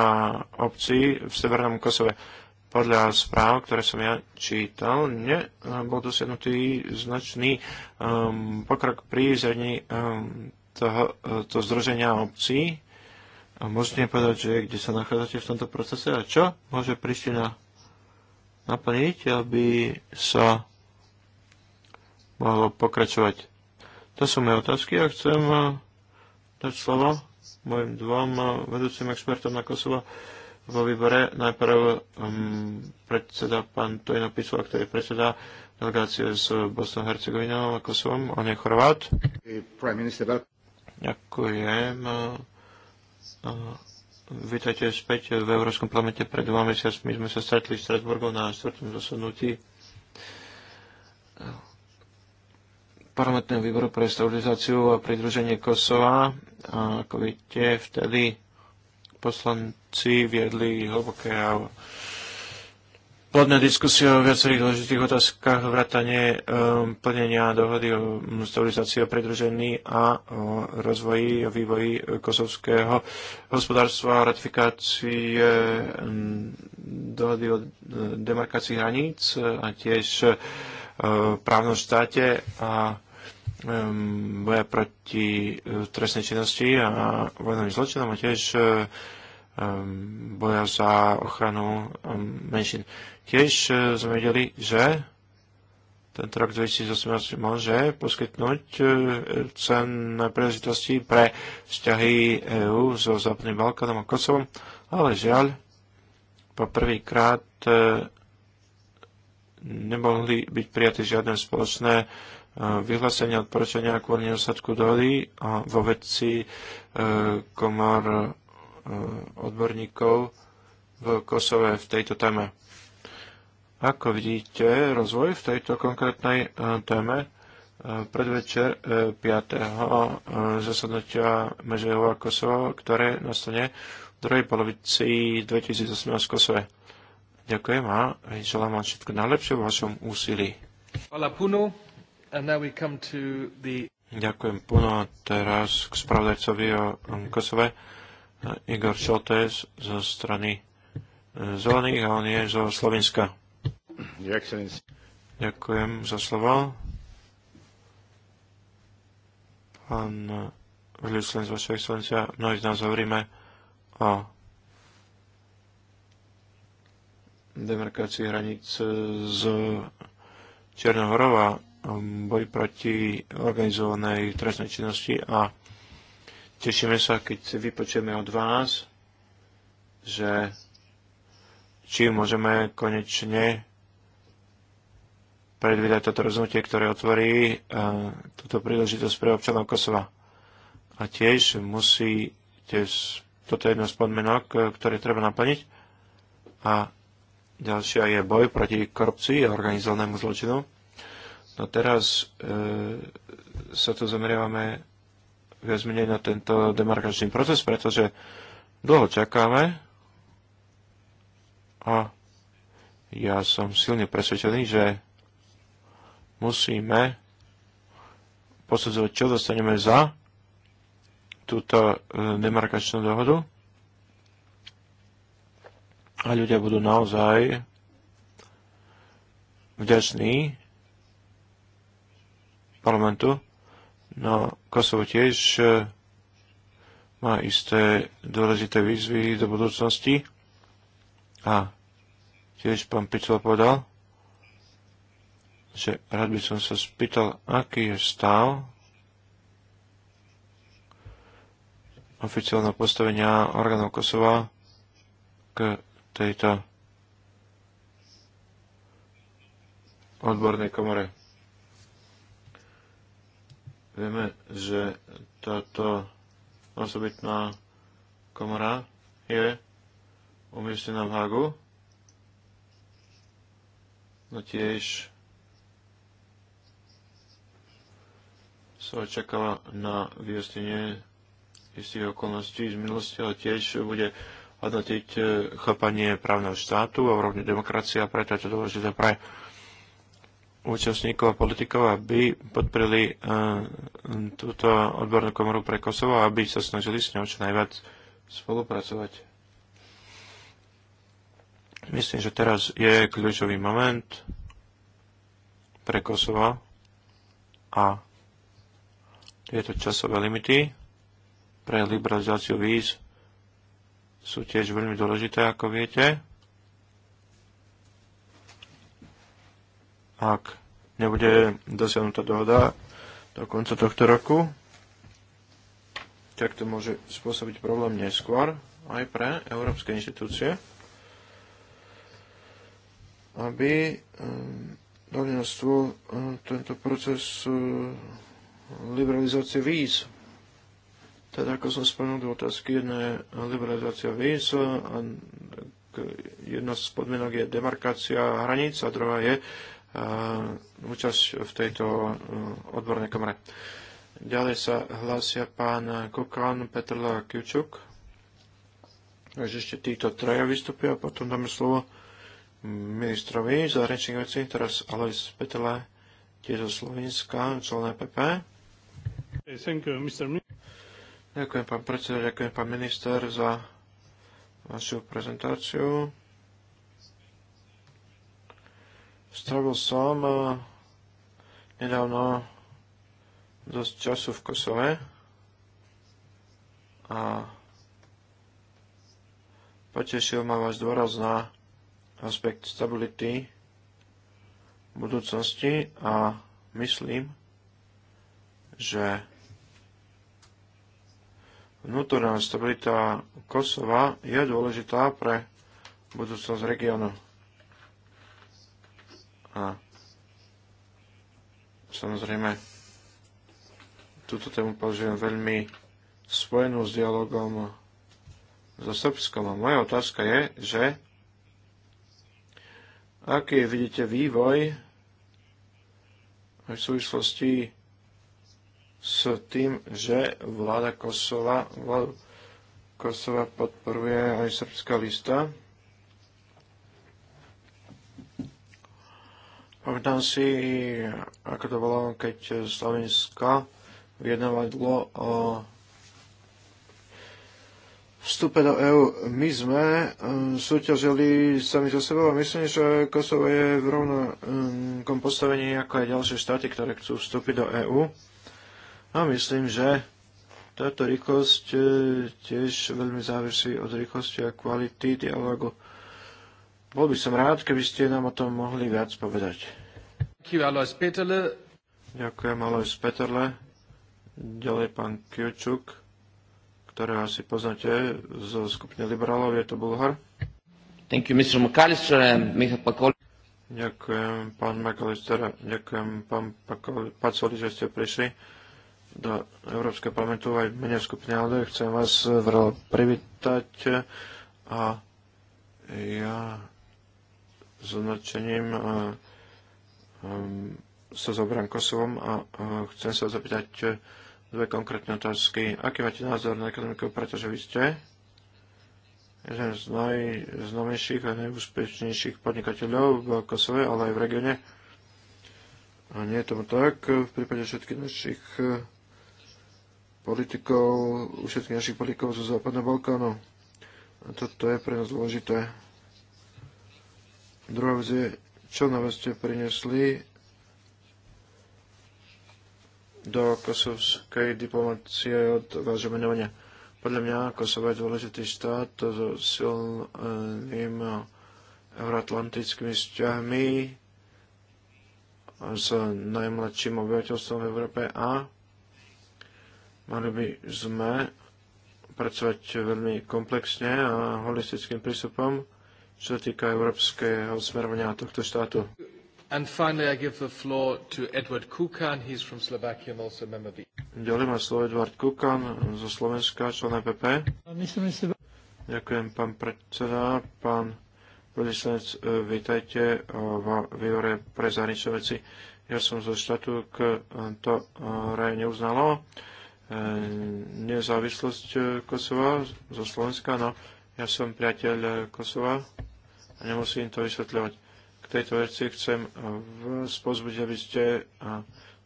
obcí v Severnom Kosove podľa správ, ktoré som ja čítal, ne, bol dosiahnutý značný um, pokrok pri zrení um, toho, uh, toho združenia obcí. A môžete povedať, že kde sa nachádzate v tomto procese a čo môže na naplniť, aby sa mohlo pokračovať. To sú moje otázky a chcem uh, dať slovo mojim dvom uh, vedúcim expertom na Kosovo vo výbore. Najprv um, predseda pán Tojno Pisula, ktorý je predseda delegácie s Bosnou Hercegovinou a Kosovom. On je Chorvát. Ďakujem. Vítajte späť v Európskom parlamente. Pred dvoma mesiacmi sme sa stretli v Strasburgu na štvrtom zasadnutí parlamentného výboru pre stabilizáciu a pridruženie Kosova. A ako vidíte, vtedy poslan, si viedli hlboké a plodné diskusie o viacerých dôležitých otázkach, vrátanie um, plnenia dohody o stabilizácii a pridružení a o rozvoji a vývoji kosovského hospodárstva a ratifikácie um, dohody o um, demarkácii hraníc a tiež um, právnom štáte a um, boja proti uh, trestnej činnosti a vojnovým zločinom a tiež uh, Um, boja za ochranu um, menšin. Tiež e, sme vedeli, že tento rok 2018 môže poskytnúť e, cenné príležitosti pre vzťahy EÚ so Západným Balkánom a Kosovom, ale žiaľ, po prvýkrát e, nemohli byť prijaté žiadne spoločné vyhlásenie odporúčania kvôli nedostatku dohody a vo veci komor Eh, odborníkov v Kosove v tejto téme. Ako vidíte, rozvoj v tejto konkrétnej eh, téme eh, predvečer 5. zasadnutia Mežejova a Kosovo, ktoré nastane v druhej polovici 2018 v Kosove. Ďakujem a želám vám všetko najlepšie v vašom úsilí. Ďakujem Puno. Teraz k spravodajcovi o Kosove. No, Igor Šoltes zo strany e, Zelených a on je zo Slovenska. Ďakujem za slovo. Pán z e, vašej excelencia, mnohí z nás hovoríme o demarkácii hraníc z Černohorova, boj proti organizovanej trestnej činnosti a Tešíme sa, keď si vypočujeme od vás, že či môžeme konečne predvídať toto rozhodnutie, ktoré otvorí e, túto príležitosť pre občanov Kosova. A tiež musí, tiež, toto je jedna z podmienok, e, ktoré treba naplniť. A ďalšia je boj proti korupcii a organizovanému zločinu. No teraz e, sa tu zameriavame viac menej na tento demarkačný proces, pretože dlho čakáme a ja som silne presvedčený, že musíme posudzovať, čo dostaneme za túto e, demarkačnú dohodu a ľudia budú naozaj vďační parlamentu No, Kosovo tiež e, má isté dôležité výzvy do budúcnosti. A tiež pán Picula povedal, že rád by som sa spýtal, aký je stav oficiálneho postavenia orgánov Kosova k tejto odbornej komore. Vieme, že táto osobitná komora je umiestnená v Hagu. No tiež sa očakáva na vyjasnenie istých okolností z minulosti, ale tiež bude hodnotiť eh, chápanie právneho štátu a rovne demokracia, preto je to dôležité pre účastníkov a politikov, aby podprili e, túto odbornú komoru pre Kosovo a aby sa snažili s ňou čo najviac spolupracovať. Myslím, že teraz je kľúčový moment pre Kosovo a tieto časové limity pre liberalizáciu víz sú tiež veľmi dôležité, ako viete. Ak nebude dosiahnutá dohoda do konca tohto roku, tak to môže spôsobiť problém neskôr aj pre európske inštitúcie, aby ehm, dolinostvu ehm, tento proces ehm, liberalizácie víz. Teda, ako som spomenul, dve otázky. Jedna je liberalizácia víz, a jedna z podmienok je demarkácia hraníc a druhá je Eh, účasť v tejto eh, odbornej komore. Ďalej sa hlásia pán Kukan, Petrla Kiučuk. Takže ešte títo traja vystúpia potom dáme slovo ministrovi zahraničných vecí, teraz Alois Petrla, tiež zo Slovenska, člen EPP. Ďakujem, pán predseda, ďakujem, pán minister, za vašu prezentáciu. Strávil som eh, nedávno dosť času v Kosove a potešil ma váš dôraz na aspekt stability budúcnosti a myslím, že vnútorná stabilita Kosova je dôležitá pre budúcnosť regionu. A samozrejme, túto tému považujem veľmi spojenú s dialogom so Srbskom. A moja otázka je, že aký vidíte vývoj v súvislosti s tým, že vláda Kosova, vláda Kosova podporuje aj srbská lista? Pamätám si, ako to bolo, keď Slovenska vyjednávalo o vstupe do EÚ. My sme eh, súťažili sami so sebou a myslím, že Kosovo je v rovnakom postavení ako aj ďalšie štáty, ktoré chcú vstúpiť do EÚ. A myslím, že táto rýchlosť eh, tiež veľmi závisí od rýchlosti a kvality dialogu bol by som rád, keby ste nám o tom mohli viac povedať. Ďakujem, Alois Peterle. Ďalej pán Kiučuk, ktorého asi poznáte zo skupiny liberálov, je to Bulhar. Thank you, Mr. McAllister um, and Pakoli. Ďakujem, pán McAllister, ďakujem, pán Pacoli, že ste prišli do Európskeho parlamentu aj mene skupiny ALDE. Chcem vás vrlo privítať a ja s označením um, sa zobrám Kosovom a chcem sa zapýtať e, dve konkrétne otázky. Aký máte názor na ekonomiku, pretože vy ste jeden z najznámejších a najúspešnejších podnikateľov v Kosove, ale aj v regióne. A nie je tomu tak. V prípade všetkých našich e, politikov, všetkých našich politikov zo Západného Balkánu. A toto je pre nás dôležité. Druhá vec je, čo nové ste priniesli do kosovskej diplomácie od vášho menovania. Podľa mňa Kosovo je dôležitý štát so silným euroatlantickými vzťahmi s najmladším obyvateľstvom v Európe a mali by sme pracovať veľmi komplexne a holistickým prístupom čo sa týka európskeho smerovania tohto štátu. And finally, I give the floor to Edward Kukan. He's from Slovakia and also a member of the... Ďalej má slovo Edward Kukan zo Slovenska, člen EPP. Ďakujem, pán predseda. Pán veľvyslanec, e, vítajte e, v výbore pre zahraničné veci. Ja som zo štátu, ktoré e, neuznalo nezávislosť Kosova zo Slovenska, no ja som priateľ Kosova a nemusím to vysvetľovať. K tejto veci chcem e, vás pozbudiť, aby ste e,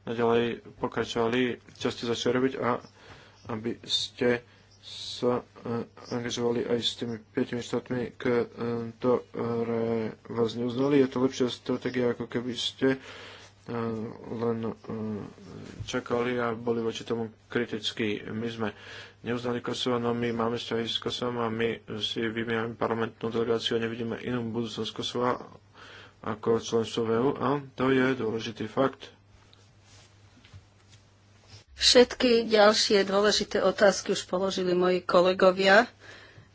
naďalej pokračovali, čo ste začali robiť a aby ste sa e, angažovali aj s tými 5 štátmi, ktoré vás neuznali. Je to lepšia stratégia, ako keby ste E, len e, čakali a boli voči tomu kritickí. My sme neuznali Kosovo, no my máme vzťahy s Kosovom a my si vymiame parlamentnú delegáciu a nevidíme inú budúcnosť Kosova ako členstvo v EU a to je dôležitý fakt. Všetky ďalšie dôležité otázky už položili moji kolegovia.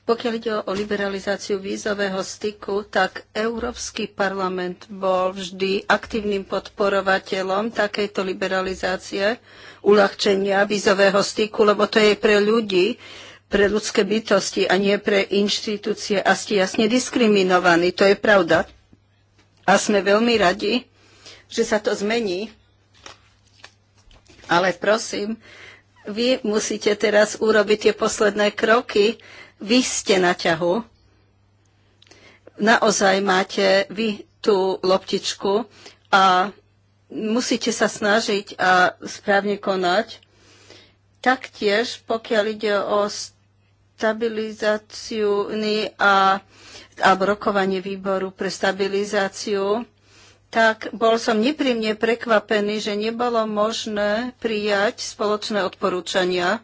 Pokiaľ ide o liberalizáciu vízového styku, tak Európsky parlament bol vždy aktívnym podporovateľom takejto liberalizácie, uľahčenia vízového styku, lebo to je pre ľudí, pre ľudské bytosti a nie pre inštitúcie a ste jasne diskriminovaní. To je pravda. A sme veľmi radi, že sa to zmení. Ale prosím, vy musíte teraz urobiť tie posledné kroky, vy ste na ťahu. Naozaj máte vy tú loptičku a musíte sa snažiť a správne konať. Taktiež, pokiaľ ide o stabilizáciu a, alebo rokovanie výboru pre stabilizáciu, tak bol som neprimne prekvapený, že nebolo možné prijať spoločné odporúčania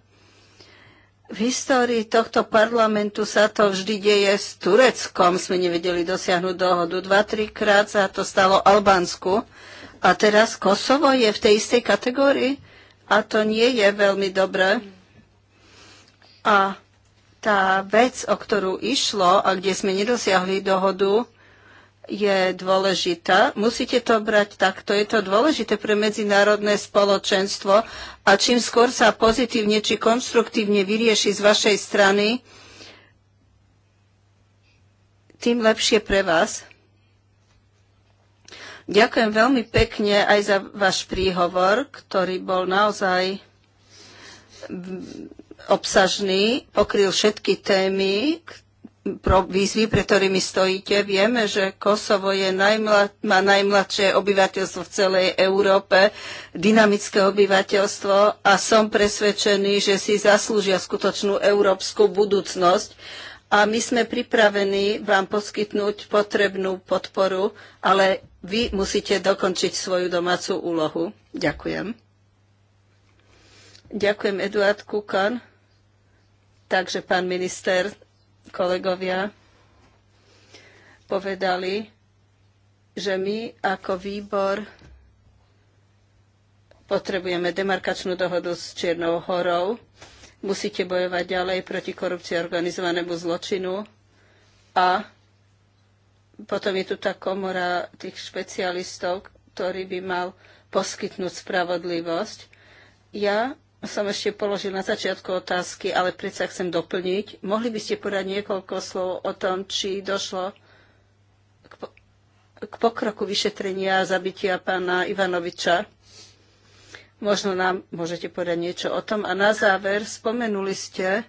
v histórii tohto parlamentu sa to vždy deje s Tureckom. Sme nevedeli dosiahnuť dohodu. Dva, trikrát sa to stalo Albánsku. A teraz Kosovo je v tej istej kategórii. A to nie je veľmi dobré. A tá vec, o ktorú išlo a kde sme nedosiahli dohodu, je dôležitá. Musíte to brať takto. Je to dôležité pre medzinárodné spoločenstvo a čím skôr sa pozitívne či konstruktívne vyrieši z vašej strany, tým lepšie pre vás. Ďakujem veľmi pekne aj za váš príhovor, ktorý bol naozaj obsažný, pokryl všetky témy, výzvy, pre ktorými stojíte. Vieme, že Kosovo je najmlad, má najmladšie obyvateľstvo v celej Európe, dynamické obyvateľstvo a som presvedčený, že si zaslúžia skutočnú európsku budúcnosť. A my sme pripravení vám poskytnúť potrebnú podporu, ale vy musíte dokončiť svoju domácu úlohu. Ďakujem. Ďakujem, Eduard Kukan. Takže pán minister, kolegovia povedali, že my ako výbor potrebujeme demarkačnú dohodu s Čiernou horou, musíte bojovať ďalej proti korupcii a organizovanému zločinu a potom je tu tá komora tých špecialistov, ktorý by mal poskytnúť spravodlivosť. Ja som ešte položil na začiatku otázky, ale predsa chcem doplniť. Mohli by ste podať niekoľko slov o tom, či došlo k, po- k pokroku vyšetrenia zabitia pána Ivanoviča? Možno nám môžete povedať niečo o tom. A na záver spomenuli ste,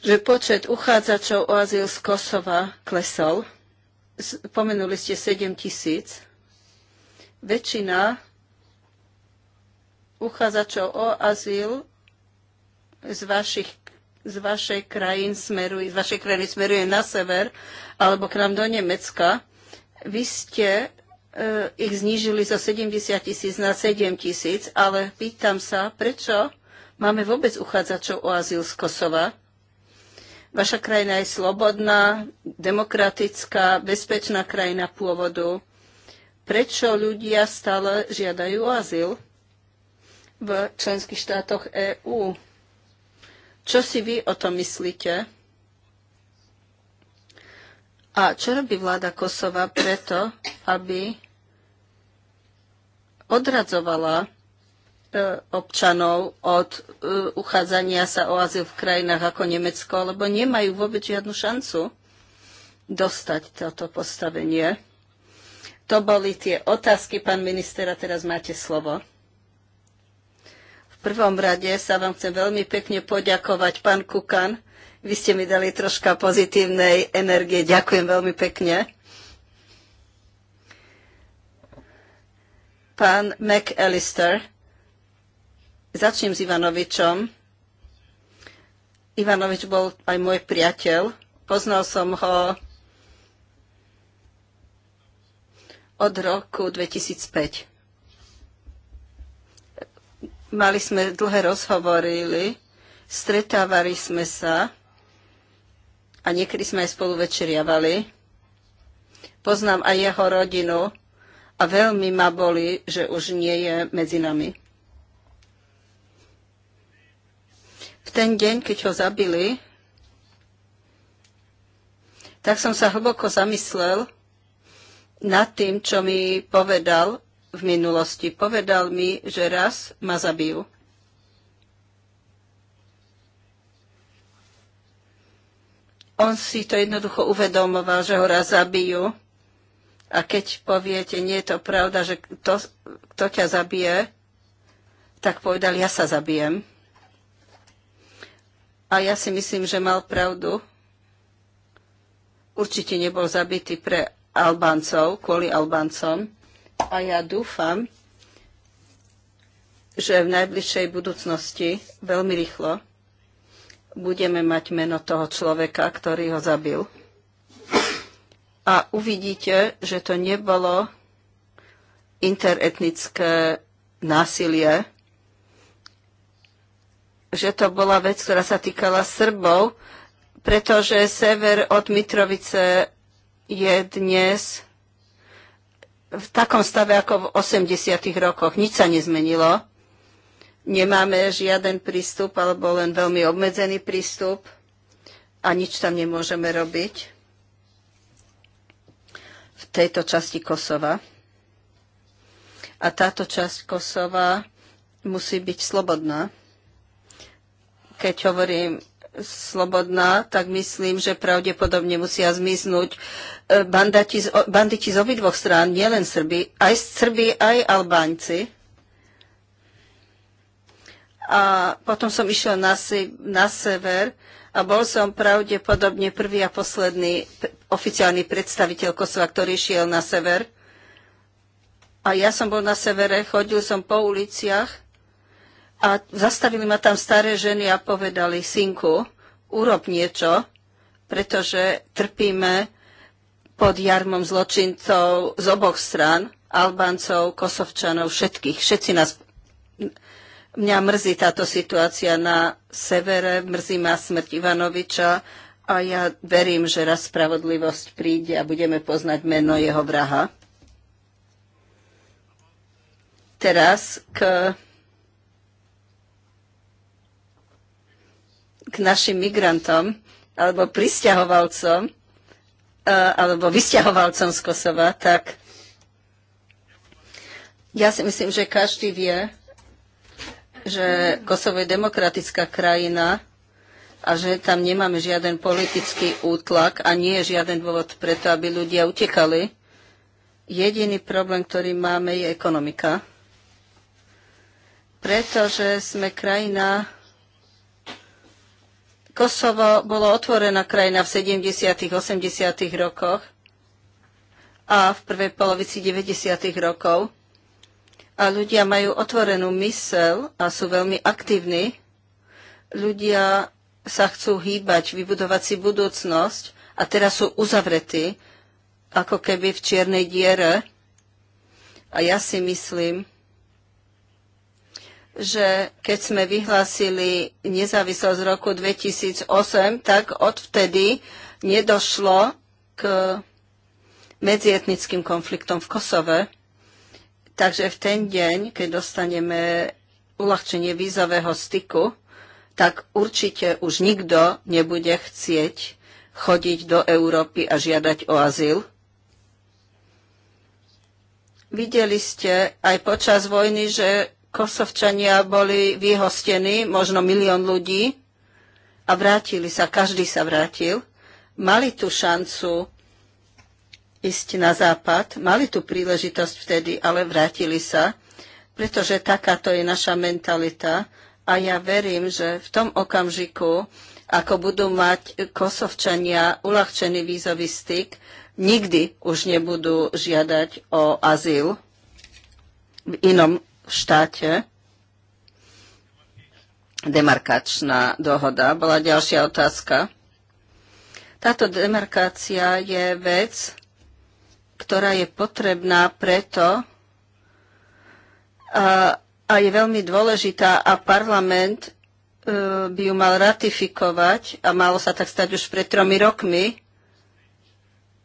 že počet uchádzačov o azyl z Kosova klesol. Spomenuli ste 7 tisíc. Väčšina uchádzačov o azyl z, vašich, z, vašej krajín smeruje, z vašej krajiny smeruje na sever alebo k nám do Nemecka. Vy ste uh, ich znížili zo 70 tisíc na 7 tisíc, ale pýtam sa, prečo máme vôbec uchádzačov o azyl z Kosova? Vaša krajina je slobodná, demokratická, bezpečná krajina pôvodu. Prečo ľudia stále žiadajú o azyl? v členských štátoch EÚ. Čo si vy o tom myslíte? A čo robí vláda Kosova preto, aby odradzovala e, občanov od e, uchádzania sa o azyl v krajinách ako Nemecko, lebo nemajú vôbec žiadnu šancu dostať toto postavenie. To boli tie otázky, pán minister, a teraz máte slovo prvom rade sa vám chcem veľmi pekne poďakovať, pán Kukan. Vy ste mi dali troška pozitívnej energie. Ďakujem veľmi pekne. Pán McAllister, začnem s Ivanovičom. Ivanovič bol aj môj priateľ. Poznal som ho od roku 2005. Mali sme dlhé rozhovory, stretávali sme sa a niekedy sme aj spolu večeriavali. Poznám aj jeho rodinu a veľmi ma boli, že už nie je medzi nami. V ten deň, keď ho zabili, tak som sa hlboko zamyslel nad tým, čo mi povedal v minulosti. Povedal mi, že raz ma zabijú. On si to jednoducho uvedomoval, že ho raz zabijú. A keď poviete, nie je to pravda, že to, kto ťa zabije, tak povedal, ja sa zabijem. A ja si myslím, že mal pravdu. Určite nebol zabitý pre Albáncov, kvôli Albáncom. A ja dúfam, že v najbližšej budúcnosti veľmi rýchlo budeme mať meno toho človeka, ktorý ho zabil. A uvidíte, že to nebolo interetnické násilie, že to bola vec, ktorá sa týkala Srbov, pretože sever od Mitrovice je dnes v takom stave ako v 80. rokoch. Nič sa nezmenilo. Nemáme žiaden prístup alebo len veľmi obmedzený prístup a nič tam nemôžeme robiť v tejto časti Kosova. A táto časť Kosova musí byť slobodná. Keď hovorím slobodná, tak myslím, že pravdepodobne musia zmiznúť e, bandati z, banditi z obidvoch strán, nielen Srbi, aj Srbi, aj Albánci. A potom som išiel na, na sever a bol som pravdepodobne prvý a posledný oficiálny predstaviteľ Kosova, ktorý šiel na sever. A ja som bol na severe, chodil som po uliciach a zastavili ma tam staré ženy a povedali, synku, urob niečo, pretože trpíme pod jarmom zločincov z oboch strán, Albáncov, Kosovčanov, všetkých. Všetci nás... Mňa mrzí táto situácia na severe, mrzí ma smrť Ivanoviča a ja verím, že raz spravodlivosť príde a budeme poznať meno jeho vraha. Teraz k k našim migrantom alebo pristahovalcom e, alebo vysťahovalcom z Kosova, tak ja si myslím, že každý vie, že Kosovo je demokratická krajina a že tam nemáme žiaden politický útlak a nie je žiaden dôvod preto, aby ľudia utekali. Jediný problém, ktorý máme, je ekonomika. Pretože sme krajina, Kosovo bolo otvorená krajina v 70. 80. rokoch a v prvej polovici 90. rokov. A ľudia majú otvorenú mysel a sú veľmi aktívni. Ľudia sa chcú hýbať, vybudovať si budúcnosť a teraz sú uzavretí, ako keby v čiernej diere. A ja si myslím, že keď sme vyhlásili nezávislosť z roku 2008, tak odvtedy nedošlo k medzietnickým konfliktom v Kosove. Takže v ten deň, keď dostaneme uľahčenie vízového styku, tak určite už nikto nebude chcieť chodiť do Európy a žiadať o azyl. Videli ste aj počas vojny, že Kosovčania boli vyhostení, možno milión ľudí, a vrátili sa, každý sa vrátil. Mali tu šancu ísť na západ, mali tu príležitosť vtedy, ale vrátili sa, pretože takáto je naša mentalita a ja verím, že v tom okamžiku, ako budú mať kosovčania uľahčený vízový styk, nikdy už nebudú žiadať o azyl v inom v štáte. Demarkačná dohoda bola ďalšia otázka. Táto demarkácia je vec, ktorá je potrebná preto a, a je veľmi dôležitá a parlament e, by ju mal ratifikovať a malo sa tak stať už pred tromi rokmi.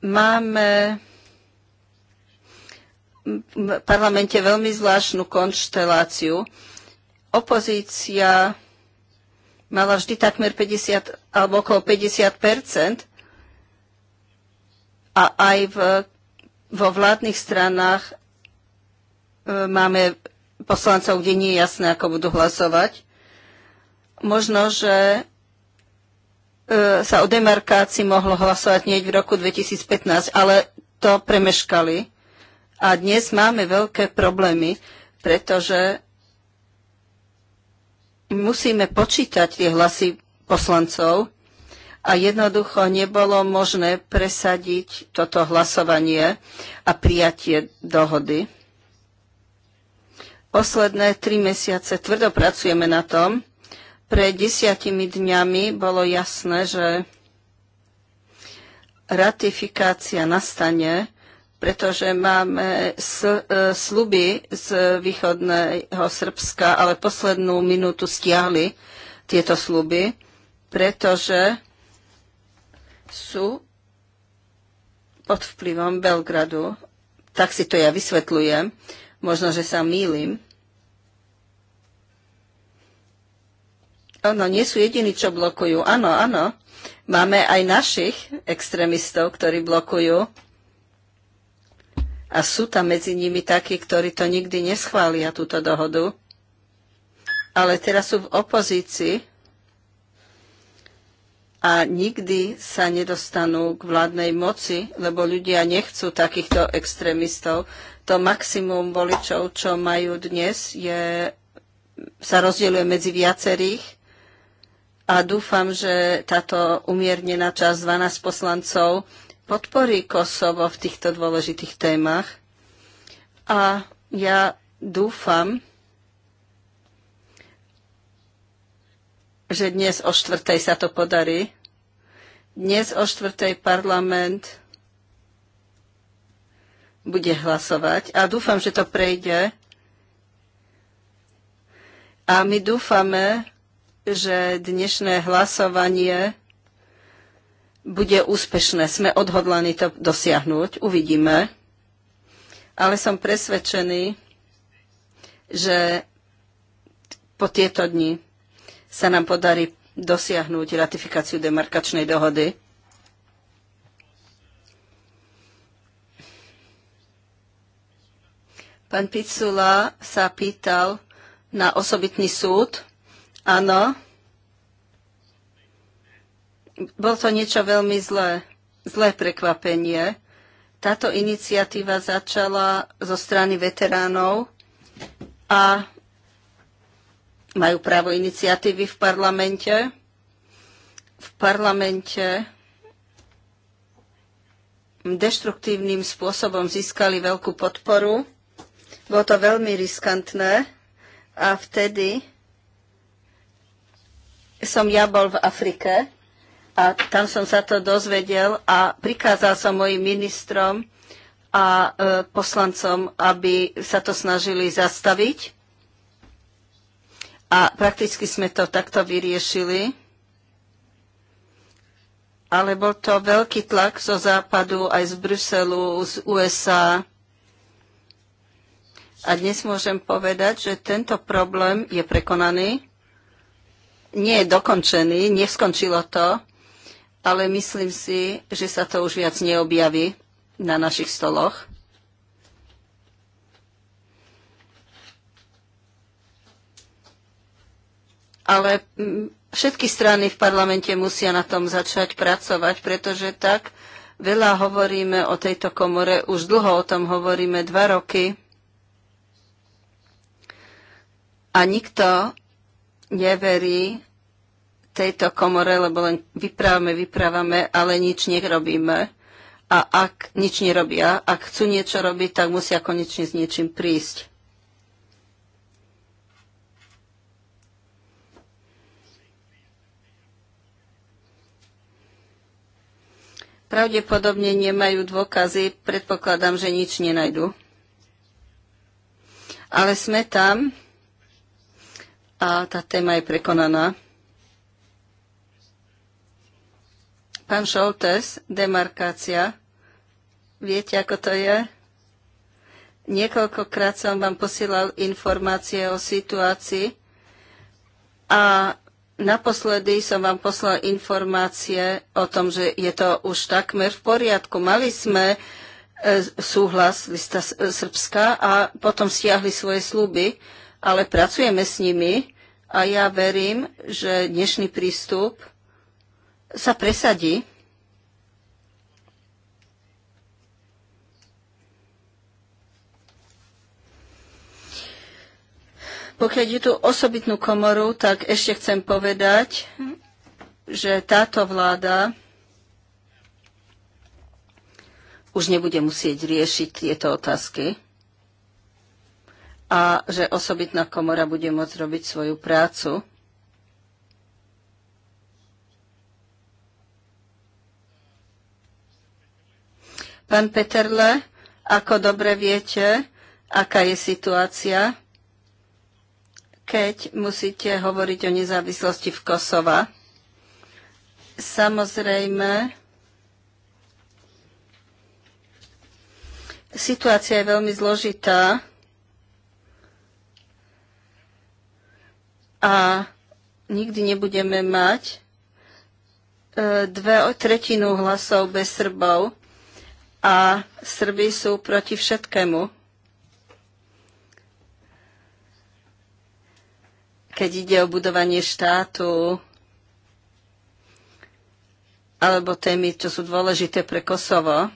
Máme v parlamente veľmi zvláštnu konšteláciu. Opozícia mala vždy takmer 50 alebo okolo 50 a aj v, vo vládnych stranách e, máme poslancov, kde nie je jasné, ako budú hlasovať. Možno, že e, sa o demarkácii mohlo hlasovať hneď v roku 2015, ale to premeškali. A dnes máme veľké problémy, pretože musíme počítať tie hlasy poslancov a jednoducho nebolo možné presadiť toto hlasovanie a prijatie dohody. Posledné tri mesiace tvrdo pracujeme na tom. Pre desiatimi dňami bolo jasné, že ratifikácia nastane pretože máme e, sluby z východného Srbska, ale poslednú minútu stiahli tieto sluby, pretože sú pod vplyvom Belgradu. Tak si to ja vysvetľujem. Možno, že sa mýlim. Áno, nie sú jediní, čo blokujú. Áno, áno. Máme aj našich extrémistov, ktorí blokujú a sú tam medzi nimi takí, ktorí to nikdy neschvália, túto dohodu. Ale teraz sú v opozícii a nikdy sa nedostanú k vládnej moci, lebo ľudia nechcú takýchto extrémistov. To maximum voličov, čo majú dnes, je, sa rozdeľuje medzi viacerých a dúfam, že táto umiernená časť 12 poslancov podporí Kosovo v týchto dôležitých témach. A ja dúfam, že dnes o štvrtej sa to podarí. Dnes o štvrtej parlament bude hlasovať a dúfam, že to prejde. A my dúfame, že dnešné hlasovanie bude úspešné. Sme odhodlaní to dosiahnuť, uvidíme. Ale som presvedčený, že po tieto dni sa nám podarí dosiahnuť ratifikáciu demarkačnej dohody. Pán Picula sa pýtal na osobitný súd. Áno, bolo to niečo veľmi zlé, zlé prekvapenie. Táto iniciatíva začala zo strany veteránov a majú právo iniciatívy v parlamente. V parlamente deštruktívnym spôsobom získali veľkú podporu. Bolo to veľmi riskantné a vtedy som ja bol v Afrike a tam som sa to dozvedel a prikázal som mojim ministrom a e, poslancom, aby sa to snažili zastaviť. A prakticky sme to takto vyriešili. Ale bol to veľký tlak zo západu, aj z Bruselu, z USA. A dnes môžem povedať, že tento problém je prekonaný. Nie je dokončený, neskončilo to ale myslím si, že sa to už viac neobjaví na našich stoloch. Ale mm, všetky strany v parlamente musia na tom začať pracovať, pretože tak veľa hovoríme o tejto komore, už dlho o tom hovoríme, dva roky. A nikto neverí tejto komore, lebo len vyprávame, vyprávame, ale nič nerobíme. A ak nič nerobia, ak chcú niečo robiť, tak musia konečne s niečím prísť. Pravdepodobne nemajú dôkazy, predpokladám, že nič nenajdu. Ale sme tam a tá téma je prekonaná. Pán Šoltes, demarkácia. Viete, ako to je? Niekoľkokrát som vám posielal informácie o situácii a naposledy som vám poslal informácie o tom, že je to už takmer v poriadku. Mali sme e, súhlas lista Srbska a potom stiahli svoje sluby, ale pracujeme s nimi a ja verím, že dnešný prístup sa presadí. Pokiaľ je tu osobitnú komoru, tak ešte chcem povedať, že táto vláda už nebude musieť riešiť tieto otázky a že osobitná komora bude môcť robiť svoju prácu. Pán Peterle, ako dobre viete, aká je situácia, keď musíte hovoriť o nezávislosti v Kosova. Samozrejme, situácia je veľmi zložitá a nikdy nebudeme mať e, dve tretinu hlasov bez Srbov a Srby sú proti všetkému. Keď ide o budovanie štátu alebo témy, čo sú dôležité pre Kosovo,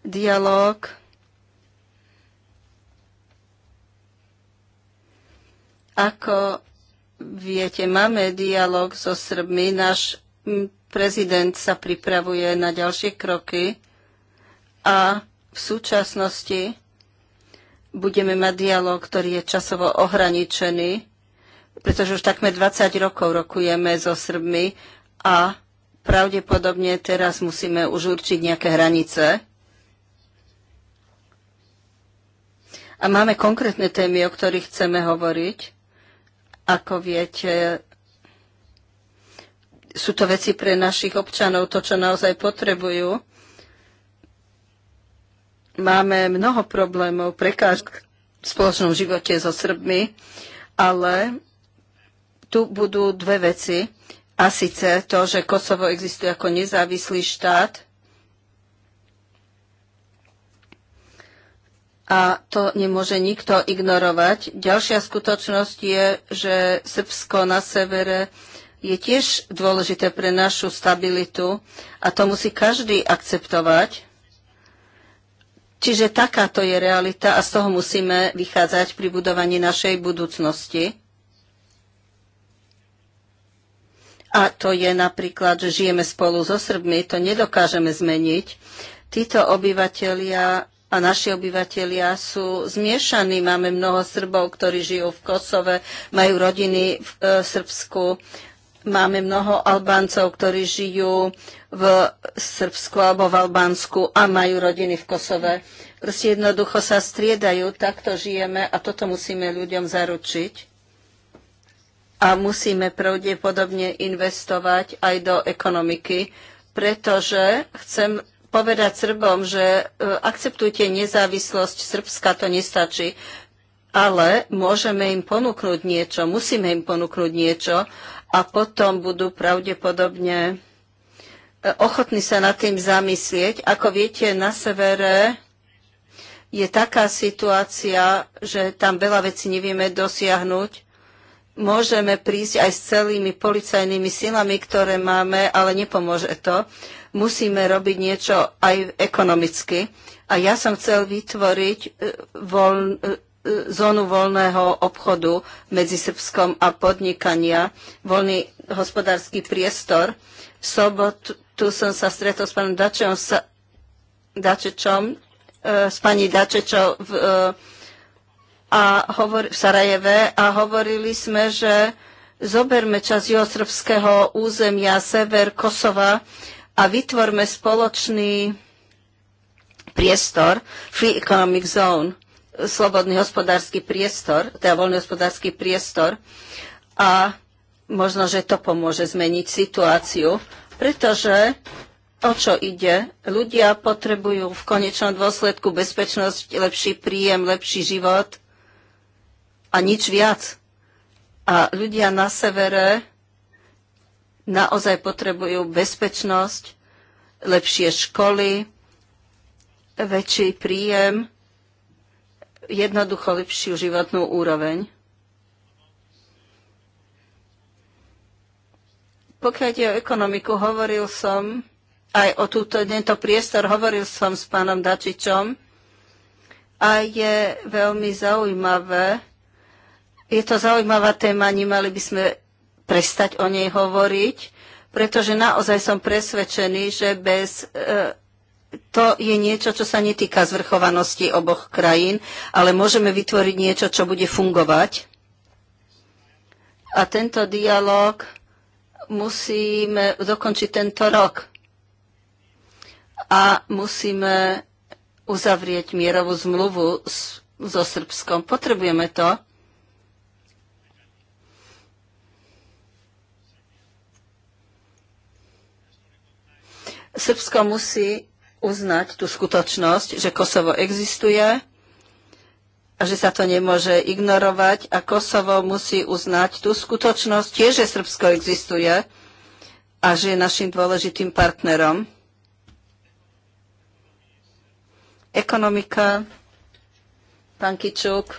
dialog, ako viete, máme dialog so Srbmi, náš Prezident sa pripravuje na ďalšie kroky a v súčasnosti budeme mať dialog, ktorý je časovo ohraničený, pretože už takmer 20 rokov rokujeme so Srbmi a pravdepodobne teraz musíme už určiť nejaké hranice. A máme konkrétne témy, o ktorých chceme hovoriť. Ako viete, sú to veci pre našich občanov, to, čo naozaj potrebujú. Máme mnoho problémov, prekážk v spoločnom živote so Srbmi, ale tu budú dve veci. A síce to, že Kosovo existuje ako nezávislý štát a to nemôže nikto ignorovať. Ďalšia skutočnosť je, že Srbsko na severe je tiež dôležité pre našu stabilitu a to musí každý akceptovať. Čiže takáto je realita a z toho musíme vychádzať pri budovaní našej budúcnosti. A to je napríklad, že žijeme spolu so Srbmi, to nedokážeme zmeniť. Títo obyvatelia a naši obyvatelia sú zmiešaní. Máme mnoho Srbov, ktorí žijú v Kosove, majú rodiny v e, Srbsku, Máme mnoho Albáncov, ktorí žijú v Srbsku alebo v Albánsku a majú rodiny v Kosove. Proste jednoducho sa striedajú, takto žijeme a toto musíme ľuďom zaručiť. A musíme pravdepodobne investovať aj do ekonomiky, pretože chcem povedať Srbom, že e, akceptujte nezávislosť Srbska, to nestačí ale môžeme im ponúknuť niečo, musíme im ponúknuť niečo a potom budú pravdepodobne e, ochotní sa nad tým zamyslieť. Ako viete, na severe je taká situácia, že tam veľa vecí nevieme dosiahnuť. Môžeme prísť aj s celými policajnými silami, ktoré máme, ale nepomôže to. Musíme robiť niečo aj ekonomicky. A ja som chcel vytvoriť e, voľ, e, zónu voľného obchodu medzi Srbskom a podnikania, voľný hospodársky priestor. V sobotu som sa stretol s pánom Dačom, sa, Dačečom, e, s pani Dačečom v, e, a hovor, v Sarajeve a hovorili sme, že zoberme časť juhosrbského územia, sever Kosova a vytvorme spoločný priestor, free economic zone slobodný hospodársky priestor, teda voľný hospodársky priestor a možno, že to pomôže zmeniť situáciu, pretože o čo ide? Ľudia potrebujú v konečnom dôsledku bezpečnosť, lepší príjem, lepší život a nič viac. A ľudia na severe naozaj potrebujú bezpečnosť, lepšie školy, väčší príjem, jednoducho lepšiu životnú úroveň. Pokiaľ ide o ekonomiku, hovoril som aj o túto, tento priestor, hovoril som s pánom Dačičom a je veľmi zaujímavé. Je to zaujímavá téma, nemali by sme prestať o nej hovoriť, pretože naozaj som presvedčený, že bez e, to je niečo, čo sa netýka zvrchovanosti oboch krajín, ale môžeme vytvoriť niečo, čo bude fungovať. A tento dialog musíme dokončiť tento rok. A musíme uzavrieť mierovú zmluvu so Srbskom. Potrebujeme to. Srbsko musí uznať tú skutočnosť, že Kosovo existuje a že sa to nemôže ignorovať a Kosovo musí uznať tú skutočnosť tiež, že Srbsko existuje a že je našim dôležitým partnerom. Ekonomika, pán Kičuk.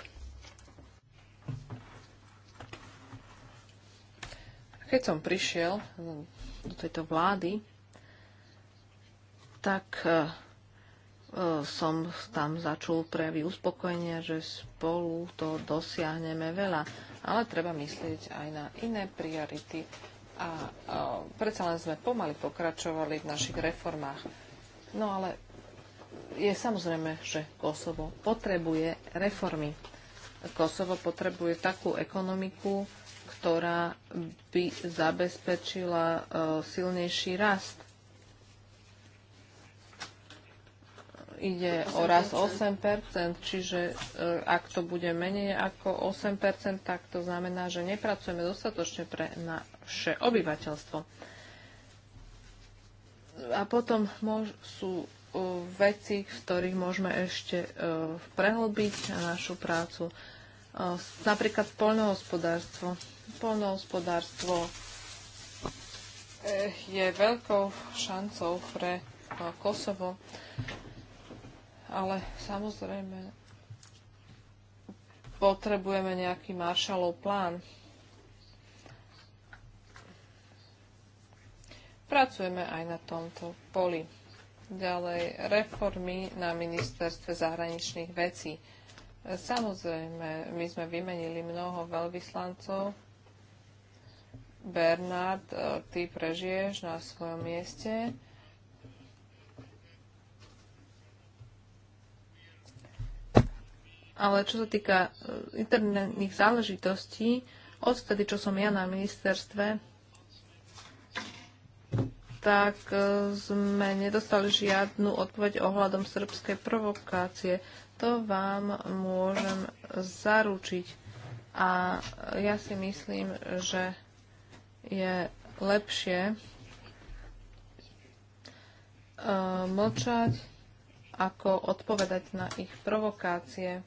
Keď som prišiel do tejto vlády, tak e, e, som tam začul prejavy uspokojenia, že spolu to dosiahneme veľa. Ale treba myslieť aj na iné priority. A, a e, predsa len sme pomaly pokračovali v našich reformách. No ale je samozrejme, že Kosovo potrebuje reformy. Kosovo potrebuje takú ekonomiku, ktorá by zabezpečila silnejší rast ide o raz 8%, čiže e, ak to bude menej ako 8%, tak to znamená, že nepracujeme dostatočne pre naše obyvateľstvo. A potom sú e, veci, v ktorých môžeme ešte e, prehlbiť našu prácu. Napríklad poľnohospodárstvo. Poľnohospodárstvo je veľkou šancou pre Kosovo ale samozrejme potrebujeme nejaký maršalov plán. Pracujeme aj na tomto poli. Ďalej, reformy na ministerstve zahraničných vecí. Samozrejme, my sme vymenili mnoho veľvyslancov. Bernard, eh, ty prežiješ na svojom mieste Ale čo sa týka e, interných záležitostí, odtedy, čo som ja na ministerstve, tak e, sme nedostali žiadnu odpoveď ohľadom srbskej provokácie. To vám môžem zaručiť. A ja si myslím, že je lepšie e, mlčať, ako odpovedať na ich provokácie.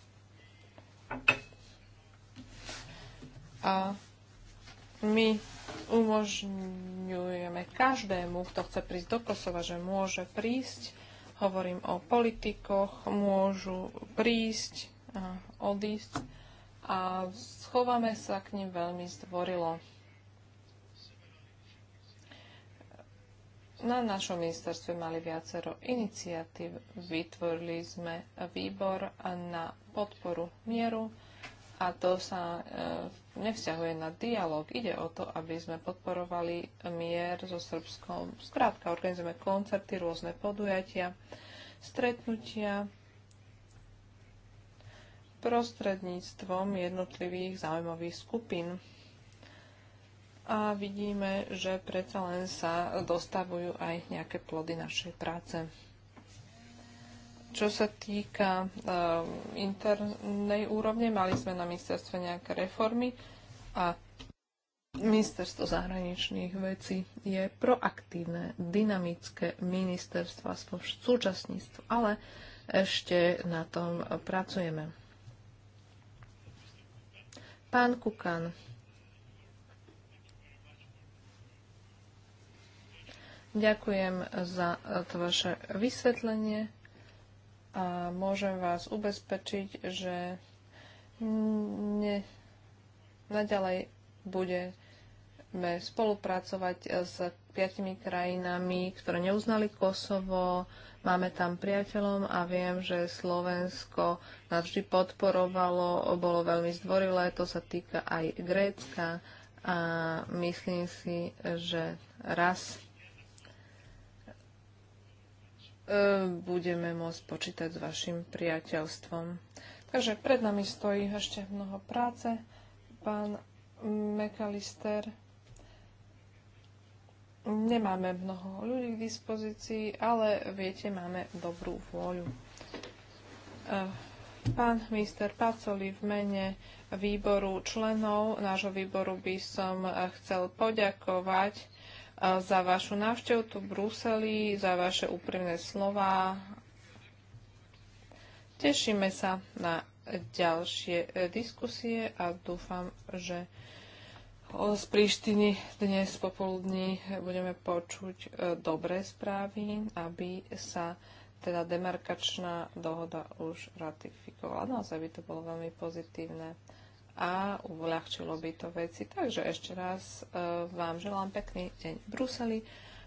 A my umožňujeme každému, kto chce prísť do Kosova, že môže prísť. Hovorím o politikoch, môžu prísť, a odísť a schováme sa k ním veľmi zdvorilo. Na našom ministerstve mali viacero iniciatív. Vytvorili sme výbor na podporu mieru a to sa e, nevzťahuje na dialog. Ide o to, aby sme podporovali mier so Srbskom. Zkrátka organizujeme koncerty, rôzne podujatia, stretnutia prostredníctvom jednotlivých záujmových skupín. A vidíme, že predsa len sa dostavujú aj nejaké plody našej práce. Čo sa týka eh, internej úrovne, mali sme na ministerstve nejaké reformy a Ministerstvo zahraničných vecí je proaktívne, dynamické ministerstvo, aspoň v ale ešte na tom pracujeme. Pán Kukan. Ďakujem za eh, to vaše vysvetlenie a môžem vás ubezpečiť, že ne, naďalej budeme spolupracovať s piatimi krajinami, ktoré neuznali Kosovo. Máme tam priateľom a viem, že Slovensko nás vždy podporovalo, bolo veľmi zdvorilé, to sa týka aj Grécka a myslím si, že raz E, budeme môcť počítať s vašim priateľstvom. Takže pred nami stojí ešte mnoho práce. Pán McAllister, nemáme mnoho ľudí k dispozícii, ale viete, máme dobrú vôľu. E, pán minister Pacoli, v mene výboru členov nášho výboru by som chcel poďakovať za vašu návštevu tu v Bruseli, za vaše úprimné slova. Tešíme sa na ďalšie e, diskusie a dúfam, že z Príštiny dnes popoludní budeme počuť e, dobré správy, aby sa teda demarkačná dohoda už ratifikovala. Naozaj by to bolo veľmi pozitívne a uľahčilo by to veci. Takže ešte raz e, vám želám pekný deň v Bruseli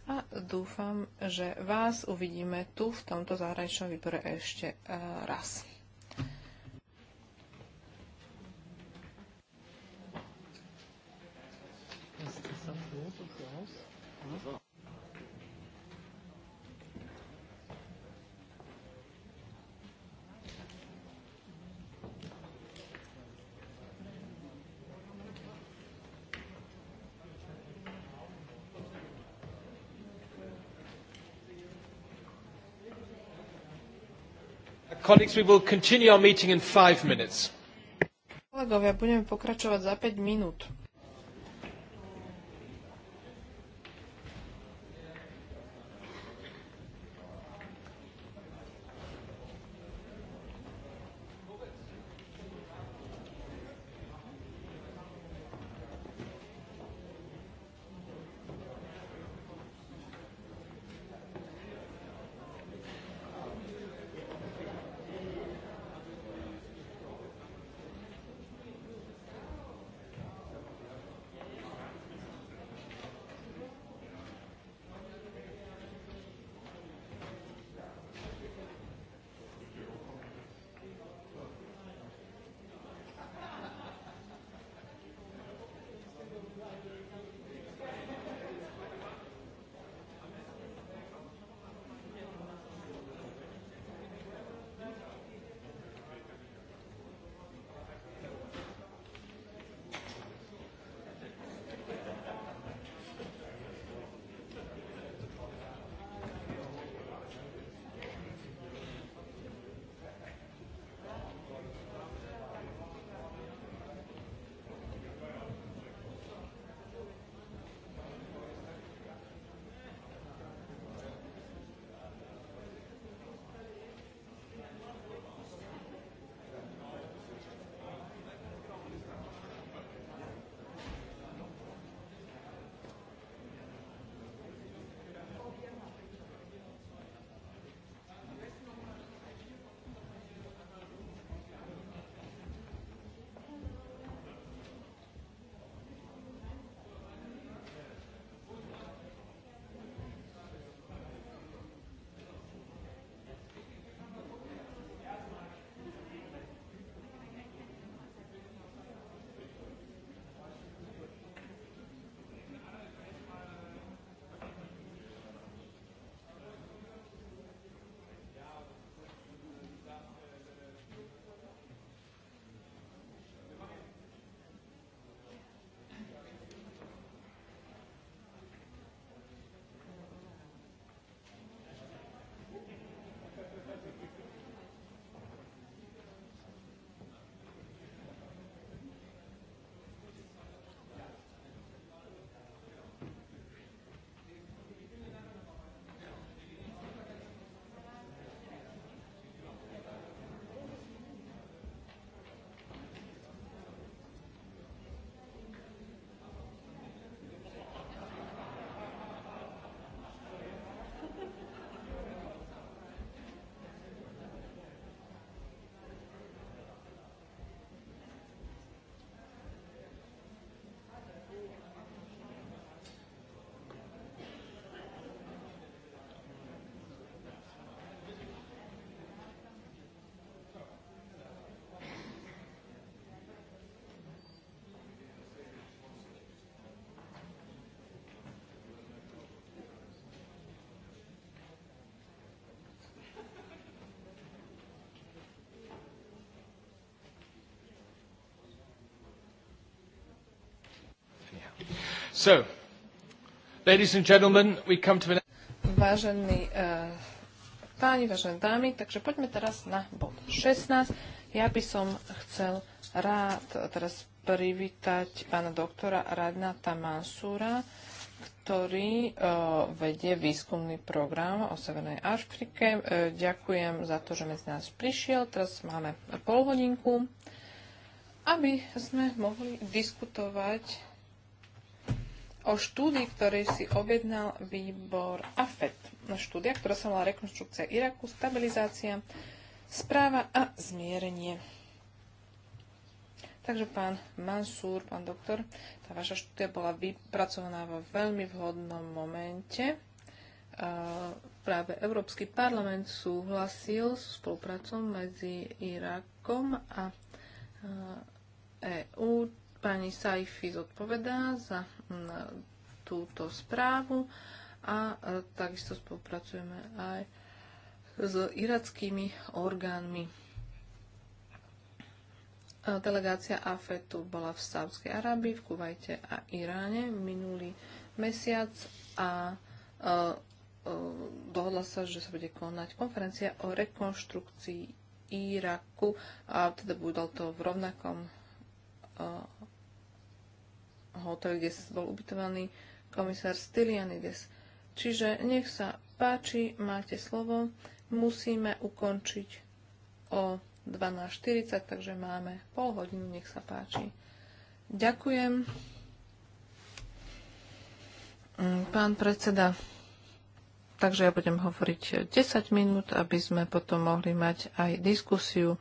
a dúfam, že vás uvidíme tu v tomto zahraničnom výbore ešte e, raz. Ist Ja. Colleagues, we will continue our meeting in five minutes. Kolegovia, budeme pokračovať za 5 minút. ladies and gentlemen, we come to an... Vážení uh, páni, vážené dámy, takže poďme teraz na bod 16. Ja by som chcel rád teraz privítať pána doktora Radnata Mansúra, ktorý uh, vedie výskumný program o Severnej Afrike. Uh, ďakujem za to, že medzi nás prišiel. Teraz máme pol hodinku, aby sme mohli diskutovať o štúdii, ktorý si objednal výbor AFET. No, štúdia, ktorá sa volá Rekonštrukcia Iraku, stabilizácia, správa a zmierenie. Takže pán Mansúr, pán doktor, tá vaša štúdia bola vypracovaná vo veľmi vhodnom momente. Práve Európsky parlament súhlasil s spoluprácou medzi Irakom a EÚ. Pani Saifi zodpovedá za túto správu a e, takisto spolupracujeme aj s irackými orgánmi. E, delegácia AFETu bola v Sávskej Arábii, v Kuvajte a Iráne minulý mesiac a e, dohodla sa, že sa bude konať konferencia o rekonštrukcii Iraku a teda budal to v rovnakom hotel, kde bol ubytovaný komisár Stylianides. Čiže nech sa páči, máte slovo. Musíme ukončiť o 12.40, takže máme pol hodinu, nech sa páči. Ďakujem. Mm, pán predseda, takže ja budem hovoriť 10 minút, aby sme potom mohli mať aj diskusiu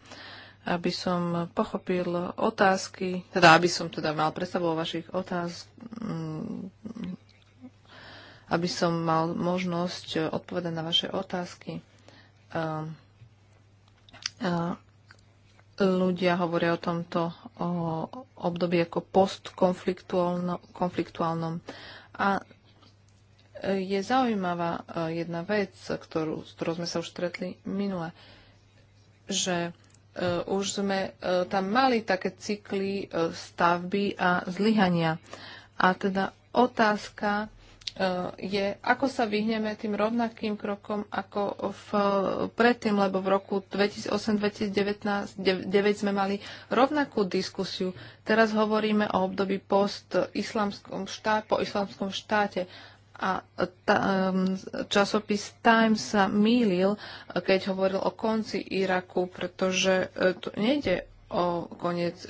aby som pochopil otázky, teda aby som teda mal predstavu o vašich otázk, mm, aby som mal možnosť odpovedať na vaše otázky. Ľudia hovoria o tomto období ako postkonfliktuálnom a je zaujímavá e, jedna vec, ktorú, s ktorou sme sa už stretli minule, že Eh, už sme eh, tam mali také cykly eh, stavby a zlyhania. A teda otázka je, ako sa vyhneme tým rovnakým krokom ako v, predtým, lebo v roku 2008-2009 sme mali rovnakú diskusiu. Teraz hovoríme o období post islamskom štá, po islamskom štáte a um, časopis Times sa mýlil, keď hovoril o konci Iraku, pretože e, tu nejde o koniec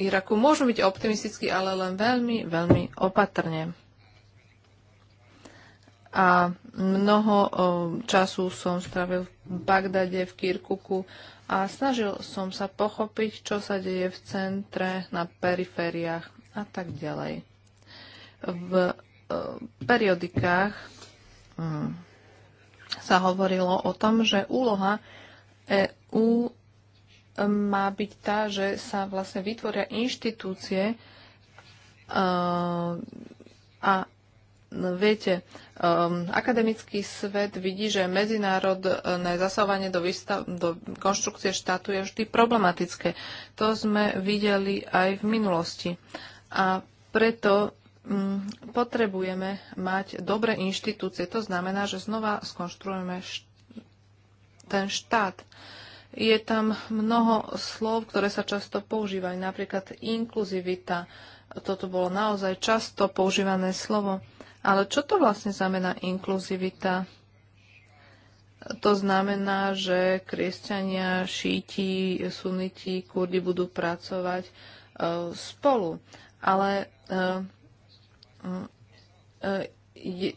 Iraku. Môžu byť optimistickí, ale len veľmi, veľmi opatrne. A mnoho času som strávil v Bagdade, v Kirkuku a snažil som sa pochopiť, čo sa deje v centre, na perifériách a tak ďalej. V Eh, periodikách hm, sa hovorilo o tom, že úloha EÚ eh, má byť tá, že sa vlastne vytvoria inštitúcie eh, a viete, akademický svet vidí, že medzinárodné zasahovanie do, výstav, do konštrukcie štátu je vždy problematické. To sme videli aj v minulosti. A preto Mm, potrebujeme mať dobré inštitúcie. To znamená, že znova skonštruujeme ten štát. Je tam mnoho slov, ktoré sa často používajú, napríklad inkluzivita. Toto bolo naozaj často používané slovo. Ale čo to vlastne znamená inkluzivita? To znamená, že kresťania, šíti, suniti, kurdi budú pracovať e, spolu. Ale e, E, je,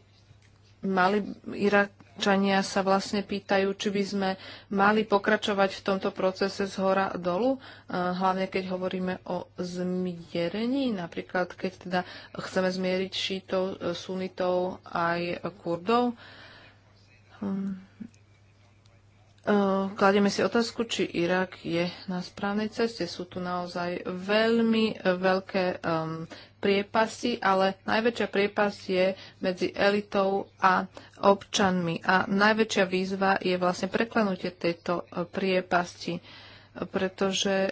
mali, Iračania sa vlastne pýtajú, či by sme mali pokračovať v tomto procese z hora dolu, e, hlavne keď hovoríme o zmierení, napríklad keď teda chceme zmieriť šítov, e, sunitov aj kurdov. Hm. Kladieme si otázku, či Irak je na správnej ceste. Sú tu naozaj veľmi veľké priepasti, ale najväčšia priepasť je medzi elitou a občanmi. A najväčšia výzva je vlastne preklenutie tejto e, priepasti, pretože e,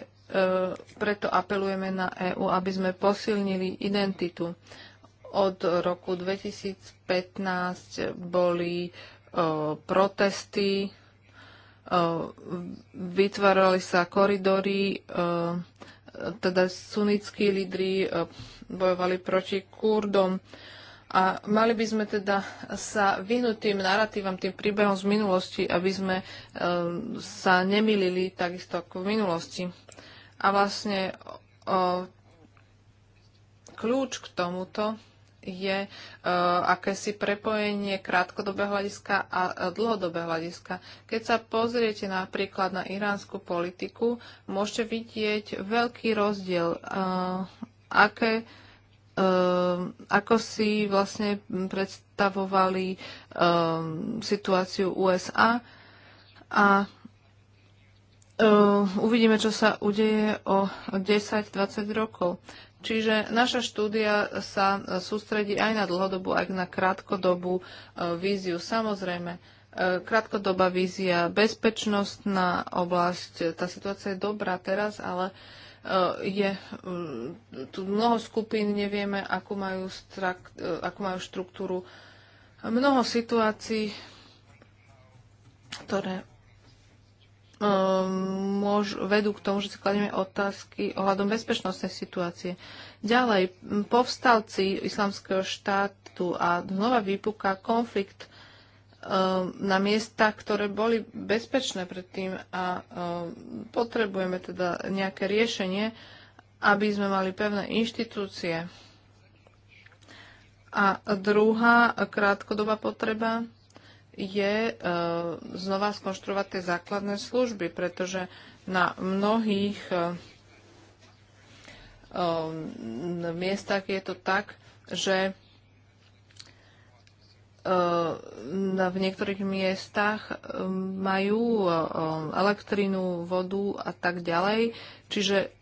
preto apelujeme na EÚ, aby sme posilnili identitu. Od roku 2015 boli e, protesty, vytvárali sa koridory teda sunnickí lídry e, bojovali proti Kurdom. A mali by sme teda sa vyhnúť tým narratívam, tým príbehom z minulosti, aby sme e, sa nemilili takisto ako v minulosti. A vlastne o, kľúč k tomuto je uh, akési prepojenie krátkodobého hľadiska a e, dlhodobého hľadiska. Keď sa pozriete napríklad na iránsku politiku, môžete vidieť veľký rozdiel, uh, aké, uh, ako si vlastne predstavovali situáciu USA a uvidíme, čo sa udeje o 10-20 rokov. Čiže naša štúdia sa sústredí aj na dlhodobú, aj na krátkodobú e, víziu. Samozrejme, e, krátkodobá vízia, bezpečnostná oblasť, tá situácia je dobrá teraz, ale e, je tu mnoho skupín, nevieme, akú majú, strak, akú majú štruktúru, mnoho situácií, ktoré Ehm, môž, vedú k tomu, že si kladieme otázky ohľadom bezpečnostnej situácie. Ďalej, povstalci islamského štátu a znova vypuká konflikt um, na miestach, ktoré boli bezpečné predtým a um, potrebujeme teda nejaké riešenie, aby sme mali pevné inštitúcie. A druhá krátkodobá potreba je e, znova skonštruovať tie základné služby, pretože na mnohých e, e, miestach je to tak, že v niektorých miestach majú elektrínu, vodu a tak ďalej. Čiže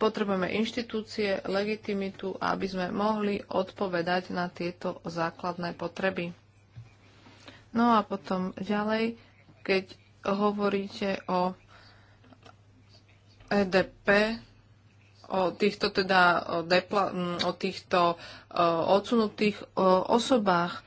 potrebujeme inštitúcie, legitimitu, aby sme mohli odpovedať na tieto základné potreby. No a potom ďalej, keď hovoríte o EDP, o týchto teda, o, depla- o týchto o, e, odsunutých o, e, osobách,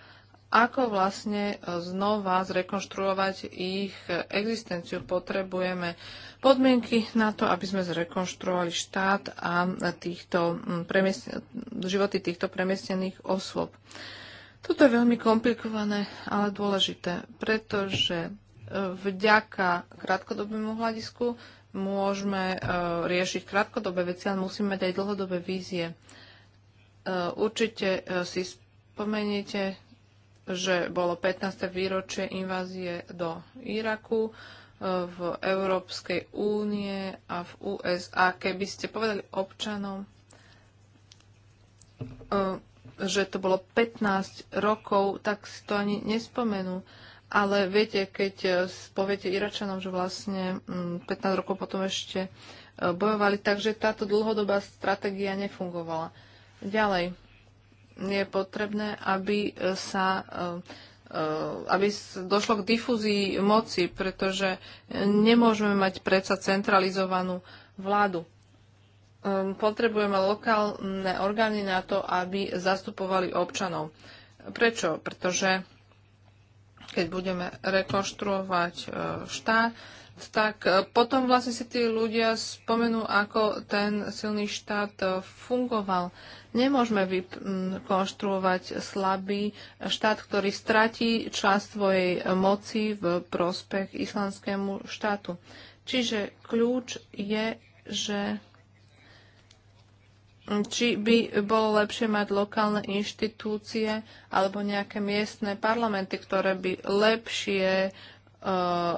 ako vlastne e, znova zrekonštruovať ich existenciu. Potrebujeme podmienky na to, aby sme zrekonštruovali štát a týchto, životy týchto premiestnených osôb. Toto je veľmi komplikované, ale dôležité, pretože e, vďaka krátkodobému hľadisku môžeme e, riešiť krátkodobé veci, ale musíme dať dlhodobé vízie. E, určite si spomeniete, že bolo 15. výročie invázie do Iraku v Európskej únie a v USA. Keby ste povedali občanom, že to bolo 15 rokov, tak si to ani nespomenú. Ale viete, keď eh, poviete Iračanom, že vlastne 15 mm, rokov potom ešte eh, bojovali, takže táto dlhodobá stratégia nefungovala. Ďalej, je potrebné, aby eh, sa aby došlo k difúzii moci, pretože nemôžeme mať predsa centralizovanú vládu. Ehm, potrebujeme lokálne orgány na to, aby zastupovali občanov. Prečo? Pretože keď budeme rekonštruovať ehm, štát, tak ehm, potom vlastne si tí ľudia spomenú, ako ten silný štát fungoval. Nemôžeme vykonštruovať slabý štát, ktorý stratí časť svojej moci v prospech islamskému štátu. Čiže kľúč je, že či by bolo lepšie mať lokálne inštitúcie alebo nejaké miestne parlamenty, ktoré by lepšie uh,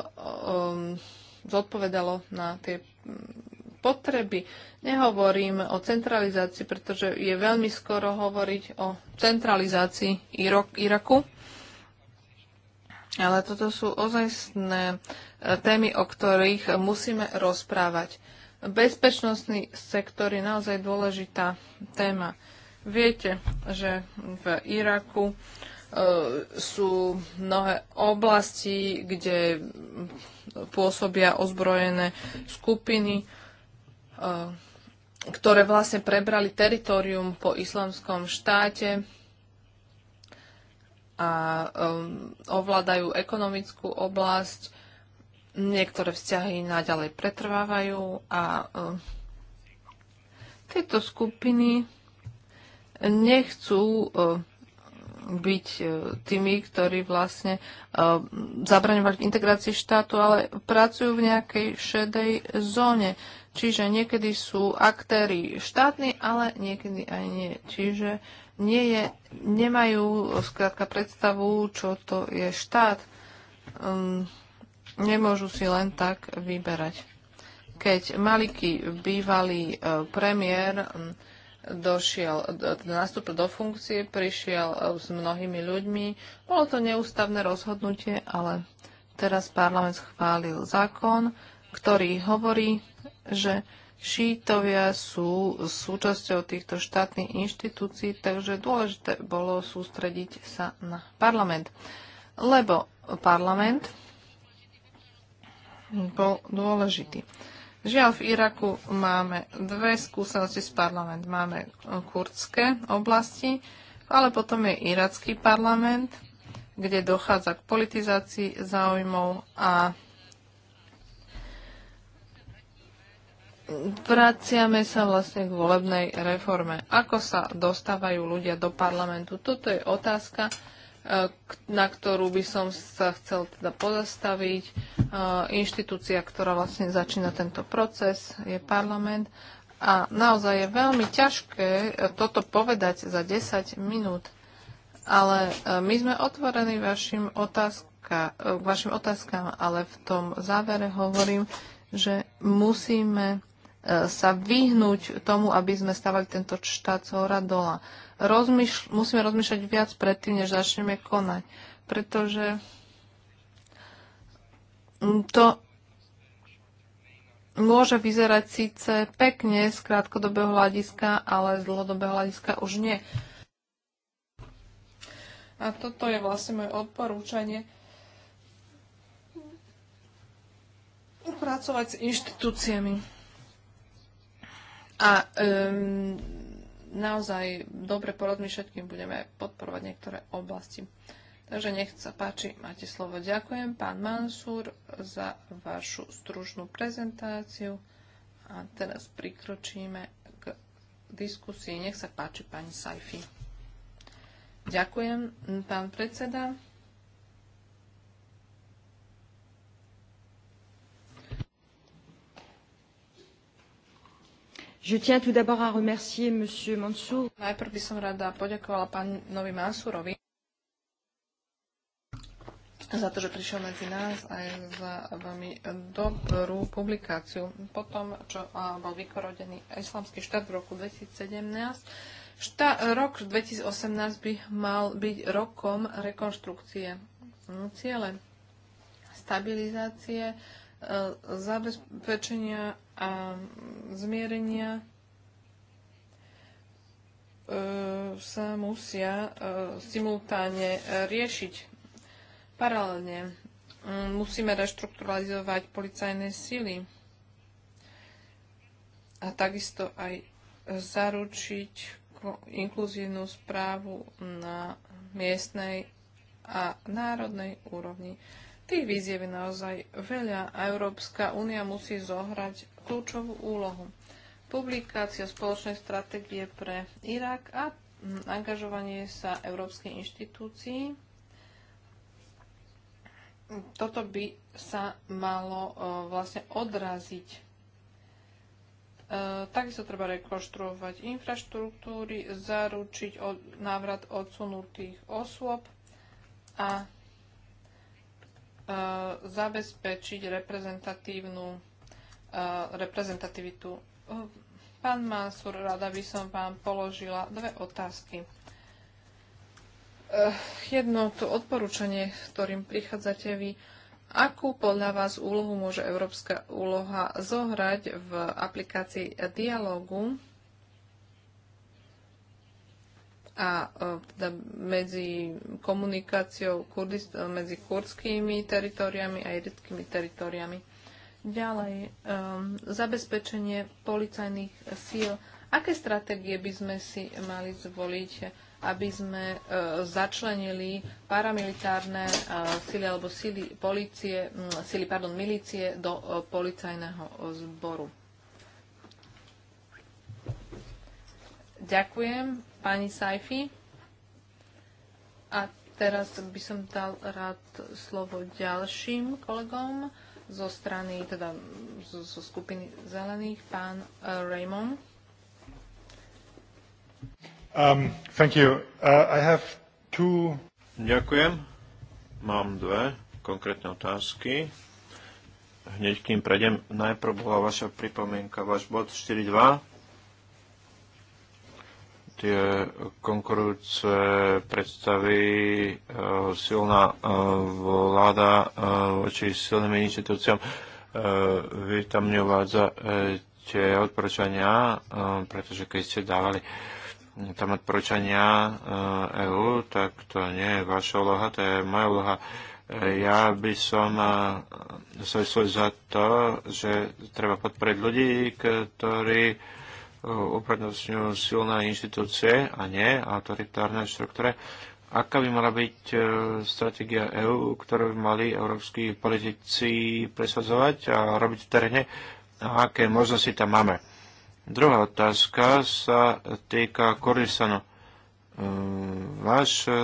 um, zodpovedalo na tie mm, potreby. Nehovorím o centralizácii, pretože je veľmi skoro hovoriť o centralizácii Irok, Iraku. Ale toto sú ozajstné uh, témy, o ktorých musíme rozprávať. Bezpečnostný sektor je naozaj dôležitá téma. Viete, že v Iraku e, sú mnohé oblasti, kde pôsobia ozbrojené skupiny, e, ktoré vlastne prebrali teritorium po islamskom štáte a e, ovládajú ekonomickú oblasť Niektoré vzťahy naďalej pretrvávajú a e, tieto skupiny nechcú e, byť e, tými, ktorí vlastne zabraňovali integrácii štátu, ale pracujú v nejakej šedej zóne. Čiže niekedy sú aktéry štátni, ale niekedy aj nie. Čiže nie je, nemajú skrátka predstavu, čo to je štát. Um, Nemôžu si len tak vyberať. Keď Maliky, bývalý e, premiér, došiel, e, nastúpil do funkcie, prišiel e, s mnohými ľuďmi. Bolo to neústavné rozhodnutie, ale teraz parlament schválil zákon, ktorý hovorí, že šítovia sú súčasťou týchto štátnych inštitúcií, takže dôležité bolo sústrediť sa na parlament. Lebo parlament bol dôležitý. Žiaľ, v Iraku máme dve skúsenosti z parlament. Máme kurdské oblasti, ale potom je iracký parlament, kde dochádza k politizácii záujmov a vraciame sa vlastne k volebnej reforme. Ako sa dostávajú ľudia do parlamentu? Toto je otázka, na ktorú by som sa chcel teda pozastaviť. E, inštitúcia, ktorá vlastne začína tento proces, je parlament. A naozaj je veľmi ťažké e, toto povedať za 10 minút, ale e, my sme otvorení vašim, otázka, vašim otázkam, ale v tom závere hovorím, že musíme sa vyhnúť tomu, aby sme stavali tento štát z hora dola rozmýšľ, musíme rozmýšľať viac predtým, než začneme konať. Pretože to môže vyzerať síce pekne z krátkodobého hľadiska, ale z dlhodobého hľadiska už nie. A toto je vlastne moje odporúčanie. Pracovať s inštitúciami. A um, naozaj dobre porodmi všetkým budeme podporovať niektoré oblasti. Takže nech sa páči, máte slovo. Ďakujem, pán Mansúr, za vašu stručnú prezentáciu. A teraz prikročíme k diskusii. Nech sa páči, pani Sajfi. Ďakujem, pán predseda. Je tiens tout d'abord à remercier monsieur Mansour. Najprv by som rada poďakovala pánovi Mansurovi za to, že prišiel medzi nás aj za veľmi dobrú publikáciu. Potom, čo bol vykorodený islamský štát v roku 2017, Šta, rok 2018 by mal byť rokom rekonštrukcie. No, ciele stabilizácie, e, zabezpečenia a zmierenia e, sa musia e, simultáne riešiť paralelne. Musíme reštrukturalizovať policajné sily a takisto aj zaručiť inkluzívnu správu na miestnej a národnej úrovni. Tých výziev je naozaj veľa a Európska únia musí zohrať kľúčovú úlohu. Publikácia spoločnej stratégie pre Irak a mm, angažovanie sa Európskej inštitúcii. Toto by sa malo e, vlastne odraziť e, takisto treba rekonštruovať infraštruktúry, zaručiť návrat odsunutých osôb a e, zabezpečiť reprezentatívnu reprezentativitu. Pán Mansur, rada by som vám položila dve otázky. E, jedno to odporúčanie, ktorým prichádzate vy, Akú podľa vás úlohu môže európska úloha zohrať v aplikácii dialogu a e, teda medzi komunikáciou medzi kurdskými teritoriami a irickými teritoriami? Ďalej, um, zabezpečenie policajných síl. Aké stratégie by sme si mali zvoliť, aby sme uh, začlenili paramilitárne uh, síly alebo síly policie, um, síly, pardon, milície do uh, policajného uh, zboru? Ďakujem, pani Saifi. A teraz by som dal rád slovo ďalším kolegom zo strany, teda zo, zo skupiny zelených, pán uh, Raymond. Um, thank you. Uh, I have two... Ďakujem. Mám dve konkrétne otázky. Hneď kým prejdem, najprv bola vaša pripomienka, váš bod tie konkurujúce predstavy eh, silná eh, vláda eh, voči silným inštitúciám vy tam tie odporúčania, pretože keď ste dávali tam odporúčania EÚ, e tak to nie je vaša úloha, to je moja úloha. Ja by som svoj za to, že treba podporiť ľudí, ktorí uprednostňujú silné inštitúcie a nie autoritárne štruktúre. Aká by mala byť e, stratégia EÚ, ktorú by mali európsky politici presadzovať a robiť v teréne a aké možnosti tam máme? Druhá otázka sa týka Kurdistanu. E, váš e,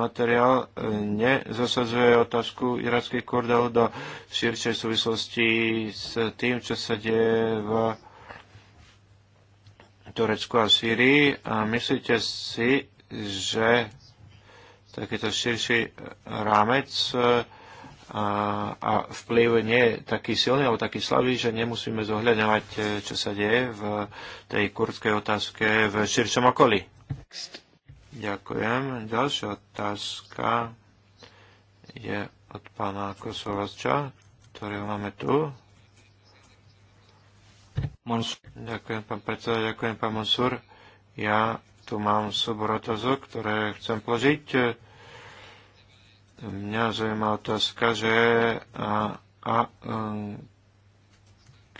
materiál nezasadzuje otázku irackých kurdov do širšej súvislosti s tým, čo sa deje v Turecku a Sýrii. A myslíte si, že takýto širší rámec a vplyv nie je taký silný alebo taký slabý, že nemusíme zohľadňovať, e, čo sa deje v tej kurdskej otázke v širšom okolí. Ďakujem. Ďalšia otázka je od pána Kosovača, ktorého máme tu Mansur. Ďakujem, pán predseda, ďakujem, pán Mansur. Ja tu mám súbor otázok, ktoré chcem položiť. Mňa zaujíma otázka, že a, a, um,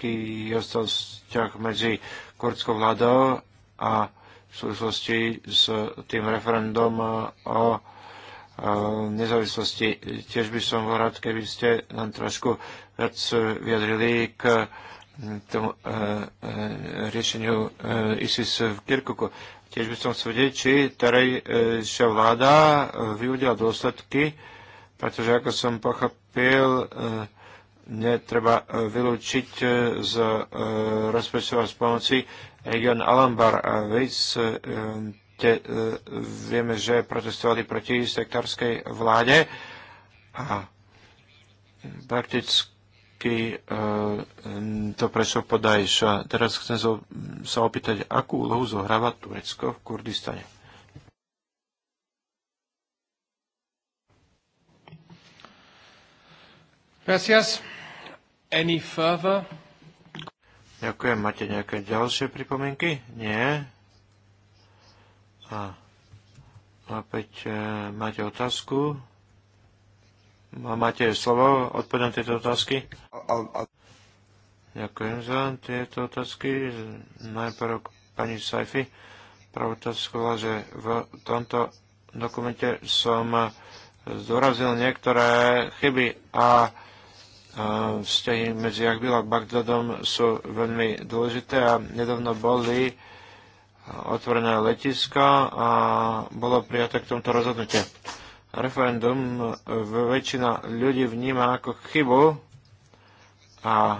ký je to vzťah medzi kurdskou vládou a v súvislosti s tým referendum o nezávislosti. Tiež by som bol rád, keby ste nám trošku viac vyjadrili k tomu e, e, riešeniu e, ISIS v Kirkuku. Tiež by som chcel vedieť, či terajšia vláda vyvodila dôsledky, pretože ako som pochopil, netreba vylúčiť z rozpočtu a z pomoci region Alambar a e, Te, vieme, že protestovali proti sektárskej vláde a prakticky roky e, to prešlo podajš. Daesh. Teraz chcem sa opýtať, akú úlohu zohráva Turecko v Kurdistane? Gracias. Any further? Ďakujem. Máte nejaké ďalšie pripomienky? Nie. A opäť e, máte otázku? Máte slovo odpovedať tieto otázky? Ďakujem za tieto otázky. Najprv pani Saifi. Prvá otázka bola, že v tomto dokumente som zdôrazil niektoré chyby a vzťahy medzi Akbil a Bagdadom sú veľmi dôležité a nedávno boli otvorené letiska a bolo prijaté k tomto rozhodnutie referendum väčšina ľudí vníma ako chybu a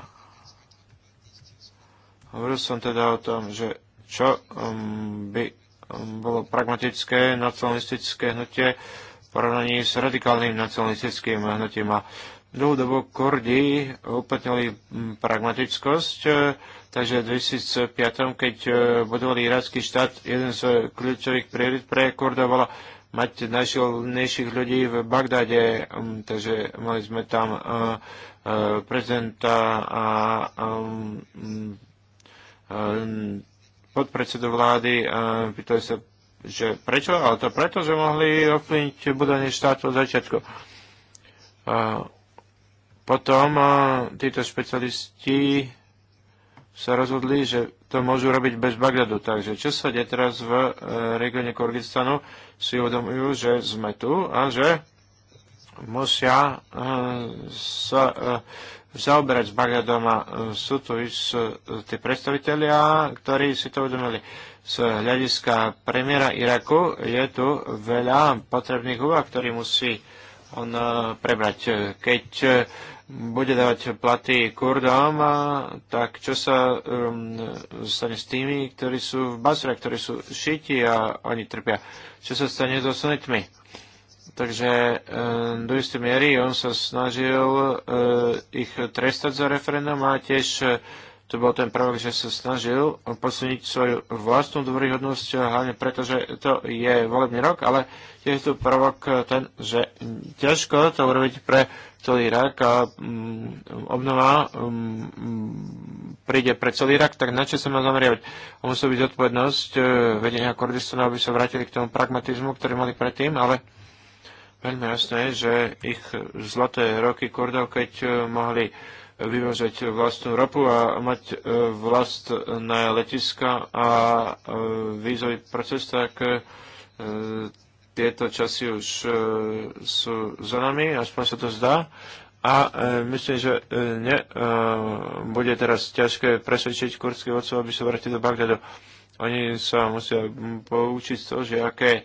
hovoril som teda o tom, že čo um, by um, bolo pragmatické nacionalistické hnutie v porovnaní s radikálnym nacionalistickým hnutím. A dlhodobo Kurdi uplatnili um, pragmatickosť, e, takže v 2005, keď e, budovali irácky štát, jeden z kľúčových priorit pre Kurdov bola mať najsilnejších ľudí v Bagdade, um, takže mali sme tam uh, uh, prezidenta a um, um, uh, podpredsedu vlády a pýtali sa, že prečo? Ale to preto, že mohli ovplyvniť budanie štátu od začiatku. potom títo špecialisti sa rozhodli, že to môžu robiť bez Bagdadu. Takže čo sa deje teraz v e, regióne Kurdistanu, si uvedomujú, že sme tu a že musia e, sa e, zaoberať s Bagdadom a sú tu is, e, tí predstavitelia, ktorí si to uvedomili. Z hľadiska premiéra Iraku je tu veľa potrebných úvah, ktorý musí on prebrať. Keď bude dávať platy Kurdom, tak čo sa um, stane s tými, ktorí sú v Basre, ktorí sú šiti a oni trpia? Čo sa stane so sunitmi? Takže um, do istej miery on sa snažil uh, ich trestať za referendum a tiež uh, to bol ten prvok, že sa snažil posuniť svoju vlastnú dôryhodnosť, hlavne preto, že to je volebný rok, ale tiež tu prvok ten, že ťažko to urobiť pre celý rak a mm, obnova mm, mm, príde pre celý rak, tak na čo sa má zameriavať? A musí byť zodpovednosť e, vedenia Kurdistanu, aby sa vrátili k tomu pragmatizmu, ktorý mali predtým, ale veľmi jasné je, že ich zlaté roky Kurdov, keď e, mohli vyvážať vlastnú ropu a mať e, vlastné letiska a vízový proces, tak tieto časy už e, sú za nami, aspoň sa to zdá. A e, myslím, že e, ne, e, bude teraz ťažké presvedčiť kurdských odcov, aby sa vrátili do Bagdadu. Oni sa musia poučiť z toho, že aké e,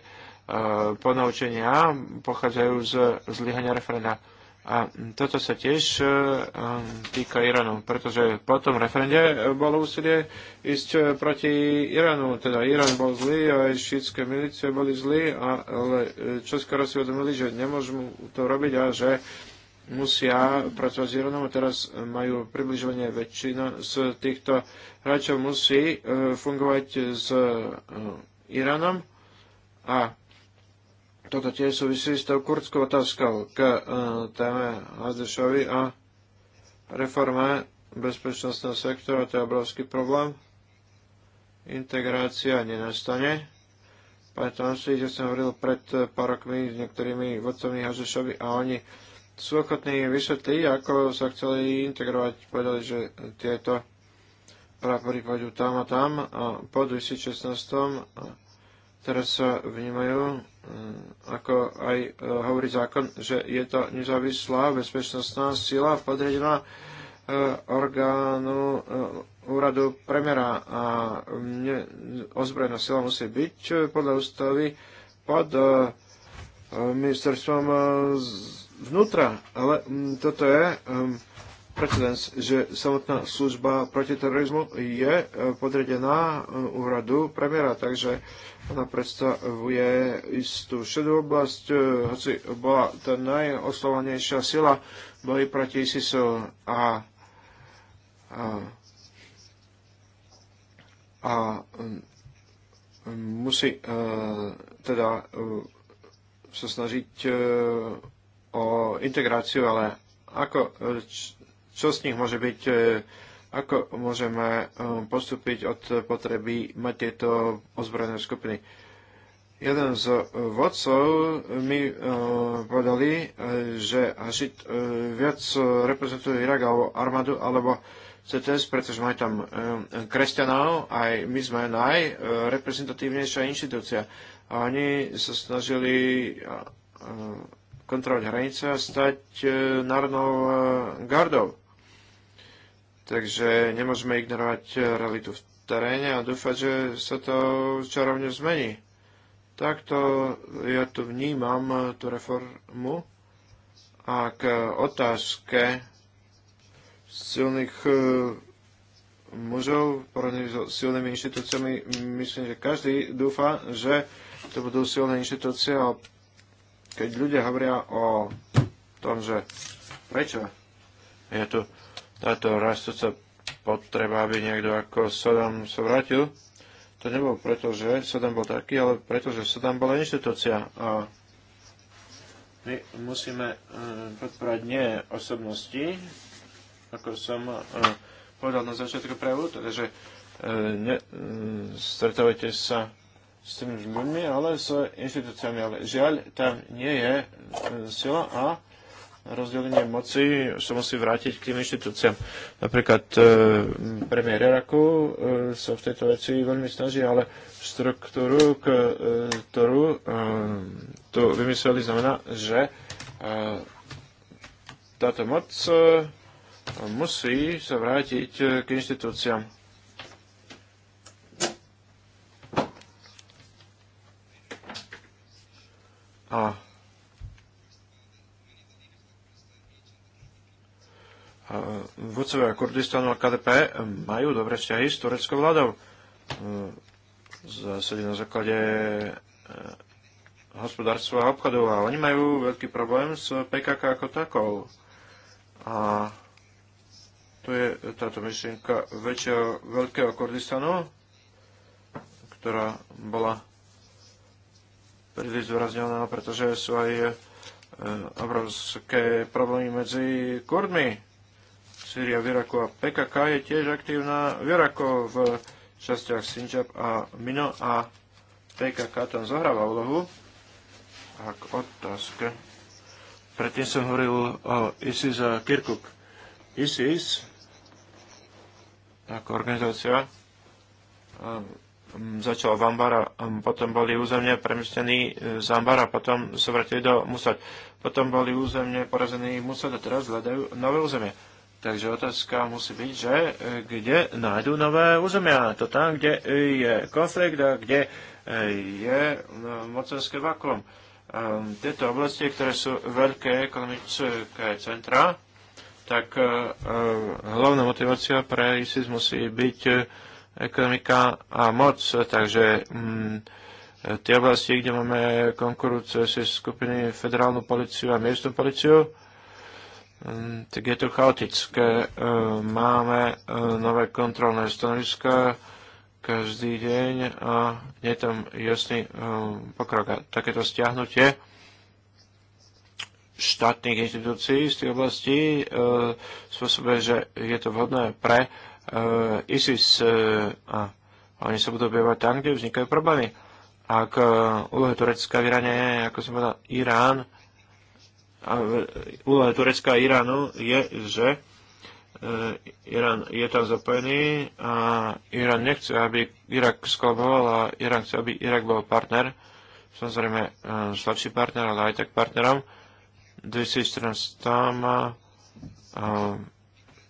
ponaučenia pochádzajú z zlyhania referenda. A toto sa tiež e, um, týka Iránu, pretože po tom referende bolo úsilie ísť e, proti Iránu. Teda Irán bol zlý, aj šítske milície boli zlí, ale e, čoskoro si uvedomili, že nemôžu to robiť a že musia pracovať s Iránom a teraz majú približovanie väčšina z týchto hráčov musí fungovať s Iránom a toto tiež súvisí s tou kurdskou otázkou k e, téme Hazdešovi a reforme bezpečnostného sektora, to je obrovský problém. Integrácia nenastane. Pamätám si, že som hovoril pred e, pár rokmi s niektorými vodcami Hazdešovi a oni sú ochotní vysvetliť, ako sa chceli integrovať. Povedali, že tieto prapory pôjdu tam a tam a po 2016 ktoré sa vnímajú, mm, ako aj e, hovorí zákon, že je to nezávislá bezpečnostná sila podriadená e, orgánu e, úradu premiera a ozbrojená sila musí byť podľa ústavy pod ministerstvom vnútra. Ale mm, toto je precedens, že samotná služba proti terorizmu je e, podredená e, úradu premiéra, takže ona predstavuje istú šedú oblasť, e, hoci bola tá najoslovanejšia sila boli proti ISISu a, a, a musí e, teda e, sa snažiť o integráciu, ale ako čo z nich môže byť, e, ako môžeme e, postúpiť od potreby mať tieto ozbrojené skupiny. Jeden z vodcov mi e, povedali, že Hašit viac reprezentuje Irak alebo armádu alebo CTS, pretože majú tam kresťanov, aj my sme najreprezentatívnejšia inštitúcia. A oni sa snažili kontrolovať hranice a stať národnou gardou. Takže nemôžeme ignorovať eh, realitu v teréne a dúfať, že sa to čarovne zmení. Takto ja tu vnímam eh, tú reformu a k otázke silných eh, mužov porovnaní so silnými inštitúciami. Myslím, že každý dúfa, že to budú silné inštitúcie a keď ľudia hovoria o tom, že prečo je tu táto rastúca potreba, aby niekto ako Sodom sa vrátil. To nebolo preto, že Sodom bol taký, ale preto, že Sodom bola inštitúcia. A my musíme e, podporať nie osobnosti, ako som e, povedal na začiatku prejavu, teda, že e, ne, stretávajte sa s tými ľuďmi, ale s inštitúciami. Ale žiaľ, tam nie je sila a rozdelenie moci sa musí vrátiť k tým inštitúciám. Napríklad e, premiér Iraku e, sa v tejto veci veľmi snaží, ale štruktúru, e, ktorú e, tu vymysleli, znamená, že e, táto moc e, musí sa vrátiť e, k inštitúciám. A E, vodcovia Kurdistanu a KDP majú dobré vzťahy s tureckou vládou. E, v zásade na základe hospodárstva a obchodov a oni majú veľký problém s PKK ako takou. A tu je táto myšlienka väčšieho veľkého Kurdistanu, ktorá bola príliš zvrazňovaná, pretože sú aj e, obrovské problémy medzi Kurdmi Syria, Viraku a PKK je tiež aktívna Virako v častiach Sinjab a Mino a PKK tam zohráva úlohu. A k otázke. Predtým som hovoril o ISIS a Kirkuk. ISIS ako organizácia um, začala v Ambara, um, potom boli územne premestení e, z Ambara, potom sa vrátili do Musad, potom boli územne porazení Musad a teraz hľadajú nové územie. Takže otázka musí byť, že eh, kde nájdú nové územia. To tam, kde eh, je konflikt a kde eh, je no, mocenské vakuum. Ehm, tieto oblasti, ktoré sú veľké ekonomické centra, tak hlavná motivácia pre ISIS musí byť ekonomika a moc. Takže mm, tie oblasti, kde máme konkurujúce skupiny federálnu policiu a miestnú policiu, Hm, tak je to chaotické. Hm, máme hm, nové kontrolné stanoviska každý deň a je tam jasný pokrok. A takéto stiahnutie štátnych inštitúcií z tých oblastí spôsobuje, že je to vhodné pre ISIS a oni sa budú objavovať tam, kde vznikajú problémy. Ak úlohy Turecka v Iráne, ako som povedal, Irán a úloha Turecka a Iránu je, že e, Irán je tam zapojený a Irán nechce, aby Irak skolboval a Irán chce, aby Irak bol partner. Samozrejme, e, slabší partner, ale aj tak partnerom. 2014 tam e,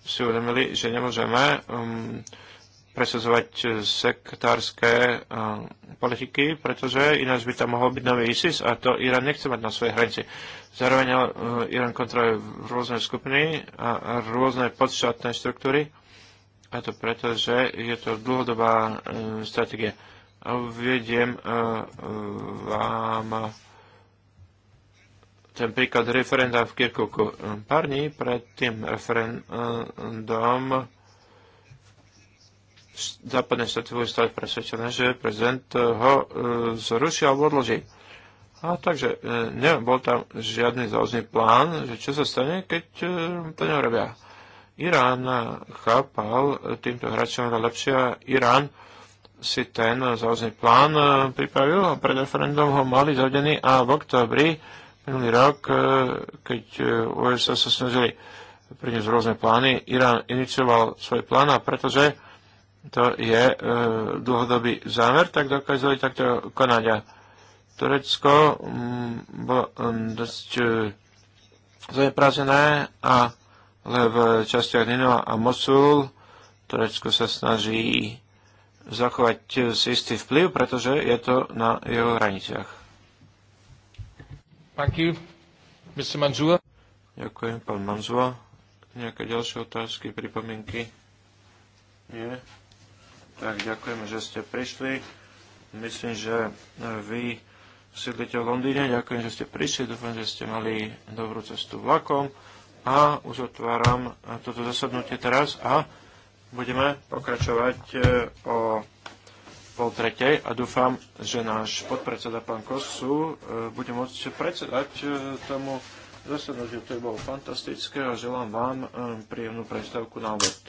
si uvedomili, že nemôžeme um, presadzovať e, sektárske e, politiky, pretože ináč by tam mohol byť nový ISIS a to Irán nechce mať na svojej hranici. Zároveň e, Irán kontroluje rôzne skupiny a rôzne podštátne štruktúry a to preto, že je to dlhodobá stratégia. A uvediem vám ten príklad referenda v Kirkuku. Pár dní pred tým referendom západné štáty boli stále presvedčené, že prezident eh, ho eh, zruší alebo odloží. A takže eh, nebol tam žiadny záložný plán, že čo sa stane, keď to neurobia. Irán chápal týmto hráčom lepšie a Irán si ten záložný plán pripravil a pred referendum ho mali zhodený a v oktobri minulý rok, keď USA sa snažili priniesť rôzne plány, Irán inicioval svoj plán a pretože to je e, dlhodobý zámer, tak dokázali takto konať. A Turecko m, mm, bolo m, mm, dosť e, zaneprázené, ale v častiach Nino a Mosul Turecko sa snaží zachovať si istý vplyv, pretože je to na jeho hraniciach. Thank you. Mr. Manzua. Ďakujem, pán Manzua. Nejaké ďalšie otázky, pripomienky? Nie. Tak ďakujeme, že ste prišli. Myslím, že e, vy sídlite v Londýne. Ďakujem, že ste prišli. Dúfam, že ste mali dobrú cestu vlakom. A už otváram e, toto zasadnutie teraz a budeme pokračovať e, o pol tretej a dúfam, že náš podpredseda pán Kosu bude môcť predsedať tomu zasadnutiu. To bolo fantastické a želám vám príjemnú predstavku na obed.